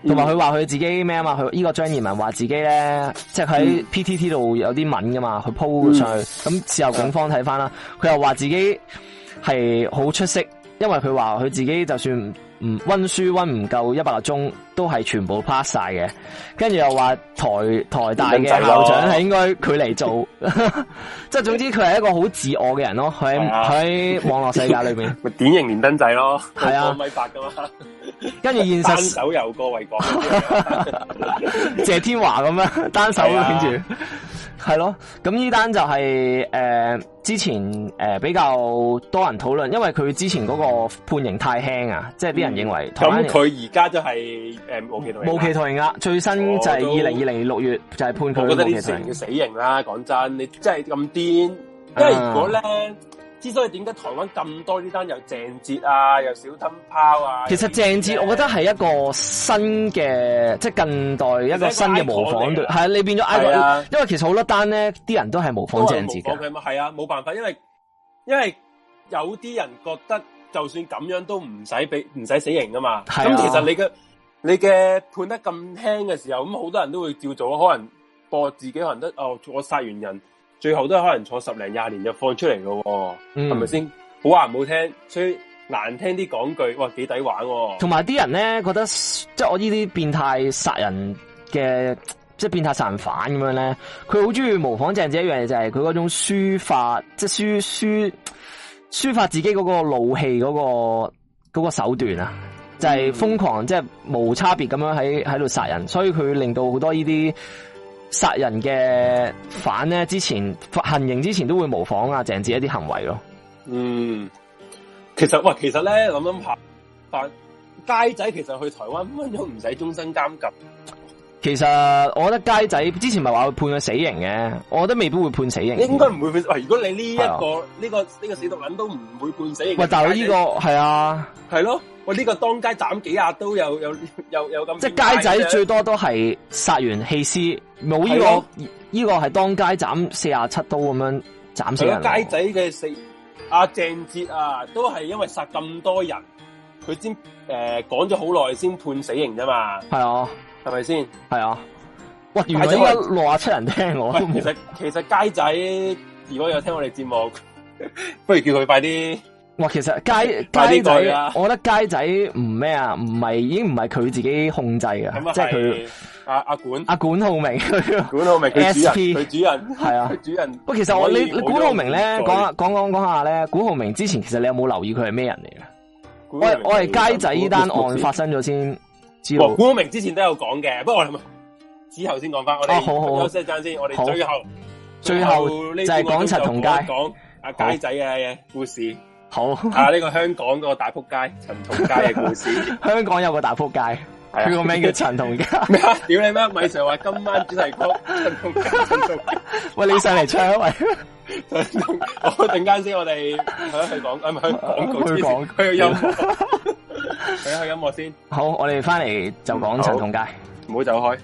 同埋佢話佢自己咩啊、嗯、嘛？佢依個張儀文話自己咧，即係喺 PTT 度有啲文噶嘛，佢鋪上去，咁、嗯、事後警方睇翻啦，佢、嗯、又話自己係好出色，因為佢話佢自己就算唔溫書溫唔夠一百個鐘。都係全部 pass 晒嘅，跟住又話台台大嘅校長係應該佢嚟做，即係 <laughs> 總之佢係一個好自我嘅人咯。佢喺、啊、網絡世界裏邊， <laughs> 典型連登仔咯，係啊，咪發噶嘛。跟住現實手遊過為國， <laughs> 謝天華咁樣單手跟住，係咯、啊。咁呢單就係、是、誒、呃、之前誒、呃、比較多人討論，因為佢之前嗰個判刑太輕啊，即係啲人認為咁佢而家就係、是。無期徒刑啊！刑啊最新就係二零二零年六月就係判佢也無期徒刑嘅、啊、死刑啦、啊。講真，你真係咁癲。因為如果咧，啊、之所以，點解台灣咁多呢單又鄭捷啊，又小燈泡啊？其實鄭捷，我覺得係一個新嘅，即係近代一個，一個新嘅模仿係啊對，你變咗是、啊、因為其實好多單咧，啲人都係模仿鄭捷嘅。係啊，冇辦法，因為因為有啲人覺得，就算咁樣都唔使俾，唔使死刑噶嘛。咁是、啊、其實你嘅。你嘅判得咁輕嘅時候，咁好多人都會照做，可能播自己可能都哦，我殺完人，最後都係可能坐十零廿年就放出嚟嘅，哦，係咪先？好話唔好聽，所以難聽啲講句，哇，幾抵玩，哦！同埋啲人咧，覺得即係我呢啲變態殺人嘅，即係變態殺人犯咁樣咧，佢好中意模仿鄭子一樣嘢，就係佢嗰種抒發，即係抒抒抒發自己嗰個怒氣嗰個嗰個手段啊！就係瘋狂，即、就、係、是、無差別咁樣喺喺度殺人，所以佢令到好多殺呢啲殺人嘅犯咧，之前行刑之前都會模仿阿鄭治一啲行為咯。嗯，其實喂，其實咧諗諗下，但街仔其實去台灣都唔使終身監禁。其實我覺得街仔之前咪話會判佢死刑嘅，我覺得未必會判死刑。你應該唔會判。喂，如果你呢一個呢個呢個死毒撚都唔會判死刑。喂，就呢、是這個係啊，係咯你。的我呢個當街斬幾下刀，有有有有咁。即係街仔最多都係殺完棄屍，冇呢是的、這個呢是的 個係當街斬四十七刀咁樣斬死人。街仔嘅四阿鄭哲啊，都係因為殺咁多人，佢先誒講咗好耐先判死刑啫嘛。係啊是的 吧，係咪先？係啊。喂，原來依家六十七人聽我。其實其實街仔如果有聽我哋節目， <laughs> 不如叫佢快啲。哇，其實街街仔，我覺得街仔唔咩啊，唔係已經唔係佢自己控制嘅，即係佢阿阿管阿管浩明佢啊，管浩明佢主人係啊，佢主人。不其實我你你管浩明咧講下講講講下咧，管浩明之前其實你有冇留意佢係咩人嚟啊？我我係街仔呢單案發生咗先知道。管浩明之前都有講嘅，不過我諗之後先講翻。啊，好好好，等先，我哋最後最後就係講陳同佳講阿街仔嘅故事。好啊！呢、這個香港嗰個大仆街陳同佳嘅故事， <laughs> 香港有個大仆街，佢個 <laughs> 名叫陳同佳。屌 <laughs> <laughs> 你媽！咪成日話今晚主題曲陳同佳。同佳喂，你上嚟唱、啊、喂。陳同， <laughs> 我等陣先，我哋係啊去講，唔係去講講區音樂。係啊，去音樂先。好，我哋翻嚟就講陳同佳，唔好走開。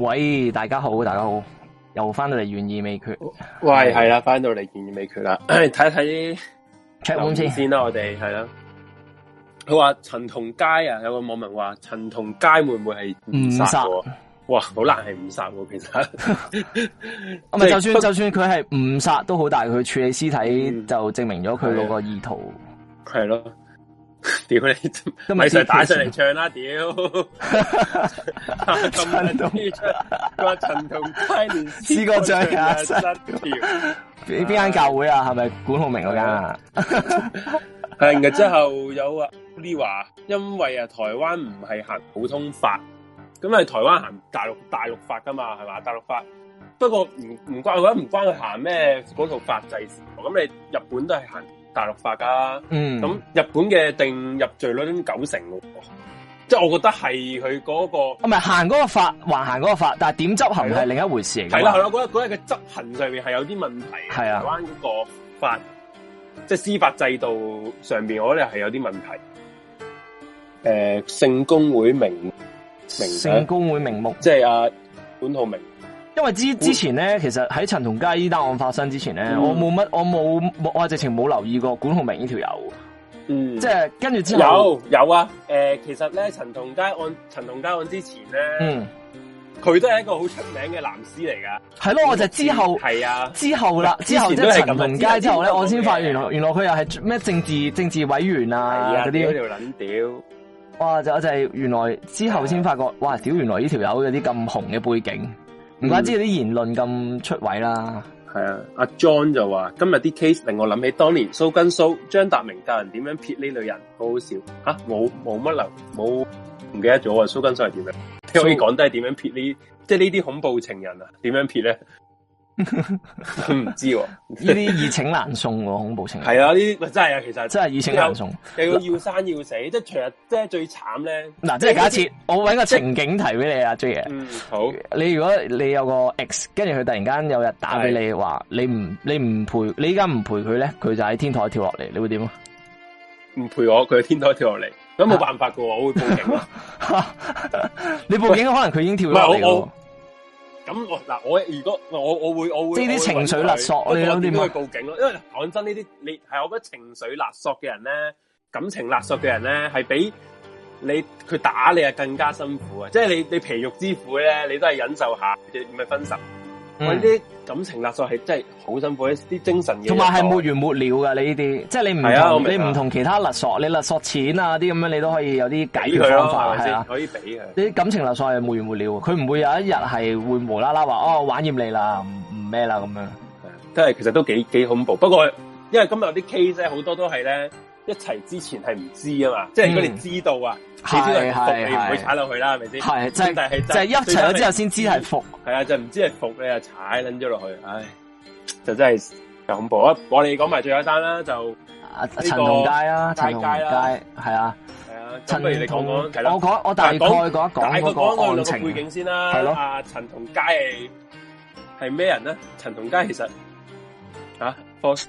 喂，大家好，大家好，又翻到嚟懸疑未決。喂，係啦、嗯，翻到嚟懸疑未決啦，睇一睇《拆案先》啦，我哋係啦。佢話陳同佳啊，有個網民話陳同佳會唔會係誤殺？哇殺，好難係誤殺喎，其實。咪、 <laughs> 就是、就算就算佢係誤殺都好，但係佢處理屍體就證明咗佢嗰個意圖，係咯、嗯。屌你，米上打上嚟唱啦！屌，咁你中意唱個陳同佳連試歌唱啊，新調、啊、你邊間教會啊？係咪管浩明嗰間啊？係， <laughs> 然之後有阿 v a 因為啊，台灣唔係行普通法，咁係台灣行大陸大陸法噶嘛，係嘛？大陸法，不過唔唔關，我覺得唔關佢行咩嗰套法制，咁你日本都係行。大陸法㗎，咁、嗯、日本嘅定入罪率都九成，即係我覺得係佢嗰個，唔係行嗰個法，還行嗰個法，但係點執行係另一回事嚟。係啦係啦，嗰個嗰嘅執行上面係有啲問題，台灣了個法，即係了司法制度上面，我覺得係有啲問題。誒了，聖公、呃、會名名聖公會名目，即係阿管浩鳴。因為之之前咧，其實喺陳同佳呢單案發生之前咧，我冇乜，我冇我直情冇留意過管浩明呢條友。嗯，即係跟住之後有有啊。誒，其實咧陳同佳案陳同佳案之前咧，嗯，佢都係一個好出名嘅藍絲嚟噶。係咯，我就之後係啊，之後啦，之後即係陳同佳之後咧，我先發現原來原來佢又係咩政治政治委員啊嗰啲。條撚屌！哇！就就係原來之後先發覺，哇！屌！原來呢條友有啲咁紅嘅背景。唔怪知，啲言論咁出位啦。係、嗯、啊，阿、啊、John 就話今日啲 case 令我諗起當年蘇根蘇張達明教人點樣撇呢類人，好好笑。吓，冇冇乜流，冇唔記得咗啊？蘇、啊、根蘇係點樣？可以講低點樣撇呢？蘇即係呢啲恐怖情人啊，點樣撇呢？佢唔知呢啲易請難送喎，恐怖情係啊！呢啲真係啊，其實真係易請難送，又要生要死，即係除實即係最慘咧。嗱，即係假設我搵個情景提俾你啊 J。嗯，好。你如果你有個 X，跟住佢突然間有日打俾你話，你唔你唔陪，你依家唔陪佢咧，佢就喺天台跳落嚟，你會點啊？唔陪我，佢喺天台跳落嚟，咁冇辦法噶，我會報警，你報警，可能佢已經跳落嚟。咁嗱，我如果我我會我會呢啲情緒勒索，我你諗點去報警咯？因為講真，呢啲你係我覺得情緒勒索嘅人咧，感情勒索嘅人咧，係比你佢打你啊更加辛苦啊！即係你你皮肉之苦咧，你都係忍受下，唔係分手。我啲、嗯、感情勒索係真係好辛苦，啲精神嘢同埋係沒完沒了噶。你呢啲，即係你唔同你唔同其他勒索，你勒索錢啊啲咁樣，你都可以有啲解決方法，係啊，的可以俾嘅。啲感情勒索係沒完沒了，佢唔會有一日係會無啦啦話哦玩厭你啦，唔唔咩啦咁樣，即係其實都幾幾恐怖。不過因為今日有啲 case 好多都係咧一齊之前係唔知啊嘛，即係如果你知道啊。嗯你知你唔會踩落去啦，係係係，就一齊咗之後先知係伏係啊，就唔知係伏，你啊，踩捻咗落去，唉，就真係咁恐怖啊！我哋講埋最後一單啦，就陳同佳啦，陳同佳，係啊，係啊，不如你講講，係啦，我講，我大概講一講嗰個案情背景先啦，係咯，阿陳同佳係咩人咧？陳同佳其實啊。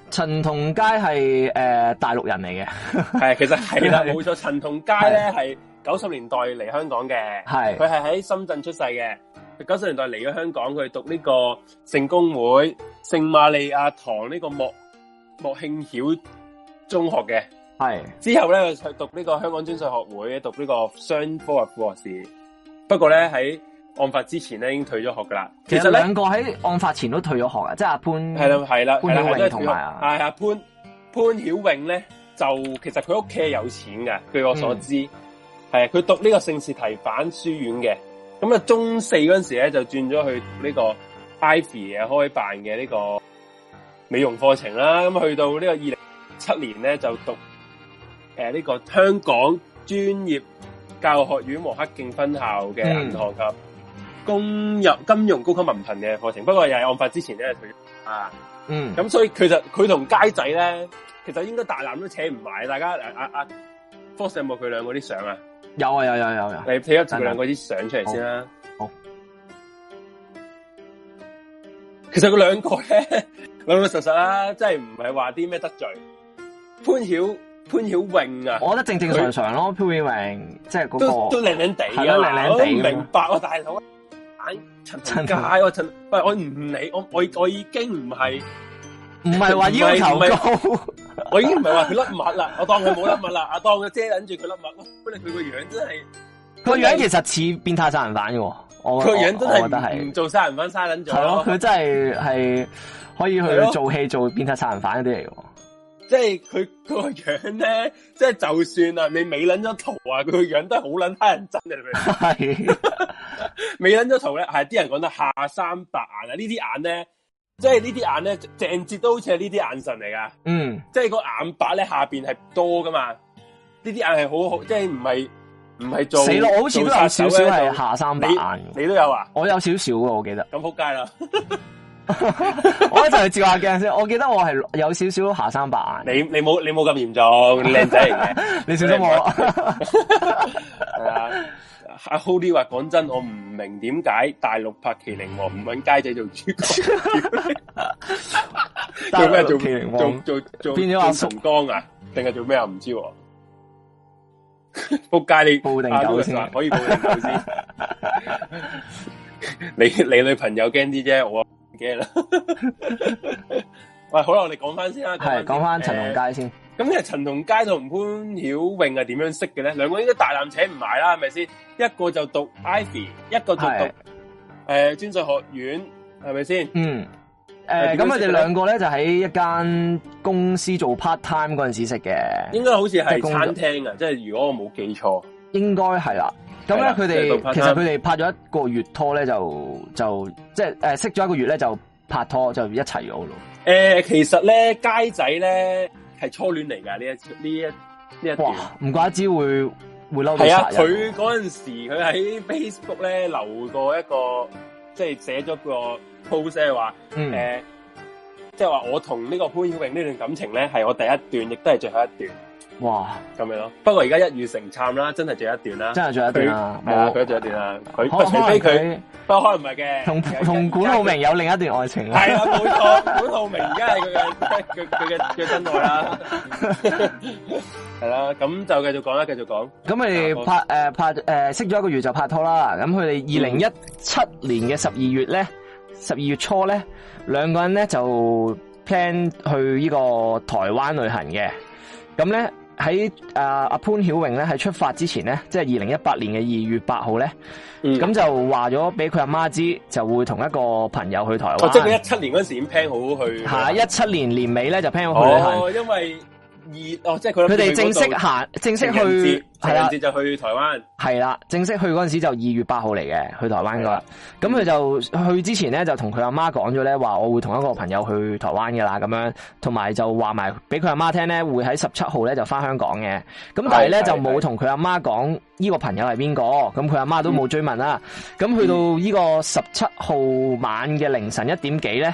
陳同佳係誒、呃、大陸人嚟嘅，係 <laughs> 其實係啦，冇錯。陳同佳咧係九十年代嚟香港嘅，係佢係喺深圳出世嘅，九十年代嚟咗香港，佢讀呢個聖公會聖瑪利亞堂呢個莫莫慶曉中學嘅，係的之後咧佢讀呢個香港專上學會讀呢個雙科嘅副學士，s, 不過咧喺。在案發之前咧已經退咗學噶啦，其實兩個喺案發前都退咗學啦，即係阿潘係啦係啦潘曉穎同埋係阿潘潘曉穎咧就其實佢屋企係有錢㗎。據我所知係佢、嗯、讀呢個聖士提反書院嘅，咁啊中四嗰陣時咧就轉咗去呢個 Ivy 嘅開辦嘅呢個美容課程啦，咁去到個呢個二零七年咧就讀誒呢個香港專業教育學院黃克競分校嘅銀行級。嗯攻入金融高級文憑嘅課程，不過又係案發之前咧，退啊，嗯，咁所以其實佢同佳仔咧，其實應該大纜都扯唔埋，大家阿阿 Fox 有冇佢兩個啲相啊？有啊有啊有有、啊、有，你睇一佢兩個啲相出嚟先啦。好，其實佢兩個咧，老老實實啦、啊，真係唔係話啲咩得罪潘曉潘曉穎啊，我覺得正正常常咯他，潘曉穎即係嗰個都靚靚哋，都靚靚地啊。咯靚靚哋，都靚靚啊、我都明白啊大佬。陳陳介我陳，唔我唔理我我我已經唔係唔係話要求高，我已經唔係話佢甩物啦，我當佢冇甩物啦，阿當佢遮忍住佢甩物。本嚟佢個樣真係，佢個樣其實似變態殺人犯嘅，佢個樣真係唔做殺人犯，嘥卵咗。係咯，佢真係係可以去做戲做變態殺人犯嗰啲嚟。即係佢個樣咧，即係就算啊，你美捻咗圖啊，佢個樣都係好捻乞人憎嘅。係。 <laughs> <laughs> 未捻咗圖咧，係啲人講得下三白眼啊！呢啲眼咧，即係呢啲眼咧，鄭捷都好似係呢啲眼神嚟噶。嗯，即係個眼白咧下邊係多噶嘛？呢啲眼係好好，即係唔係唔係做死咯？我好似都有少少係下三白眼你，你都有啊？我有少少噶，我記得。咁仆街啦！ <laughs> <laughs> 我一陣去照下鏡先。我記得我係有少少下三白眼你。你你冇你冇咁嚴重，靚仔，你小心我係 <laughs> <laughs> 啊。阿 Holy 話：講真，我唔明點解大陸拍《麒麟王》唔揾街仔做主角， <laughs> <laughs> 做咩做麒麟王？做做變咗阿松江啊？ <laughs> 你定係做咩啊？唔知，仆街你抱定狗先，可以抱定狗先。 <laughs> <laughs> 你你女朋友驚啲啫，我唔驚啦。 <laughs> 喂，好啦，我哋講翻先啦。係講翻陳同佳先。咁其實陳同佳同潘曉穎係點樣識嘅咧？兩個應該大纜扯唔埋啦，係咪先？一個就讀 Ivy，一個就讀誒專上學院，係咪先？嗯。誒，咁佢哋兩個咧就喺一間公司做 part time 嗰陣時識嘅。應該好似係餐廳啊，即係如果我冇記錯，應該係啦。咁咧，佢哋其實佢哋拍咗一個月拖咧，就就即係誒，識咗一個月咧就拍拖就一齊咗咯。誒、呃，其實咧，佳仔咧係初戀嚟噶，呢一呢一呢一段。哇，唔怪之會會嬲到殺人。係啊，佢陣時佢喺 Facebook 咧留過一個，即係寫咗個 post，係話誒，即係話我同呢個潘曉穎呢段感情咧係我第一段，亦都係最後一段。哇咁咪咯，不過而家一語成讖啦，真係仲有一段啦，真係仲有一段啊，佢仲有一段啊，佢除非佢，不可能唔係嘅，同同古浩明有另一段愛情啦，係啊冇錯，古浩明而家係佢嘅佢嘅嘅真愛啦，係啦，咁就繼續講啦，繼續講，咁佢拍誒拍誒識咗一個月就拍拖啦，咁佢哋二零一七年嘅十二月咧，十二月初咧，兩個人咧就 plan 去呢個台灣旅行嘅，咁咧。喺啊阿潘曉穎咧喺出發之前咧，即係二零一八年嘅二月八號咧，咁、嗯、就話咗俾佢阿媽知，就會同一個朋友去台灣，哦。即係佢一七年嗰時已經 plan 好去吓，一七年年尾咧，哦，就 plan 好去旅行，因為。二哦，即係佢。佢哋正式行，正式去係啦，就去台灣。係啦，正式去嗰陣的時就二月八號嚟嘅，的去台灣㗎喇。咁佢的就去之前咧，嗯、就同佢阿媽講咗咧，話我會同一個朋友去台灣㗎喇。咁樣，同埋就話埋俾佢阿媽聽咧，會喺十七號咧就返香港嘅。咁但係咧的就冇同佢阿媽講呢個朋友係邊個。咁佢阿媽都冇追問啦。咁、嗯、去到呢個十七號晚嘅凌晨一點幾咧，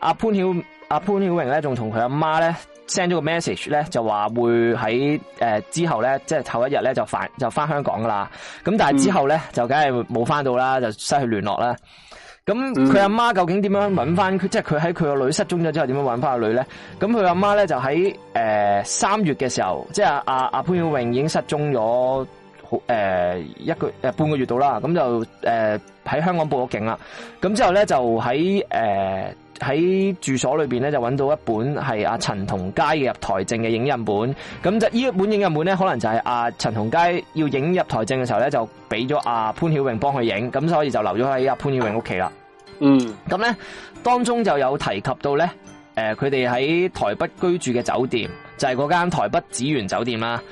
阿、嗯啊、潘曉。阿潘曉穎咧，仲同佢阿媽咧 send 咗個 message 咧，就話會喺誒、呃、之後咧，即係頭一日咧就翻就翻香港噶啦。咁、嗯、但係之後咧，就梗係冇翻到啦，就失去聯絡啦。咁佢阿媽究竟點樣揾翻？嗯、即係佢喺佢個女失蹤咗之後，點樣揾翻個女咧？咁佢阿媽咧就喺誒三月嘅時候，即係阿阿潘曉穎已經失蹤咗誒一個誒、呃、半個月到啦。咁就誒喺、呃、香港報咗警啦。咁之後咧就喺誒。呃喺住所裏邊咧就揾到一本係阿陳同佳嘅入台證嘅影印本，咁就呢一本影印本咧，可能就係阿陳同佳要影入台證嘅時候咧、啊，就俾咗阿潘曉穎幫佢影，咁所以就留咗喺阿潘曉穎屋企啦。嗯，咁咧當中就有提及到咧，誒、呃，佢哋喺台北居住嘅酒店就係嗰間台北紫園酒店啦、啊。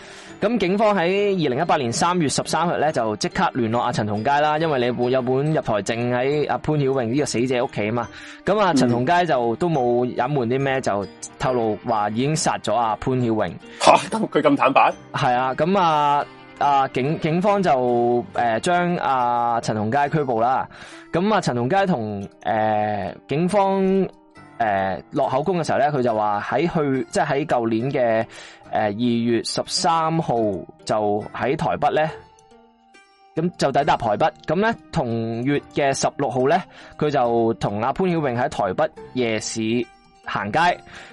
咁警方喺二零一八年三月十三日咧就即刻聯絡阿、啊、陳同佳啦，因為你有本入台證喺阿潘曉穎呢個死者屋企啊嘛，咁啊陳同佳就都冇隱瞞啲咩，就透露話已經殺咗阿潘曉穎。吓、啊，得佢咁坦白？係啊，咁啊啊警警方就誒將阿陳同佳拘捕啦。咁啊陳同佳同誒、呃、警方誒、呃、落口供嘅時候咧，佢就話喺去即係喺舊年嘅。誒，二、呃、月十三號就喺台北咧，咁就抵達台北。咁咧同月嘅十六號咧，佢就同阿潘曉穎喺台北夜市行街，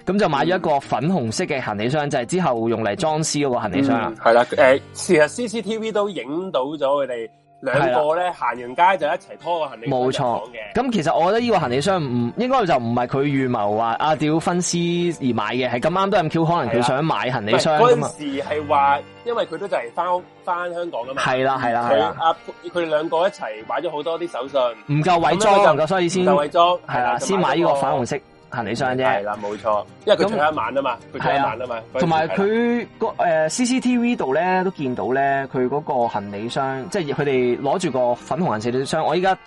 咁就買咗一個粉紅色嘅行李箱，嗯、就係之後用嚟裝屍嗰個行李箱啊。係啦、嗯，誒，事實、呃、CCTV 都影到咗佢哋。兩個咧行完街就一齊拖個行李箱冇錯嘅，咁其實我覺得呢個行李箱唔應該就唔係佢預謀話阿屌分屍而買嘅，係咁啱都咁 Q，可能佢想買行李箱。嗰陣時係話，因為佢都就嚟翻翻香港咁嘛。係啦係啦係。阿佢哋兩個一齊買咗好多啲手信，唔夠位裝，夠唔夠？所以先偽裝係啦，先買呢個粉紅色。行李箱啫，係啦，冇錯，因為佢住一晚啊嘛，佢住一晚啊嘛，同埋佢個誒 CCTV 度咧都見到咧，佢嗰個行李箱，即係佢哋攞住個粉紅顏色啲箱，我依家。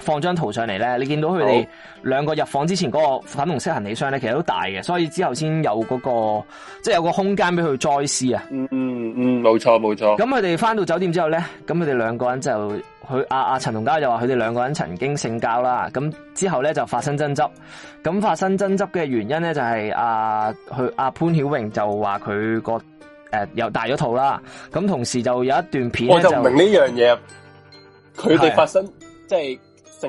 誒，放張圖上嚟咧，你見到佢哋兩個入房之前嗰個粉紅色行李箱咧，其實都大嘅，所以之後先有嗰、那個，即係有個空間俾佢再試啊、嗯。嗯嗯嗯，冇錯冇錯。咁佢哋返到酒店之後咧，咁佢哋兩個人就佢阿阿陳同佳就話佢哋兩個人曾經性交啦，咁之後咧就發生爭執，咁發生爭執嘅原因咧就係阿佢阿潘曉穎就話佢個誒、呃、又大咗肚啦，咁同時就有一段片，我就唔明呢樣嘢，佢哋發生即係。的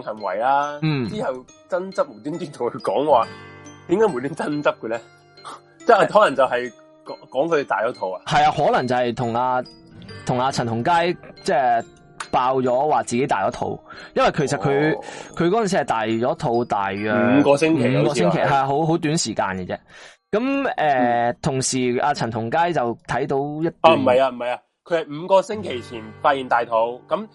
行為啦、啊，之後爭執無端端同佢講話，點解無端爭執嘅咧？即 <laughs> 係可能就係講講佢大咗肚啊？係啊，可能就係同阿同阿陳同佳即係爆咗話自己大咗肚，因為其實佢佢嗰陣時係大咗肚大約五個星期，五個星期係好好短時間嘅啫。咁誒，呃嗯、同時阿陳同佳就睇到一，唔係、哦、啊，唔係啊，佢係五個星期前發現大肚咁。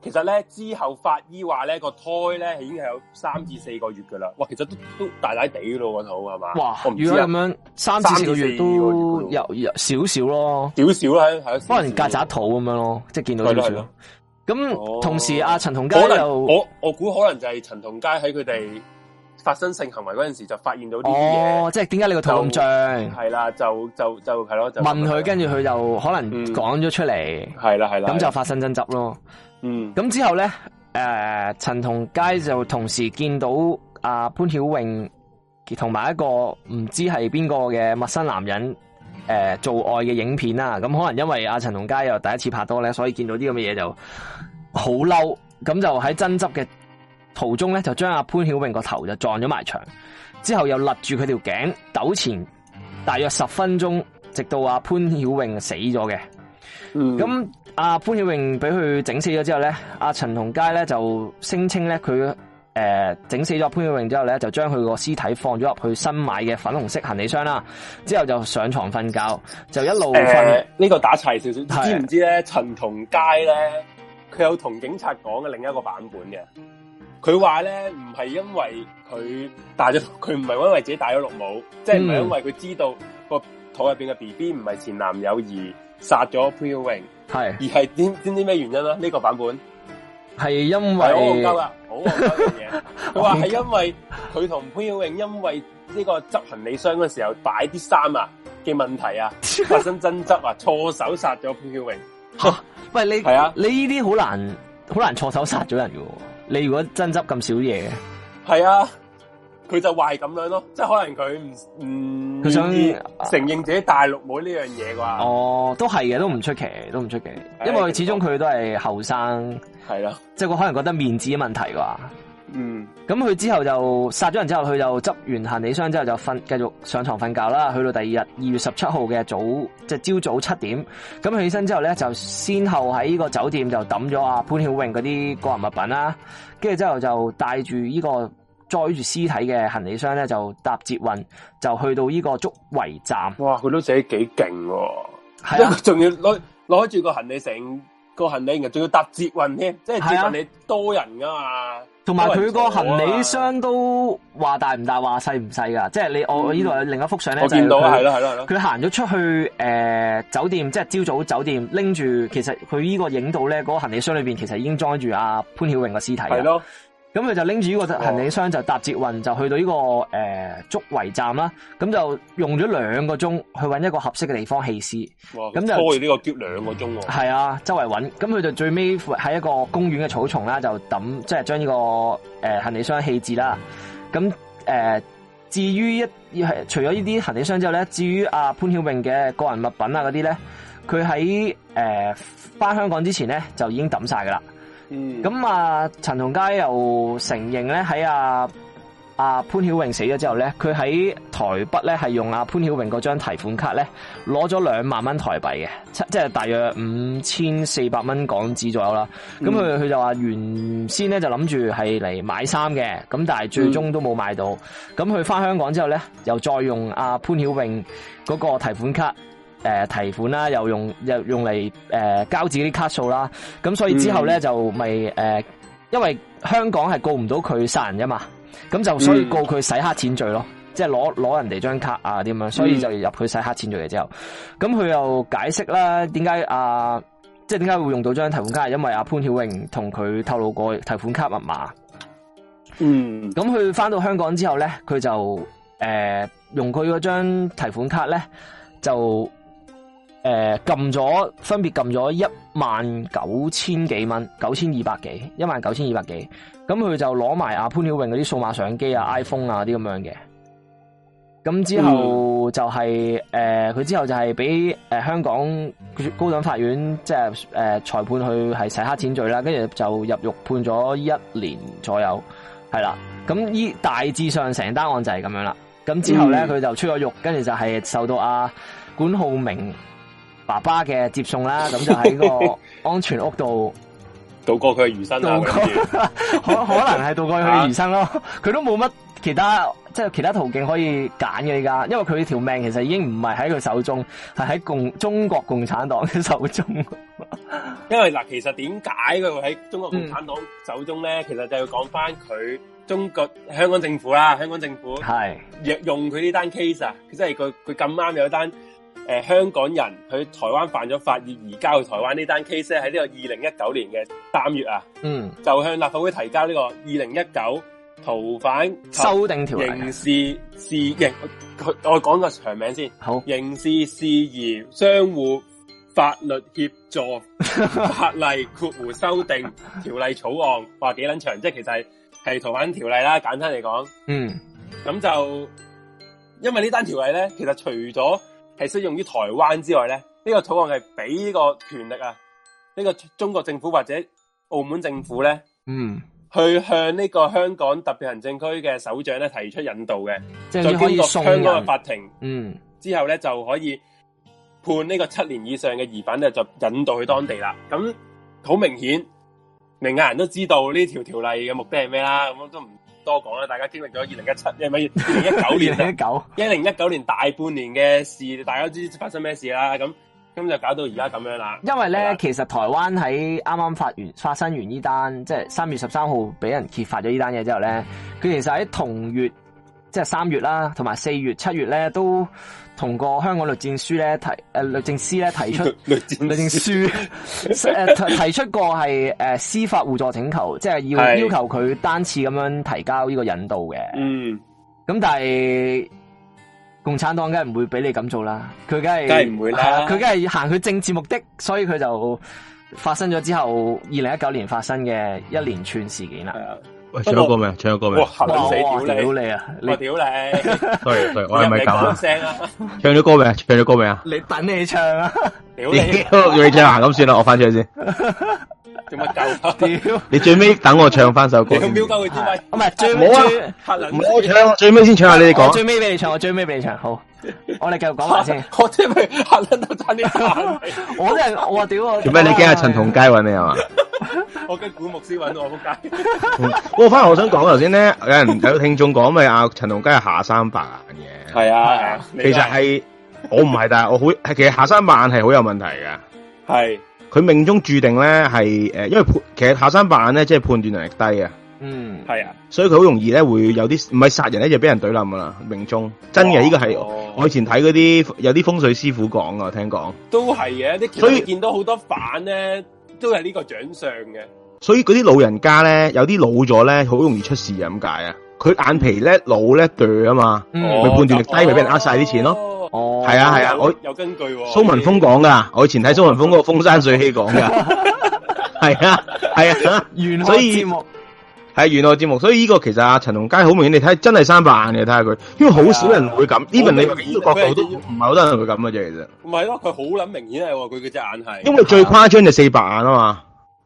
其實咧之後法醫話咧個胎咧已經係有三至四個月噶啦，哇！其實都都大大哋咯、個肚係嘛？哇！嘩如果咁樣三至四個月都有有少少咯，少少啦，可能曱甴肚咁樣咯，即係見到少少咯。咁同時阿陳、哦、同佳又我我估可能就係陳同佳喺佢哋發生性行為嗰陣時就發現到啲嘢、哦，即係點解你個肚咁脹？係啦，就就就係咯，就,就,就,就,就問佢，跟住佢就可能講咗出嚟，係啦係啦，咁就發生爭執咯。嗯，咁之後咧，誒、呃，陳同佳就同時見到阿、啊、潘曉穎同埋一個唔知係邊個嘅陌生男人，誒、呃，做愛嘅影片啦。咁可能因為阿、啊、陳同佳又第一次拍拖咧，所以見到啲咁嘅嘢就好嬲，咁就喺爭執嘅途中咧，就將阿、啊、潘曉穎個頭就撞咗埋牆，之後又勒住佢條頸，糾纏大約十分鐘，直到阿、啊、潘曉穎死咗嘅。咁阿、嗯、潘曉穎俾佢整死咗之後咧，阿陳同佳咧就聲稱咧佢誒整死咗潘曉穎之後咧，就將佢個屍體放咗入去新買嘅粉紅色行李箱啦，之後就上床瞓覺，就一路瞓。呢、呃這個打齊少少。是的 知唔知咧陳同佳咧佢有同警察講嘅另一個版本嘅？佢話咧唔係因為佢戴咗，佢唔係因為自己戴咗綠帽，即係唔係因為佢知道個肚入邊嘅 B B 唔係前男友而……殺咗潘曉穎，係是而係點點知咩原因啦？呢、這個版本係因為我戇鳩啦，好戇鳩嘅嘢。我話係 <laughs> 因為佢同潘曉穎因為呢個執行李箱嘅時候擺啲衫啊嘅問題啊發生爭執 <laughs> 啊，錯手殺咗潘曉穎。喂你係啊？你呢啲好難好難錯手殺咗人喎！你如果爭執咁少嘢，係啊。佢就話係咁樣咯，即係可能佢唔唔佢想承認自己大陸妹呢樣嘢啩？哦，都係嘅，都唔出奇，都唔出奇，的因為始終佢都係後生，係啦的，即係佢可能覺得面子嘅問題啩。嗯的，咁佢之後就殺咗人之後，佢就執完行李箱之後就瞓，繼續上床瞓覺啦。去到第二日二月十七號嘅早，即係朝早七點，咁起身之後咧就先後喺呢個酒店就抌咗阿潘曉穎嗰啲個人物品啦，跟住之後就帶住呢個。載住屍體嘅行李箱咧，就搭捷運就去到呢個竹圍站。哇！佢都寫幾幾勁，係啊，仲要攞攞住個行李，成、那個行李仲要搭捷運添，啊、即係捷運你多人噶、啊、嘛。同埋佢個行李箱都話大唔大，話細唔細噶，即係你我呢度、嗯、有另一幅相咧。就是、我見到係咯係咯係咯。佢行咗出去誒、呃、酒店，即係朝早酒店拎住。其實佢呢個影到咧，那個行李箱裏邊其實已經裝住阿潘曉穎嘅屍體。係咯。咁佢就拎住呢個行李箱就搭捷運就去到呢、這個誒竹圍站啦，咁、嗯、就用咗兩個鐘去搵一個合適嘅地方棄屍，咁哇就拖住呢個篋兩個鐘、啊。係、嗯、啊，周圍搵。咁佢就最尾喺一個公園嘅草叢啦，就抌即係將呢個誒、呃、行李箱棄置啦。咁誒、呃、至於一要係除咗呢啲行李箱之後咧，至於阿、啊、潘曉穎嘅個人物品啊嗰啲咧，佢喺誒翻香港之前咧就已經抌晒噶啦。咁、嗯、啊，陳同佳又承認咧喺阿阿潘曉穎死咗之後咧，佢喺台北咧係用阿、啊、潘曉穎嗰張提款卡咧攞咗兩萬蚊台幣嘅，即係大約五千四百蚊港紙左右啦。咁佢佢就話原先咧就諗住係嚟買衫嘅，咁但係最終都冇買到。咁佢翻香港之後咧，又再用阿、啊、潘曉穎嗰個提款卡，誒、呃，提款啦，又用又用嚟誒、呃、交自己啲卡數啦，咁所以之後咧、嗯、就咪誒、呃，因為香港係告唔到佢殺人噶嘛，咁就所以告佢洗黑錢罪咯，嗯、即係攞攞人哋張卡啊點樣，所以就入去洗黑錢罪嘅之後，咁佢、嗯、又解釋啦，點解啊，即係點解會用到張提款卡，係因為阿潘曉穎同佢透露過提款卡密碼，嗯，咁佢翻到香港之後咧，佢就誒、呃、用佢嗰張提款卡咧就。誒，撳咗、呃、分別撳咗一萬九千幾蚊，九千二百幾，一萬九千二百幾，咁佢就攞埋阿潘曉穎嗰啲數碼相機啊、iPhone 啊啲咁樣嘅，咁之後就係誒，佢之後就係俾誒香港高等法院即係誒裁判佢係洗黑錢罪啦，跟住就入獄判咗一年左右，係啦，咁依大致上成單案就係咁樣啦，咁之後咧佢就出咗獄，跟住就係受到阿、啊、管浩明。爸爸嘅接送啦，咁就喺個安全屋度度過佢嘅餘生咯，可可能係度過佢嘅餘生咯。佢都冇乜其他，即係其他途徑可以揀嘅依家，因為佢條命其實已經唔係喺佢手中，係喺共中國共產黨嘅手中。因為嗱，其實點解佢會喺中國共產黨手中咧？其實就要講翻佢中國香港政府啦，香港政府係用用佢呢單 case 啊，佢真係佢佢咁啱有一單。誒、呃，香港人去台灣犯咗法，而移交去台灣這呢單 case 咧，喺呢個二零一九年嘅三月啊，嗯，就向立法會提交呢個二零一九逃犯修訂條例刑事事認，我我講個長名先，好刑事事宜相互法律協助法例括弧修訂 <laughs> 條例草案，話幾撚長，即係其實係係逃犯條例啦，簡單嚟講，嗯，咁就因為呢單條例咧，其實除咗係適用於台灣之外咧，呢、這個草案係俾呢個權力啊，呢、這個中國政府或者澳門政府咧，嗯，去向呢個香港特別行政區嘅首長咧提出引渡嘅，再經過香港嘅法庭，嗯，之後咧就可以判呢個七年以上嘅疑犯咧就引渡去當地啦。咁好明顯，明眼人都知道呢條條例嘅目的係咩啦，咁都唔多講啦，大家經歷咗二零一七，因為二零一九年啦，一九、二零一九年大半年嘅事，大家知發生咩事啦？咁咁就搞到而家咁樣啦。因為咧，吧其實台灣喺啱啱發完發生完呢單，即係三月十三號俾人揭發咗呢單嘢之後咧，佢其實喺同月，即係三月啦，同埋四月、七月咧都，同個香港律政書咧提誒、呃，律政司咧提出律，律，政律政書誒， <laughs> 提出過係誒司法互助請求，即係要要求佢單次咁樣提交呢個引導嘅。嗯，咁但係共產黨梗係唔會俾你咁做啦，佢梗係梗唔會啦，佢梗係行佢政治目的，所以佢就發生咗之後，二零一九年發生嘅一連串事件啦。嗯嗯嗯嗯嗯嗯嗯唱咗歌未？唱咗歌未？哦、死屌哇你，你啊！你屌你！對對，我係咪搞啊？唱咗歌未？唱咗歌未啊？你等你唱啊！屌你！ <laughs> 你唱啊？咁算啦，我翻出去先。 <laughs> 做乜鳩？屌！你最尾等我唱翻首歌。我鳩唔係最尾，黑唱。最尾先唱下你哋講。最尾俾你唱，我最尾俾你唱。好，我哋繼續講下先。我即我真係我屌做咩你驚阿陳同佳搵你啊？係嘛？我跟古牧師搵我撲街。不過翻嚟我想講頭先咧，有人有聽眾講咪阿陳同佳係下三白眼嘅。係啊，其實係我唔係，但係我好其實下三白眼係好有問題嘅。係。佢命中注定咧係誒，因為判其實下山板咧即係判斷能力低、嗯、啊，嗯，係啊，所以佢好容易咧會有啲唔係殺人咧就俾人懟冧噶啦，命中真嘅呢、哦、個係、哦、我以前睇嗰啲有啲風水師傅講啊，我聽講都係嘅，所以見到好多反咧都係呢個掌相嘅，所以嗰啲老人家咧有啲老咗咧好容易出事咁解啊，佢眼皮咧老呢對啊嘛，佢、嗯哦、判斷力低咪俾、哦哦、人呃晒啲錢咯。哦，係啊，係啊，我有根據蘇文峰講噶，我以前睇蘇文峰嗰個《風山水起》講噶，係啊，係啊，原來，節目係原來節目，所以呢個其實阿陳同佳好明顯，你睇真係三白眼，你睇下佢，因為好少人會咁，even 你呢個角度都唔係好多人會咁嘅啫，其實唔係咯，佢好撚明顯係喎，佢嘅隻眼係因為最誇張就四白眼啊嘛，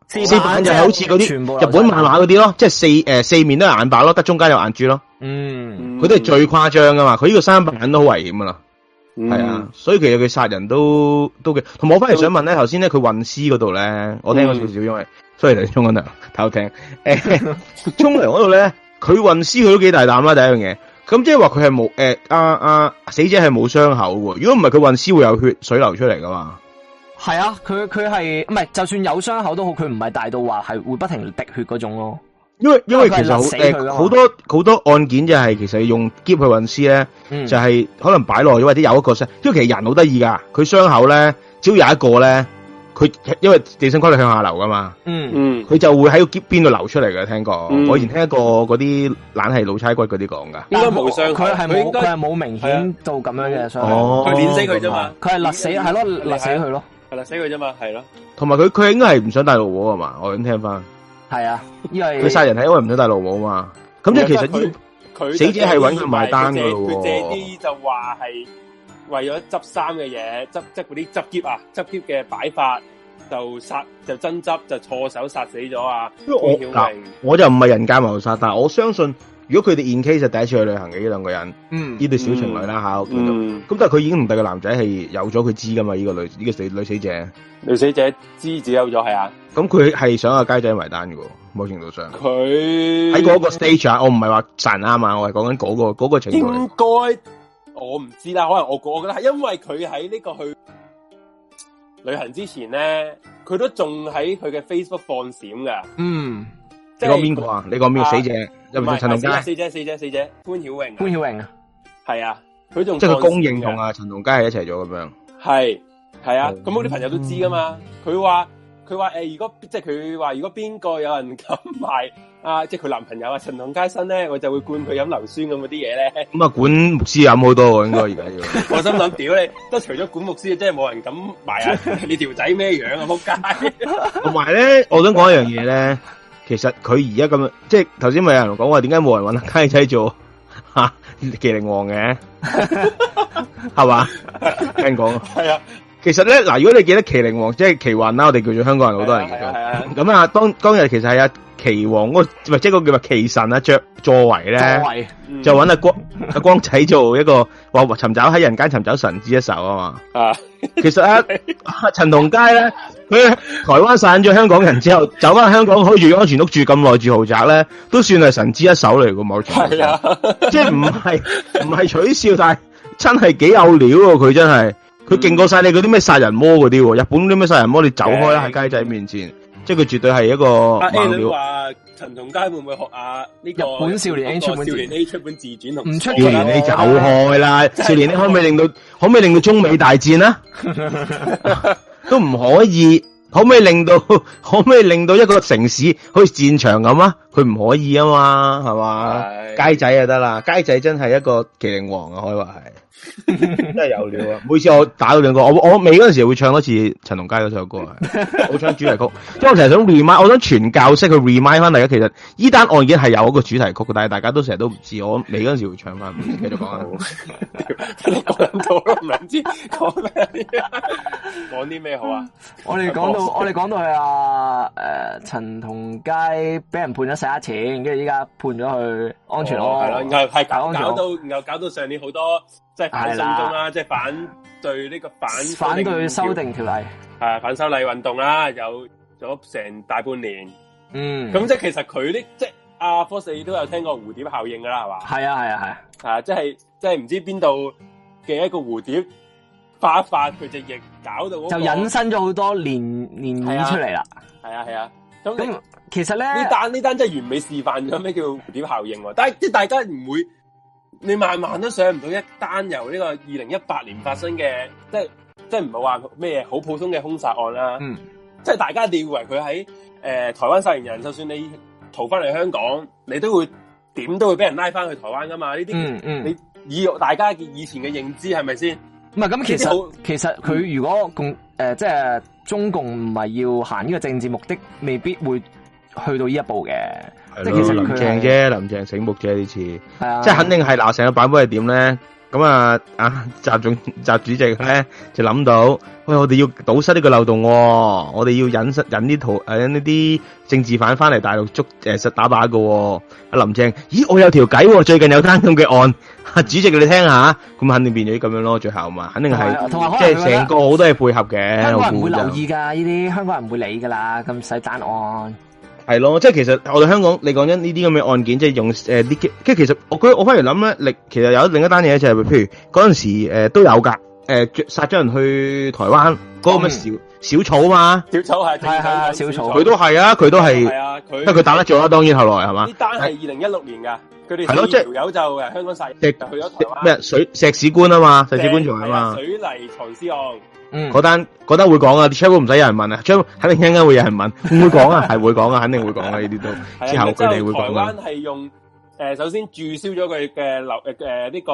四白眼就係好似嗰啲日本漫畫嗰啲咯，即係四誒四面都係眼白咯，得中間有眼珠咯，嗯，佢都係最誇張噶嘛，佢呢個三白眼都好危險噶啦。係 <music> 啊，所以其實佢殺人都都幾。同埋我翻嚟想問咧，頭先咧佢運屍嗰度咧，我聽過少少，因為所以嚟沖涼頭聽。誒，沖涼嗰度咧，佢運屍佢都幾大膽啦，第一樣嘢。咁即係話佢係冇誒啊啊，死者係冇傷口喎。如果唔係，佢運屍會有血水流出嚟噶嘛。係啊，佢佢係唔係？就算有傷口都好，佢唔係大到話係會不停滴血嗰種咯，哦。因為因為其實誒好多好多案件就係其實用喼去運屍咧，就係可能擺落咗或者有一個傷，因為其實人好得意噶佢傷口咧只要有一個咧，佢因為地心吸力向下流噶嘛，嗯嗯，佢就會喺個喼邊度流出嚟噶聽過，我以前聽一個嗰啲懶係老差骨嗰啲講噶應該無傷，佢係冇佢係冇明顯到咁樣嘅傷，哦，佢碾死佢啫嘛，佢係勒死係咯勒死佢咯，係勒死佢啫嘛，係咯。同埋佢佢應該係唔想帶路喎，係嘛？我已經聽翻。係啊，佢殺人係因為唔想帶老母嘛，咁即係其實佢死者係揾佢埋單嘅。佢借啲就話係為咗執衫嘅嘢，執執嗰啲執劫啊，執劫嘅擺法就殺就爭執就錯手殺死咗啊。潘曉穎，我就唔係人間謀殺，但我相信。如果佢哋 in case 就第一次去旅行嘅呢兩個人，呢對、嗯、小情侶啦吓，咁但係佢已經唔係個男仔係有咗佢知噶嘛，呢、這個女呢、這個死女死者，女死者知自己有咗係啊。咁佢係想個佳仔埋單嘅，某程度上，佢喺嗰個 stage 我唔係話賺啱嘛，我係講緊嗰個嗰、那個情況。應該我唔知啦，可能我我覺得係因為佢喺呢個去旅行之前咧，佢都仲喺佢嘅 Facebook 放閃噶，嗯。你講邊個啊？你講邊個？死者？又唔係陳同佳？死者？死者？死者？潘曉穎，潘曉穎啊，係啊，佢仲即係佢公認同啊陳同佳係一齊咗咁樣。係係、嗯、啊，咁我啲朋友都知噶嘛。佢話佢話誒，如果即係佢話如果邊個有人敢埋啊，即係佢男朋友啊陳同佳身咧，我就會灌佢飲硫酸咁嗰啲嘢咧。咁、嗯、啊，管牧師飲好多喎，應該而家要。我心諗屌你，都除咗管牧師，即係冇人敢買啊！ <laughs> 你條仔咩樣啊？仆街。同埋咧，我想講一樣嘢咧。 <laughs> <laughs> 其實佢而家咁樣，即係頭先咪有人講話，點解冇人揾阿雞仔做吓？啊？麒麟王嘅係嘛？聽講係啊。其實咧，嗱，如果你記得麒麟王即係奇幻啦，我哋叫做香港人好、啊、多人叫咁啊。啊啊當當日其實係一、啊。奇王嗰唔係即係嗰叫咩奇神啊，着作為咧，就揾阿光阿光仔做一個話尋找喺人間尋找神之一手啊嘛啊，其實啊陳同佳咧，佢台灣散咗香港人之後，走翻香港可以住安全屋住咁耐住豪宅咧，都算係神之一手嚟嘅。冇錯，係啊，即係唔係唔係取笑，但係真係幾有料佢真係，佢勁過晒你嗰啲咩殺人魔嗰啲，日本啲咩殺人魔你走開啦，喺佳仔面前。即係佢絕對係一個爆料。阿、啊、A 女陳同佳會唔會學阿呢、這個日本少年 A 出本少年 A 出本自傳同？唔出，出、哦、少年 A！走開啦！走開少年 A 可唔可以令到？可唔可以令到中美大戰啊？ <laughs> 都唔可以。可唔可以令到？可唔可以令到一個城市好似戰場咁啊？佢唔可以啊嘛，係嘛？是街仔就得啦！街仔真係一個麒麟王啊，可以話係。 <music> 真係有料啊！每次我打到兩個，我我尾嗰陣時會唱一次陳同佳嗰首歌，啊，我唱主題曲。因為我成日想 remind，我想全教，式去 remind 翻大家。其實依單案件已經係有一個主題曲，但係大家都成日都唔知。我未嗰陣時會唱翻，繼續講啊。講多兩支，講 <laughs> 咩？講啲咩好啊？講 <laughs> 我哋講到，我哋講到阿誒陳同佳俾人判咗洗黑錢，跟住依家判咗去安全屋，係係、哦、搞、搞、搞到，然後搞到上年好多。即係反送中啦，啊，的即係反對呢個反反對修訂條例，誒，反修例運動啦，啊，嗯、有咗成大半年。嗯，咁即係其實佢啲，即係阿 Fox 都有聽過蝴蝶效應噶啦，係嘛、嗯？係啊吧，係啊，係啊，即係即係唔知邊度嘅一個蝴蝶，發發佢隻翼，搞到，那個，就引申咗好多年年影出嚟啦。係啊，係啊。咁你其實咧，呢單呢單真係完美示範咗咩叫蝴蝶效應，啊，但係即係大家唔會。你萬萬都上唔到一單由呢個二零一八年發生嘅，即係即係唔係話咩好普通嘅兇殺案啦。嗯，即係大家以為佢喺誒台灣殺人，就算你逃翻嚟香港，你都會點都會俾人拉翻去台灣㗎嘛？呢啲嗯嗯，嗯你以大家以前嘅認知係咪先？唔係咁，其實其實佢如果共誒、呃、即係中共唔係要行呢個政治目的，未必會。去到呢一步嘅，即係其實林鄭啫，林鄭醒目啫呢次，即係肯定係嗱，成個版本係點咧？咁啊，啊習總習主席咧就諗到，喂，我哋要堵塞呢個漏洞，我哋要引引啲逃誒，呢啲政治犯翻嚟大陸捉實打靶噶。阿林鄭，咦，我有條計，最近有單咁嘅案，阿主席你聽下，咁肯定變咗咁樣咯，最後嘛，肯定係即係成個好多嘢配合嘅。香港人唔會留意噶，呢啲香港人唔會理噶啦，咁細單案。係咯，即係其實我哋香港，你講緊呢啲咁嘅案件，即係用誒，即係其實我我反而諗咧，你其實有另一單嘢就係、是，譬如嗰陣時誒、呃、都有噶，誒、呃，殺咗人去台灣嗰個咩小小草啊嘛，小草係，係係小草，佢都係啊，佢都係，係啊，不不因為佢打得做啦，當然後來係嘛，呢單係二零一六年噶，佢哋係咯，即係條友就誒、是、香港殺人，就去咗台灣咩水石屎官啊嘛，石屎棺材啊嘛，水泥藏屍案。嗰、嗯、單嗰單會講啊 travel 唔使有人問啊 travel 肯定應該會有人問，會講啊，係會講啊，肯定會講啊，呢啲都 <laughs> 之後佢哋會講啦。係用誒，首先注銷咗佢嘅樓誒誒呢個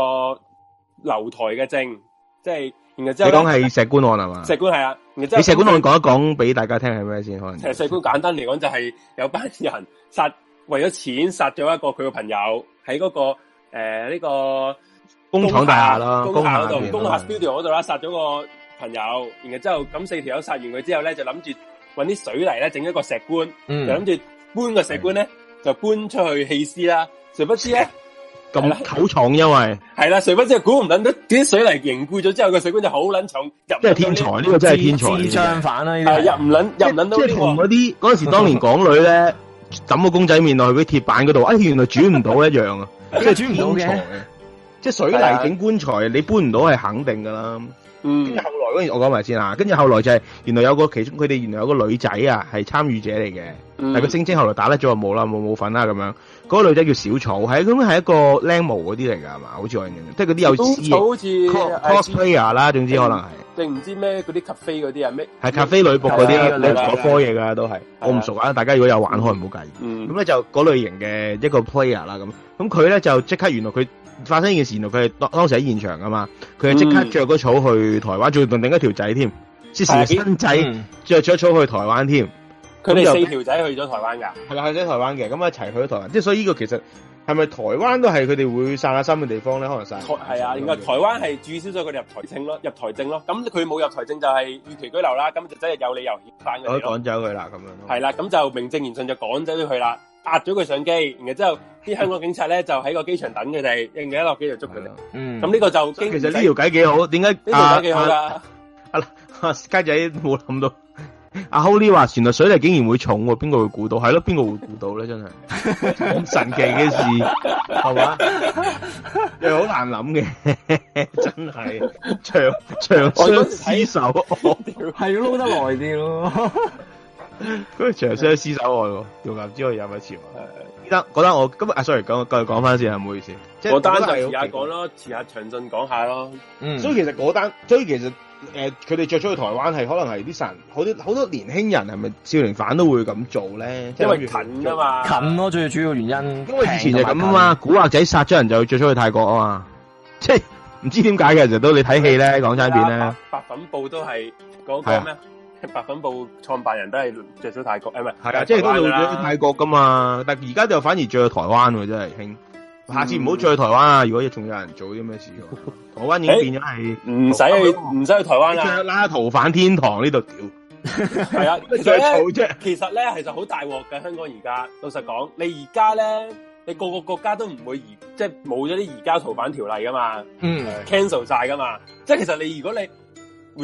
樓台嘅證，即係然之後你講係石棺案係嘛？石棺係啊，你石棺案講一講俾大家聽係咩先？可能石棺森簡單嚟講就係有班人殺為咗錢殺咗一個佢嘅朋友喺嗰、那個誒呢、呃這個工廠大廈啦，工廈度，工廈 studio 嗰度啦，殺咗個。朋友，然後之後咁四條友殺完佢之後咧，就諗住搵啲水泥咧整一個石棺，就諗住搬個石棺咧就搬出去棄屍啦。誰不知咧咁厚重，因為係啦，誰不知估唔捻到啲水泥凝固咗之後個石棺就好捻重，即係天才，呢個真係天才。相反啦，入唔捻入唔捻都即係同嗰啲嗰陣時當年港女咧抌個公仔麵落去啲鐵板嗰度，啊原來煮唔到一樣啊，即係煮唔到嘅，即係水泥整棺材你搬唔到係肯定噶啦。嗯，跟住後來我講埋先嚇，跟住後來就係原來有個其中佢哋原來有個女仔啊，係參與者嚟嘅。係個精精後來打甩咗就冇啦，冇冇粉啦咁樣。嗰個女仔叫小草，係咁係一個靚模嗰啲嚟噶，係嘛？好受歡迎，即係嗰啲有資。小草好似 cos player 啦，總之可能係定唔知咩嗰啲咖啡嗰啲啊咩。係咖啡女僕嗰啲，你講科嘢噶都係，我唔熟啊。大家如果有玩開，唔好介意。咁咧就嗰類型嘅一個 player 啦，咁咁佢咧就即刻原來佢發生一件事，原來佢係當時喺現場噶嘛，佢係即刻着草去台灣，仲同另一條仔添，即係新仔着草去台灣添。佢哋四條仔去咗台灣噶，係啦，去咗台灣嘅，咁一齊去咗台灣，即係所以呢個其實係咪台灣都係佢哋會散下心嘅地方咧？可能散下心，係啊，原來台灣係注銷咗佢哋入台證咯，入台證咯，咁佢冇入台證就係預期居留啦，咁就真係有理由反翻可以趕走佢啦，咁樣係啦，咁就名正言順就趕走咗佢啦，押咗佢上機，然後之後啲 <laughs> 香港警察咧就喺個機場等佢哋，應唔應落機就捉佢哋？咁呢、嗯、個就其實呢條計幾好，點解呢條計幾好啦？啊，家仔冇諗到。阿 Holly 話：原來水嚟竟然會重、啊，邊個會估到？係咯，邊個會估到咧？真係咁神奇嘅事，係嘛？ <laughs> 又好難諗嘅，真係長長相廝守愛，要撈得耐啲咯。佢長長相廝守喎，用嚟之外有乜詞的啊？呢單嗰單我今日啊，sorry，講我繼續講翻先，唔好意思。我、就是、單就遲下講咯，遲下長進講下咯。所以其實嗰單，所以其實。誒，佢哋着咗去台灣係可能係啲神，好多好多年輕人係咪少年犯都會咁做咧？因為近啊嘛，近咯最主要原因。因為以前就咁啊嘛，近古惑仔殺咗人就着咗去泰國啊嘛，即係唔知點解嘅，成日都你睇戲咧，的港產片咧，白粉布都係嗰、那個咩？的白粉布創辦人都係着咗泰國，係咪？係的，啊，即係都係著出泰國噶嘛。但係而家就反而着去台灣喎，啊，真係，下次唔好著去台灣啊！嗯、如果仲有人做啲咩事，啊。台灣已經變咗係唔使去，唔使、欸啊啊、去台灣噶啦！逃犯天堂呢度屌，係 <laughs> 啊！其實咧， <laughs> 其實好大鑊㗎。香港而家老實講，你而家咧，你個個國家都唔會移，即係冇咗啲移交逃犯條例噶嘛。嗯，cancel 晒噶嘛。嗯、即係其實你如果你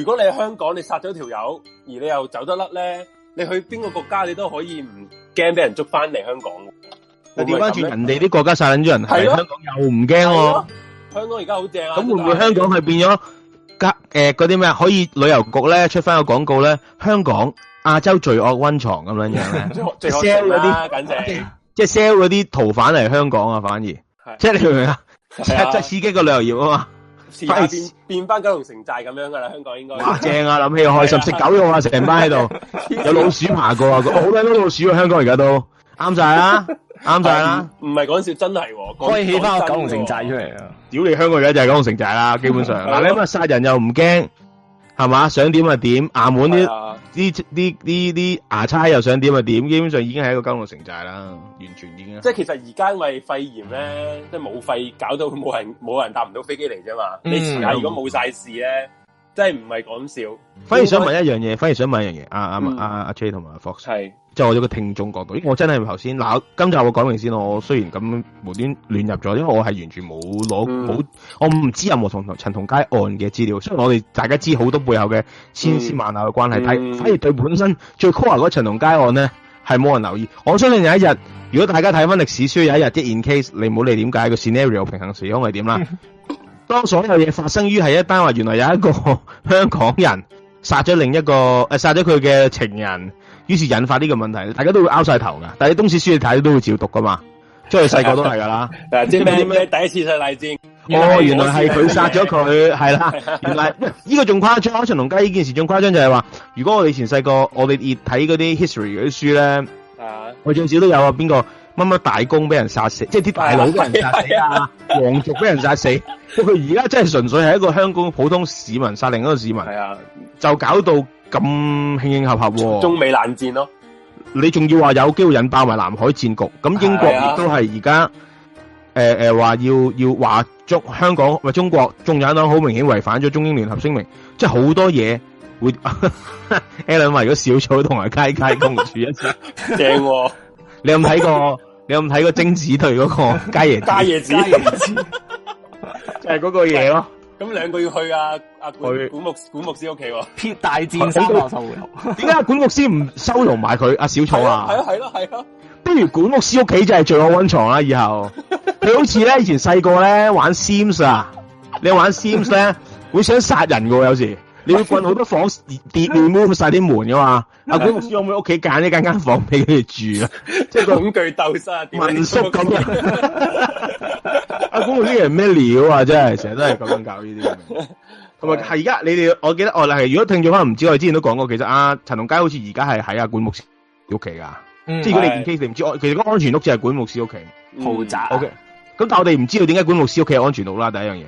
如果你喺香港你殺咗條友，而你又走得甩咧，你去邊個國家你都可以唔驚俾人捉翻嚟香港。你係調翻轉人哋啲國家殺緊人，喺、啊、香港又唔驚喎。香港而家好正啊！咁會唔會香港係變咗？加誒嗰啲咩可以旅遊局咧出翻個廣告咧？香港亞洲罪惡溫床咁樣樣咧 <laughs> 可惜 是？sell 嗰啲簡直即係 sell 嗰啲逃犯嚟香港啊！反而是即係你明唔明啊？即係刺激個旅遊業啊嘛！變變翻九龍城寨咁樣噶啦，香港應該、就是啊、正啊！諗起我開心，食狗肉啊，成班喺度有老鼠爬過啊！好鬼多老鼠啊，香港而家都啱晒啊！啱晒啦，唔係講笑，真係、哦，真可以起翻個九龍城寨出嚟啊！屌你香港而家就係九龍城寨啦，嗯、基本上嗱，你咁啊殺人又唔驚，係嘛？想點啊點，衙門啲啲啲啲啲牙差又想點啊點，基本上已經係一個九龍城寨啦，完全已經。即係、嗯、其實而家因為肺炎咧，即係冇肺，搞到冇人冇人搭唔到飛機嚟啫嘛，嗯、你遲下如果冇晒事咧。真係唔係講笑，反而也想問一樣嘢，反而想問一樣嘢，阿阿阿阿 J 同埋阿 Fox，係我做個聽眾角度，我真係頭先嗱，今集我講明先，我雖然咁無端亂入咗，因為我係完全冇攞，冇我唔、嗯、知任何同陳同佳案嘅資料。Like、雖然我哋大家知好多背後嘅千絲萬縷嘅關係，但、mm hmm. 反而對本身最 cover 嗰陳同佳案咧，係冇人留意。我相信有一日，如果大家睇翻歷史書，有一日、mm. 即 In case，你冇理點解個 scenario 平衡時空係點啦。Hmm. <laughs> 當所有嘢發生於係一單話，原來有一個香港人殺咗另一個誒，殺咗佢嘅情人，於是引發呢個問題，大家都會拗晒頭噶。但係東史書你睇都會照讀噶嘛，即係細個都係噶啦。嗱， <laughs> 即係咩第一次世界大戰？哦，原來係佢殺咗佢，係 <laughs> 啦。原來呢、這個仲誇張，陳龍 <laughs> 街呢件事仲誇張就係、是、話，如果我哋以前細個，我哋熱睇嗰啲 history 嗰啲書咧，啊、我最少都有啊邊個？乜乜大公俾人殺死，即係啲大佬俾人殺死，皇、啊啊啊、族俾人殺死。咁佢而家真係純粹係一個香港普通市民殺另一個市民，係啊，就搞到咁興興合合、啊。中美冷戰咯，你仲要話有機會引爆埋南海戰局？咁英國亦都係而家，誒誒話要要話中香港咪中國共產黨好明顯違反咗中英聯合聲明，即係好多嘢會。Alan 如果小草同埋佳佳共處一次，正、啊。 <laughs> 你有冇睇過？你有冇睇過貞子對嗰個家爺？家椰子，就係嗰個嘢咯。咁兩個要去阿阿佢？管牧管牧師屋企喎？撇大戰死，點解管牧師唔收容埋佢？阿小草啊，係咯係咯係咯，不如管牧師屋企就係最好溫床啦。以後佢好似咧，以前細個咧玩《Sims》啊，你玩《Sims》咧會想殺人噶，有時。你要關好多房，跌 move 晒啲門噶嘛？阿管牧師有冇喺屋企揀一間房俾佢哋住啊？即係恐懼斗室、民宿咁。阿管牧師係咩料啊？真係成日都係咁樣搞呢啲嘢。同埋係而家你哋，我記得哦，係如果聽眾翻唔知我哋之前都講過，其實阿陳同佳好似而家係喺阿管牧師屋企噶，即係如果你唔知，唔知其實個安全屋就係管牧師屋企豪宅。O K，咁但我哋唔知道點解管牧師屋企係安全屋啦，第一樣嘢。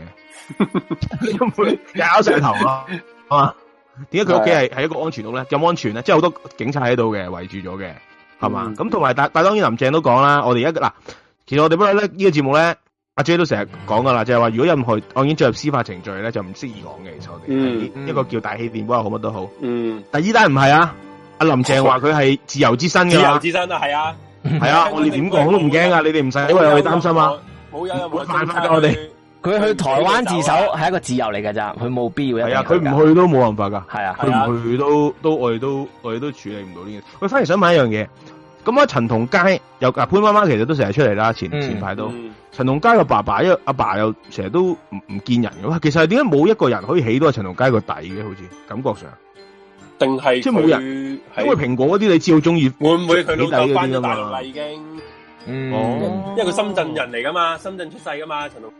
搞上頭咯～啊？點解佢屋企係係一個安全屋咧？咁是、啊、安全咧？即係好多警察喺度嘅，圍住咗嘅，係嘛？咁同埋，但但當然林鄭都講啦。我哋而家嗱，其實我哋不過咧呢個節目咧，阿 J 都成日講噶啦，就係、是、話如果任何案件進入司法程序咧，就唔適宜講嘅。其實我哋一、嗯嗯、一個叫大氣電波，係好乜都好。嗯。但依呢單唔係啊？阿林鄭話佢係自由之身嘅、啊。自由之身啊，係啊，係 <laughs> 啊。我哋點講都唔驚啊！你哋唔使因為我哋擔心啊！唔會犯法我哋。佢去台灣自首係一個自由嚟㗎咋，佢冇必要。係啊，佢唔去都冇辦法噶。係啊，佢唔去都都我哋都我哋都處理唔到呢件事。佢反而想問一樣嘢。咁阿陳同佳又阿潘媽媽其實都成日出嚟啦，前前排都陳同佳個爸爸因為，阿阿爸又成日都唔唔見人嘅。其實係點解冇一個人可以起到阿陳同佳個底嘅？好似感覺上，定係即係冇人，因為蘋果嗰啲你知好中意。會唔會佢老豆翻咗大陸啦？已經，哦，因為佢深圳人嚟噶嘛，深圳出世噶嘛，陳同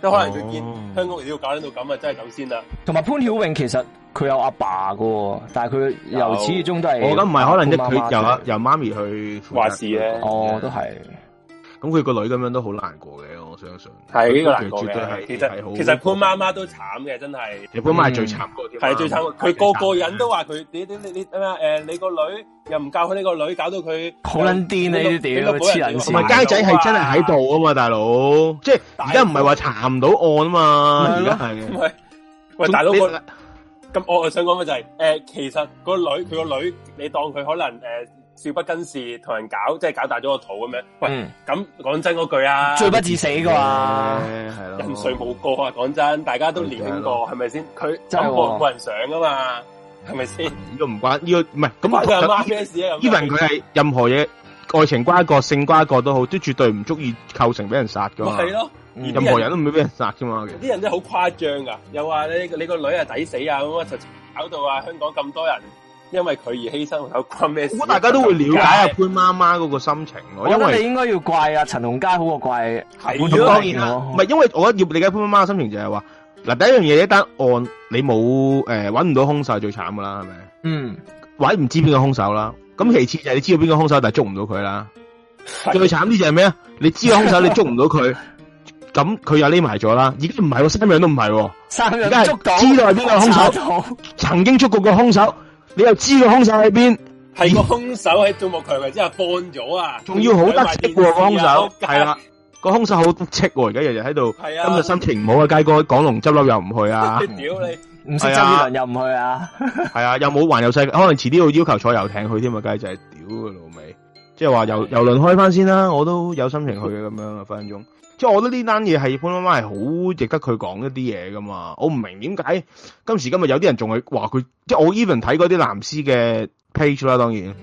即可能佢見香港而要搞得到咁啊，oh. 真係走先啦。同埋潘曉穎，其實佢有阿爸嘅，但係佢由始至終都係、oh. oh,。我咁唔係可能即佢由阿由媽咪去話事咧。哦、oh,，都係。咁佢個女咁樣都好難過嘅，我相信係呢個難過嘅。其實其實潘媽媽都慘嘅，真係。潘媽最慘，係最慘。佢個個人都話佢你點你點啊誒，你個女又唔教佢，你個女搞到佢好撚癲呢啲黐人線，唔係佳仔係真係喺度啊嘛！大佬，即係而家唔係話查唔到案啊嘛，而家係。喂，大佬，我咁，我係想講嘅就係，誒，其實個女，佢個女，你當佢可能，誒。少不更事，同人搞，即係搞大咗個肚咁樣。喂，咁講、嗯、真嗰句啊，罪不至死噶嘛、啊，係咯、啊，哎、人誰冇過啊，講真，大家都年輕過，係咪先？佢就冇冇人想噶嘛，係咪先？呢個唔關，呢、這個唔係咁佢係關咩事啊？呢份佢係任何嘢，愛情瓜一個，性瓜一個都好，都絕對唔足以構成俾人殺噶。係咯，任何人都唔會俾人殺噶嘛。啲、okay、人都好誇張噶，又話你你個女係抵死啊，咁啊，就搞到啊，香港咁多人。因為佢而犧牲，有關咩事？大家都會了解，阿潘媽媽嗰個心情。因為我覺得你應該要怪阿陳同佳，好過怪。係呀，當然啦，唔係，嗯、因為我要理解潘媽媽嘅心情就係，是，話，嗱第一樣嘢，一單案你冇誒揾唔到凶手、嗯、手，最慘噶啦，係咪？嗯，揾唔知邊個凶手啦。咁其次就係你知道邊個凶手，但係捉唔到佢啦。的最慘啲就係咩啊？你知個凶手，你捉唔到佢，咁佢又匿埋咗啦。而家唔係，生樣都唔係，生樣捉到，是知道係邊個凶手，曾經捉過個凶手。你又知個凶手喺邊？係個凶手喺做木強圍之後放咗啊！仲要好得戚個凶手，係啦 Okay.、啊，個凶手好得戚、啊，而家日日喺度。係啊，今日心情唔好啊，佳哥，港龍執笠又唔去啊！你屌你，唔使周杰倫又唔去啊？係啊，啊，啊，又冇環遊世界，可能遲啲要要求坐遊艇去添啊！佳仔，就是、屌佢老味！即係話遊遊輪開翻先啦、啊，我都有心情去嘅咁樣啊，分分鐘。即係我覺得呢單嘢係潘媽媽係好值得佢講一啲嘢噶嘛，我唔明點解今時今日有啲人仲係話佢，即係我 even 睇啲藍絲嘅 page 啦，當然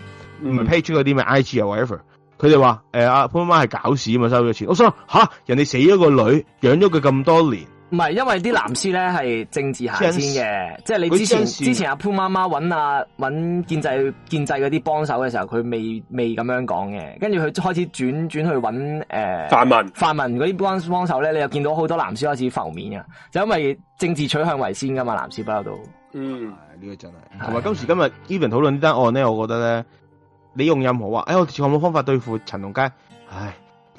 唔係 page 嗰啲咩 IG 又 whatever，佢哋話誒阿潘媽媽係搞事啊嘛，收咗錢，我想吓人哋死咗個女，養咗佢咁多年。唔係，因為啲藍絲咧，係政治行先嘅，時即係你之前之前阿潘媽媽揾啊揾建制建制嗰啲幫手嘅時候，佢未未咁樣講嘅，跟住佢開始轉轉去揾誒、呃、泛民泛民嗰啲幫幫手咧，你又見到好多藍絲開始浮面啊，就是、因為政治取向為先噶嘛，藍絲不嬲都嗯，呢個真係同埋今時今日 even 討論呢單案咧，我覺得咧，你用任何話，誒、哎、我有冇方法對付陳同佳？唉，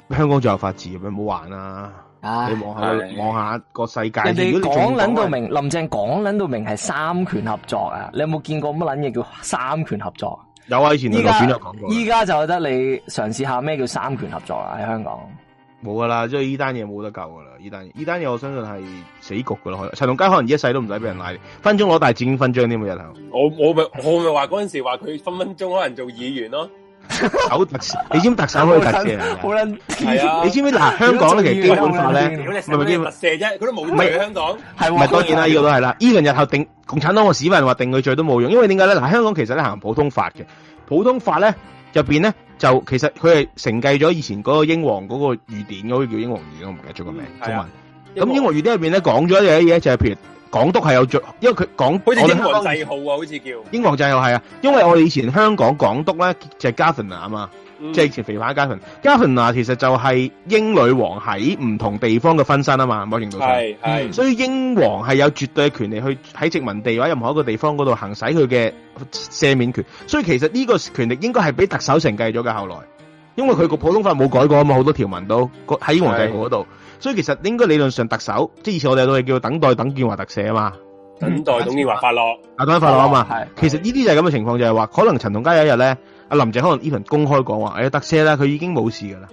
香港仲有法治，唔好玩啊！啊、你望下，望下個世界。人哋講捻到明，林鄭講捻到明係三權合作啊！你有冇見過乜捻嘢叫三權合作？有啊，有以前你個片有講過。依家就覺得你嘗試下咩叫三權合作啦、啊！喺香港冇噶啦，即係呢單嘢冇得救噶啦！呢單呢單嘢，我相信係死局噶啦。陳同佳可能一世都唔使俾人拉，分鐘攞大紫荊勳章添嘅日頭 <laughs> 。我我咪我咪話嗰陣時話佢分分鐘可能做議員咯。手特， <laughs> 你知唔知特首可以特赦？你知唔知嗱？香港咧其實基本法咧，係咪基本法啫，佢都冇不香港。係咪的？不可當然啦，呢、這個都係啦。呢輪日後定共產黨個市民話定佢罪都冇用，因為點解咧？嗱，香港其實咧行普通法嘅，普通法咧入邊咧就其實佢係承繼咗以前嗰個英皇嗰個御典嗰個叫英皇御，我唔記得咗個名。係、嗯。咁文英皇王御典入邊咧講咗一樣嘢就係、是、譬如。港督係有着，因為佢港，好似英皇制號啊，好似叫。英皇制號係啊，因為我以前香港港督咧就係加芬娜啊嘛，即係、嗯、以前肥媽加芬。加芬娜其實就係英女王喺唔同地方嘅分身啊嘛，冇認到佢。係。係。所以英皇係有絕對嘅權利去喺殖民地或者任何一個地方嗰度行使佢嘅赦免權。所以其實呢個權力應該係俾特首承繼咗嘅。後來，因為佢個普通法冇改過啊嘛，好多條文都喺英皇帝號嗰度。所以其實應該理論上特首，即係以前我哋都係叫等待董建華特赦啊嘛。等待董建華發落，阿董發落啊嘛。係，其實呢啲就係咁嘅情況，就係話可能陳同佳有一日咧，阿林鄭可能 even 公開講話，哎呀特赦啦，佢已經冇事噶啦。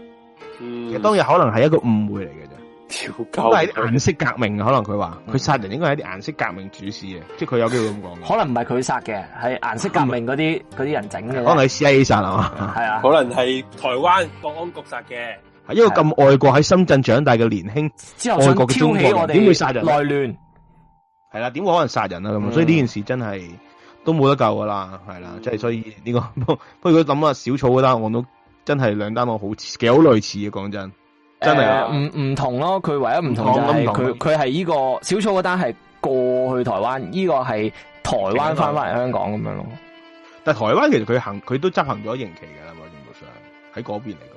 嗯，其實當日可能係一個誤會嚟嘅啫。調交，因啲顏色革命可能佢話佢殺人應該係啲顏色革命主使嘅。即係佢有機會咁講。可能唔係佢殺嘅，係顏色革命嗰啲啲人整嘅。可能係 CIA 殺啊嘛，係啊，可能係台灣國安局殺嘅。係一個咁愛國喺深圳長大嘅年輕，愛國嘅中國人，點會殺人內亂？係啦亂，點會可能殺人啊咁？嗯、所以呢件事真係都冇得救噶啦，係啦，即係、嗯、所以呢、這個，不如果咁、呃、啊，小草嗰單我都真係兩單案好似幾好類似嘅，講真，真係唔唔同咯。佢唯一唔同就係佢佢係呢個小草嗰單係過去台灣，呢、這個係台灣翻翻嚟香港咁樣咯。但台灣其實佢行佢都執行咗刑期噶啦，某程度上喺嗰邊嚟。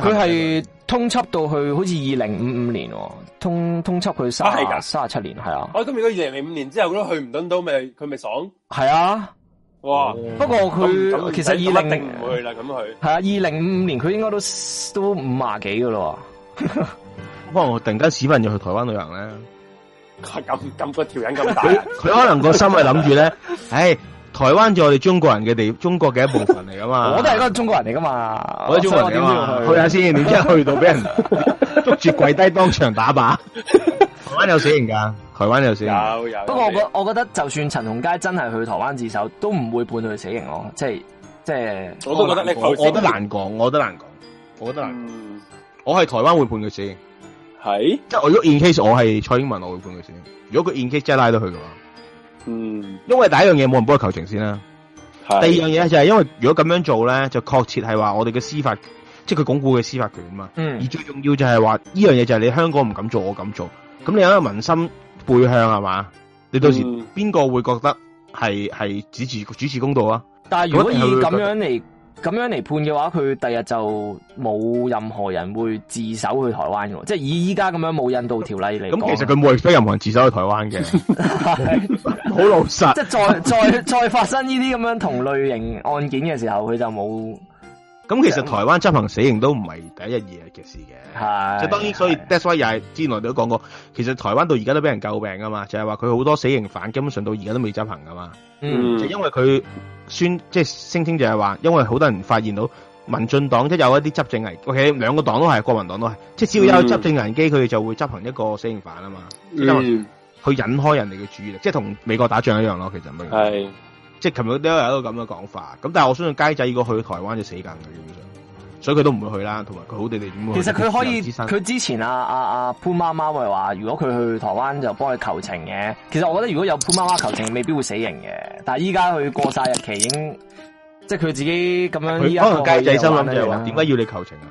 佢係通緝到去好似二零五五年，通通緝佢三廿三廿七年，係啊！我咁、哦、如果二零零五年之後，佢都去唔到島，咪佢咪爽？係啊的！哇！哦、不過佢其實二零唔會去啦，咁佢係啊！二零五五年佢應該都都五廿幾噶咯， <laughs> 不過我突然間市民要去台灣旅行咧，咁咁、那個條癮咁大人，佢 <laughs> 可能個心係諗住咧，唉、 <laughs> 哎。台灣就係我哋中國人嘅地，中國嘅一部分嚟噶嘛？ <laughs> 我都係一個中國人嚟噶嘛？我都係中國人嚟嘛？去，去一下先，點知 <laughs> 去到俾人捉住跪低當場打靶？ <laughs> 台灣有死刑噶？台灣有死刑的有、啊？不過我覺得，我覺得就算陳同佳真係去台灣自首，都唔會判佢死刑咯。即係即係我也，我都覺得我都難講，我都難講，我覺得難。我係、嗯、台灣會判佢死刑是，係即係我如果 in case 我係蔡英文，我會判佢死刑。如果佢 in case 真係拉到佢嘅話。嗯，因為第一樣嘢冇人幫佢求情先啦、啊。啊、第二樣嘢就係因為如果咁樣做咧，就確切係話我哋嘅司法，即係佢鞏固嘅司法權啊嘛。嗯，而最重要就係話呢樣嘢就係你香港唔敢做，我敢做。咁、嗯、你有一個民心背向係嘛？你到時邊個、嗯、會覺得係係主持主持公道啊？但係如果以咁樣嚟。咁樣嚟判嘅話，佢第日就冇任何人會自首去台灣嘅，即係以依家咁樣冇引渡條例嚟講。咁其實佢冇非任何人自首去台灣嘅，好老實。 <laughs> 即係再再再發生呢啲咁樣同類型案件嘅時候，佢就冇。咁其實台灣執行死刑都唔係第一二日嘅事嘅，即係是當然，所以 that's why 又之前來我哋都講過，其實台灣到而家都俾人詬病㗎嘛，就係話佢好多死刑犯根本上到而家都未執行㗎嘛，嗯就因、就是就，因為佢宣即係聲稱就係話，因為好多人發現到民進黨一、就是、有一啲執政危，OK 兩個黨都係國民黨都係，即係只要有執政危機，佢哋、就是嗯、就會執行一個死刑犯啊嘛，因為去引開人哋嘅注意力，即係同美國打仗一樣咯，其實咁即係琴日都有一個咁嘅講法，咁但係我相信佳仔如果去台灣就死梗嘅基本上，所以佢都唔會去啦，同埋佢好地地點會去？其實佢可以，佢之，之前啊啊啊潘媽媽咪話，如果佢去台灣就幫佢求情嘅。其實我覺得如果有潘媽媽求情，未必會死刑嘅。但係依家佢過晒日期，已經 <laughs> 即係佢自己咁樣這他他雞。可能佳仔心諗就係話，點解呢要你求情啊？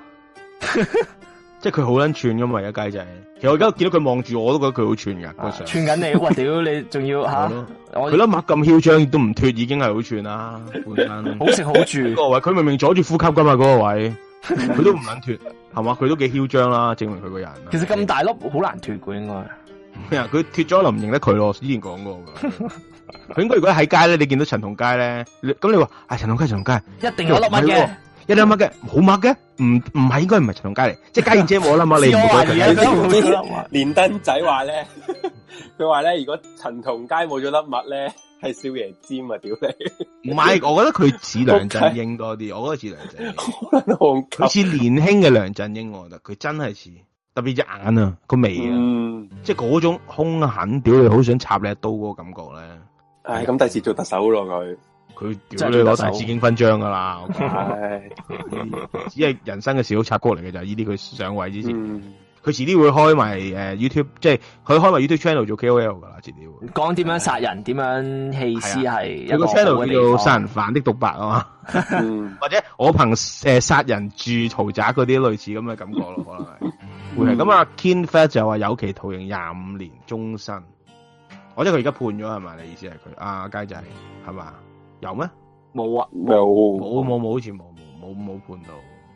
<laughs> 即係佢好捻串噶嘛，而家佳仔。其實我而家見到佢望住我都覺得佢好串噶，串緊你，我屌你，仲要吓？佢粒癦咁囂張都唔脱，已經係好串啦。本身，好食好住嗰個位，佢明明阻住呼吸噶嘛，嗰個位，佢都唔肯脱，係嘛？佢都幾囂張啦，證明佢個人。其實咁大粒好難脱嘅，應該。啊？佢脱咗就唔認得佢咯，之前講過。佢應該如果喺街咧，你見到陳同佳咧，咁你話，啊陳同佳，陳同佳，一定有粒乜嘢？一粒乜嘅，好乜嘅，唔唔係應該唔係陳同佳嚟，即係佳燕姐冇粒嘛，你唔到佢。連登仔話咧，佢話咧，如果陳同佳冇咗粒物咧，係少爺尖啊！屌你，唔係，我覺得佢似梁振英多啲，我覺得似梁振英，好似年輕嘅梁振英，我覺得佢真係似，特別隻眼啊，個眉啊，即係嗰種凶狠，屌你好想插你一刀嗰個感覺咧。唉，咁第時做特首咯佢。佢屌你攞大紫荊勳章噶啦！我 <laughs> 只係人生嘅小插曲嚟嘅，就係呢啲。佢上位之前，佢遲啲會開埋誒、呃、YouTube，即係佢開埋 YouTube channel 做 KOL 噶啦，遲啲會講點樣殺人，點的樣棄屍。係有個，個 channel 叫殺人犯的獨白啊嘛，嗯、 <laughs> 或者我憑誒殺人住豪宅嗰啲類似咁嘅感覺咯，嗯、可能係、嗯、會係咁啊。Kin Fat 就話有期徒刑廿五年，終身。我即得佢而家判咗係咪？你意思係佢阿佳仔係嘛？是有咩？冇啊，冇，冇，冇，冇，好似冇，冇，冇，冇判到，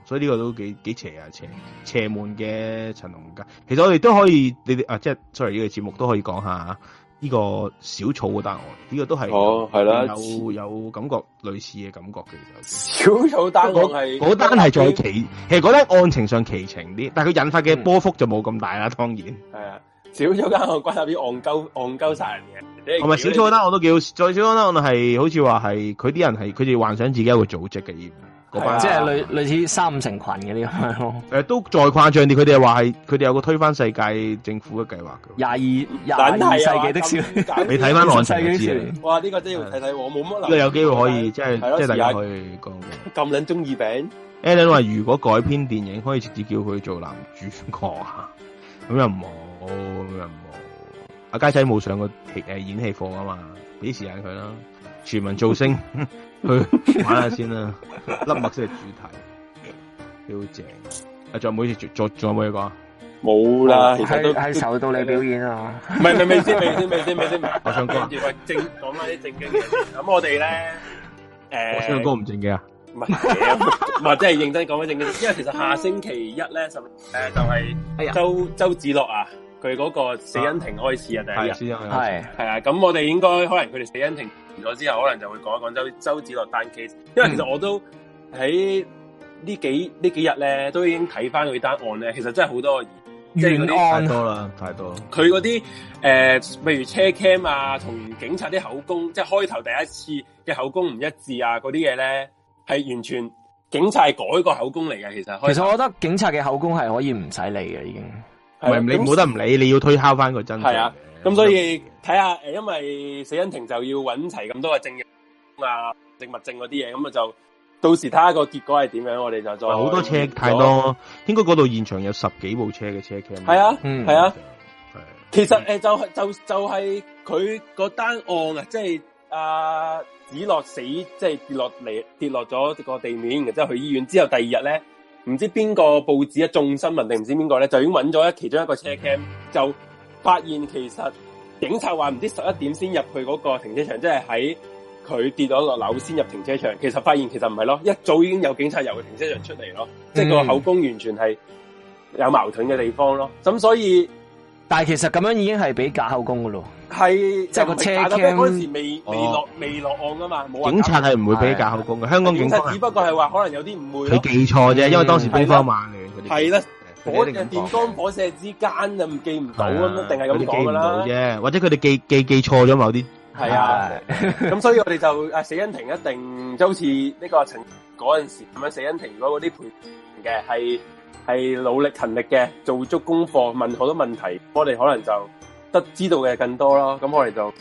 所以呢個都幾幾邪啊，邪邪門嘅陳龍家。其實我哋都可以，你哋啊，即係 sorry 呢個節目都可以講下呢個小草嘅答案，呢個都係，哦，係啦，有有感覺類似嘅感覺嘅。小草答案係，嗰單係在奇，其實嗰單，實單案情上奇情啲，但係佢引發嘅波幅就冇咁大啦，當然。係啊。少咗間我覺得有啲戇鳩戇鳩殺人嘅，同埋少咗間我都叫，再少咗我咪係好似話係佢啲人係佢哋幻想自己一個組織嘅嘢，即係類類似三五成群嘅呢種。誒，都再誇張啲，佢哋係話係佢哋有個推翻世界政府嘅計劃嘅。廿二廿二世紀的少，你睇翻網上就知啦。哇！呢個真要睇睇，我冇乜。呢個有機會可以即係，即係大家可以講嘅。咁撚中二病，Alan 話如果改編電影，可以直接叫佢做男主角啊！咁又唔好。冇，阿佳、哦、仔冇上過誒演戲課啊嘛，俾時間佢啦。全民造星，去玩下先啦、啊。 <laughs> 粒墨色嘅主題，啊、好正。啊仲有冇？仲仲咩有冇嘢講？冇啦、哦，其實都係係受到你表演 <laughs> <laughs> 樂啊？唔係咪係唔先，咪，先，唔先，唔先。我、呃、唱歌，要話正講翻啲正經嘅。咁我哋咧，誒，我唱歌唔正經啊，唔 <laughs> 係，或者係認真講翻正經。因為其實下星期一咧，誒、呃、就係、是、周、哎、呀周子樂啊。佢嗰個死因庭開始啊，第一日係係啊，咁我哋應該可能佢哋死因庭完咗之後，可能就會講一講周周梓樂單 case，因為其實我都喺呢幾呢幾日咧，都已經睇翻佢單案咧，其實真係好多冤案，多啦太多。佢嗰啲誒，譬如車 cam 啊，同警察啲口供，即係開頭第一次嘅口供唔一致啊，嗰啲嘢咧係完全警察係改個口供嚟嘅。其實其實我覺得警察嘅口供係可以唔使理嘅，已經。唔係你冇得唔理，你要推敲翻個真相。係啊，咁所以睇下誒，因為死因庭就要揾齊咁多嘅證人啊、證物證嗰啲嘢，咁啊就到時睇下個結果係點樣，我哋就再好多車太多，應該嗰度現場有十幾部車嘅車劇。e y 係啊，係其實誒，就係就就係佢個單案、就是、啊，即係阿子落死，即係跌落嚟跌落咗個地面，然之後去醫院之後第二日咧。唔知邊個報紙啊，眾新聞定唔知邊個咧，就已經揾咗一其中一個車 cam，就發現其實警察話唔知十一點先入去嗰個停車場，即係喺佢跌咗落樓先入停車場。其實發現其實唔係咯，一早已經有警察由佢停車場出嚟咯，即係個口供完全係有矛盾嘅地方咯。咁所以，但係其實咁樣已經係俾假口供㗎咯。係即係個車聽嗰陣時未未落未落案噶嘛，警察係唔會俾你假口供嘅。香港警察只不過係話可能有啲誤會，佢記錯啫，因為當時兵荒馬亂。係啦，火電光火石之間就記唔到啦，一定係咁講噶啦。或者佢哋記記記錯咗某啲。係啊，咁所以我哋就啊死因庭一定即係好似呢個陳嗰陣時咁樣，死因庭如果嗰啲陪嘅係係努力勤力嘅做足功課，問好多問題，我哋可能就。知道嘅更多咯，咁我哋就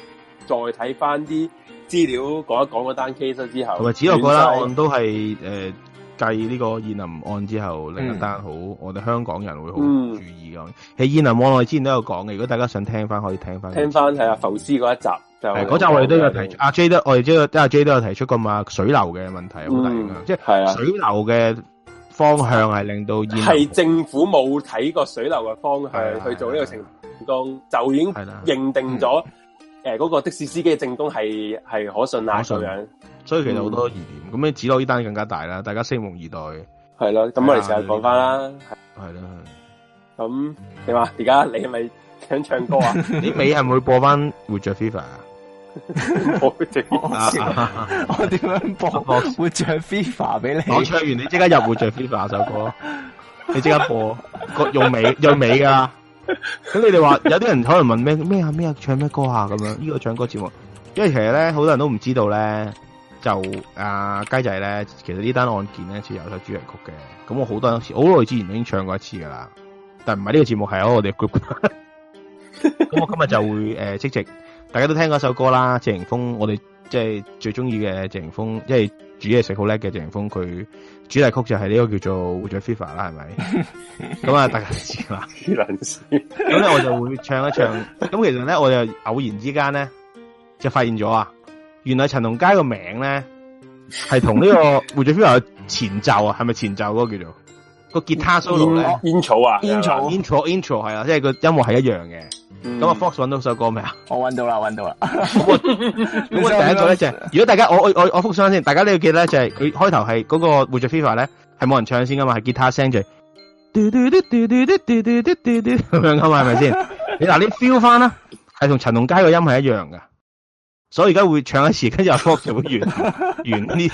再睇翻啲資料，講一講嗰單 case 之後，同埋只個個案都係誒計呢個燕林案之後另一單好，我哋香港人會好注意噶喺燕林案我哋之前都有講嘅，如果大家想聽翻可以聽翻，聽翻係阿浮屍嗰一集，就嗰集我哋都有提阿 J 都我哋即係阿 J 都有提出噶嘛，水流嘅問題好大影響，即係水流嘅方向係令到係政府冇睇過水流嘅方向去做呢個程。就已經認定咗，誒，嗰個的士司機嘅證供係係可信啊，咁樣，所以其實好多疑點。咁你指到呢單更加大啦，大家拭目以待。係咯，咁我哋成日講翻啦，係咯。咁你話而家你係咪想唱歌啊？啲尾係咪播翻《活着》Viva 啊？我點播？我點樣播《活着》Viva 俾你？我唱完，你即刻入《活着》Viva 首歌。你即刻播個用尾用尾噶。咁 <laughs> 你哋話有啲人可能問咩咩啊咩啊唱咩歌啊咁樣呢、這個唱歌節目。因為其實咧好多人都唔知道咧，就啊雞仔咧，其實呢單案件咧似有一首主題曲嘅，咁我好多時好耐之前已經唱過一次噶啦，但唔係呢個節目係、啊、我哋 group，咁我今日就會誒即、呃、席，大家都聽嗰首歌啦，謝霆鋒，我哋即係最中意嘅謝霆鋒，因為。煮嘢食好叻嘅鄭霆鋒，佢主題曲就係呢個叫做《活着 Fever》啦，係咪？咁啊， <laughs> 大家知啦，大件事。咁咧，我就會唱一唱。咁其實咧，我就偶然之間咧，就發現咗啊，原來陳同佳名呢個名咧係同呢個《活着 Fever》前奏啊，係咪前奏個叫做？個吉他 solo 咧，intro 啊、嗯嗯嗯、intro、intro 係啊，即係個音樂係一樣嘅。咁我、嗯、Fox 揾到首歌未啊？我揾到啦，揾到啦。咁啊，咁啊，第一個咧就係、是，如果大家我我我複想先，大家你要記得呢，就係佢開頭係嗰個、er 呢《活着》《Fever》咧，係冇人唱先噶嘛，係吉他聲就係，嘟嘟嘟嘟嘟嘟嘟嘟嘟咁樣噶嘛，係咪先？你嗱，你 feel 翻啦，係同陳龍佳個音係一樣噶。所以而家會唱一次，跟住入歌就會完完呢。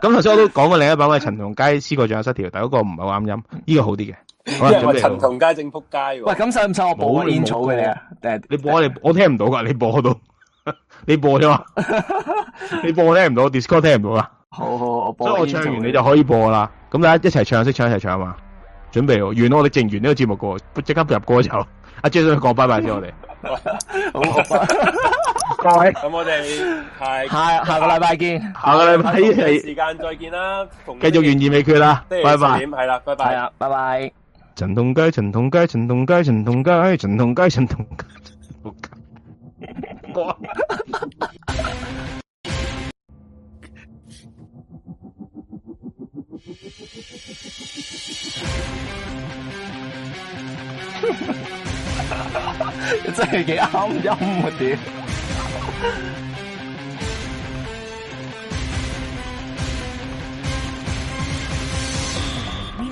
咁頭先我都講過另一版，我係陳同佳思覺失調，但嗰個唔係我啱音，呢個好啲嘅。即係話陳同佳正撲街。喂，咁使唔使我播演奏俾你啊？你播我哋，我聽唔到噶，你播到？你播啫嘛？你播我聽唔到，Discord 聽唔到啊？好好，所以我唱完你就可以播啦。咁大家一齊唱，識唱一齊唱啊嘛！準備完咗，我哋淨完呢個節目過，即刻入歌就。阿 Jason 講拜拜先，我哋。好。各位，咁我哋係下下個禮拜見，下個禮拜時間再見啦，見見見見繼繼續懸疑未決啦，拜拜，係啦，拜拜啦，拜拜。陳同佳，陳同佳，陳同佳，陳同佳，陳同佳，陳同佳。真係幾啱音我哋。點 <noise> <noise> 年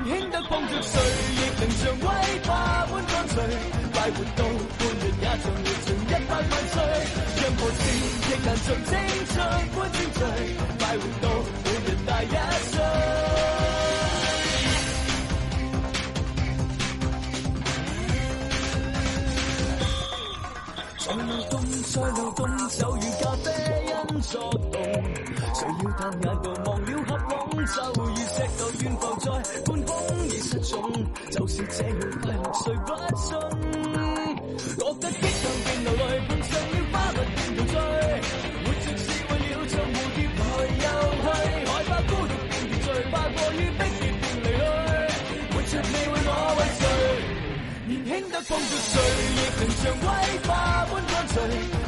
輕的風着誰，亦能像威化般乾脆。快活到半人也像活盡一百萬歲，任何事亦能像青春般純粹。快活到半人大一歲。愛流動，就如咖啡因作動。睡了但眼簾就忘了合攏，就如石頭懸浮在半空而失重。就是這樣快樂，誰不信？覺得激動便流淚，碰上了花蜜便陶醉。活着是為了像蝴蝶來又去。害怕孤獨便團聚，怕過於逼迫便離去。活着你為我為誰？年輕得碰著誰，亦能像威化般乾脆。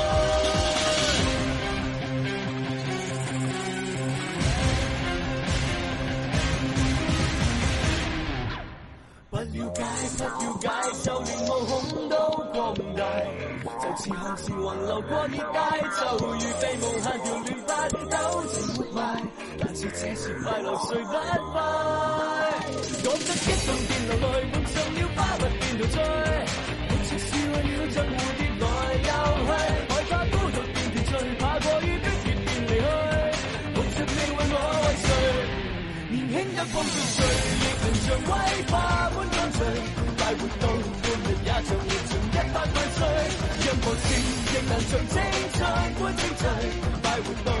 解不了解，就連毛孔都擴大，就似汗線橫流過熱帶，就如被無限條亂髮糾纏活埋。但是這是快樂，誰不快？覺 <music> 得激動，便流淚，碰上了花蜜便陶醉。活著是為了像蝴蝶來又去，害怕。風中水，誰亦能像鬼花般暢醉，快活到末日也像活盡一百萬歲。任何事亦難像精彩般精彩，快活到。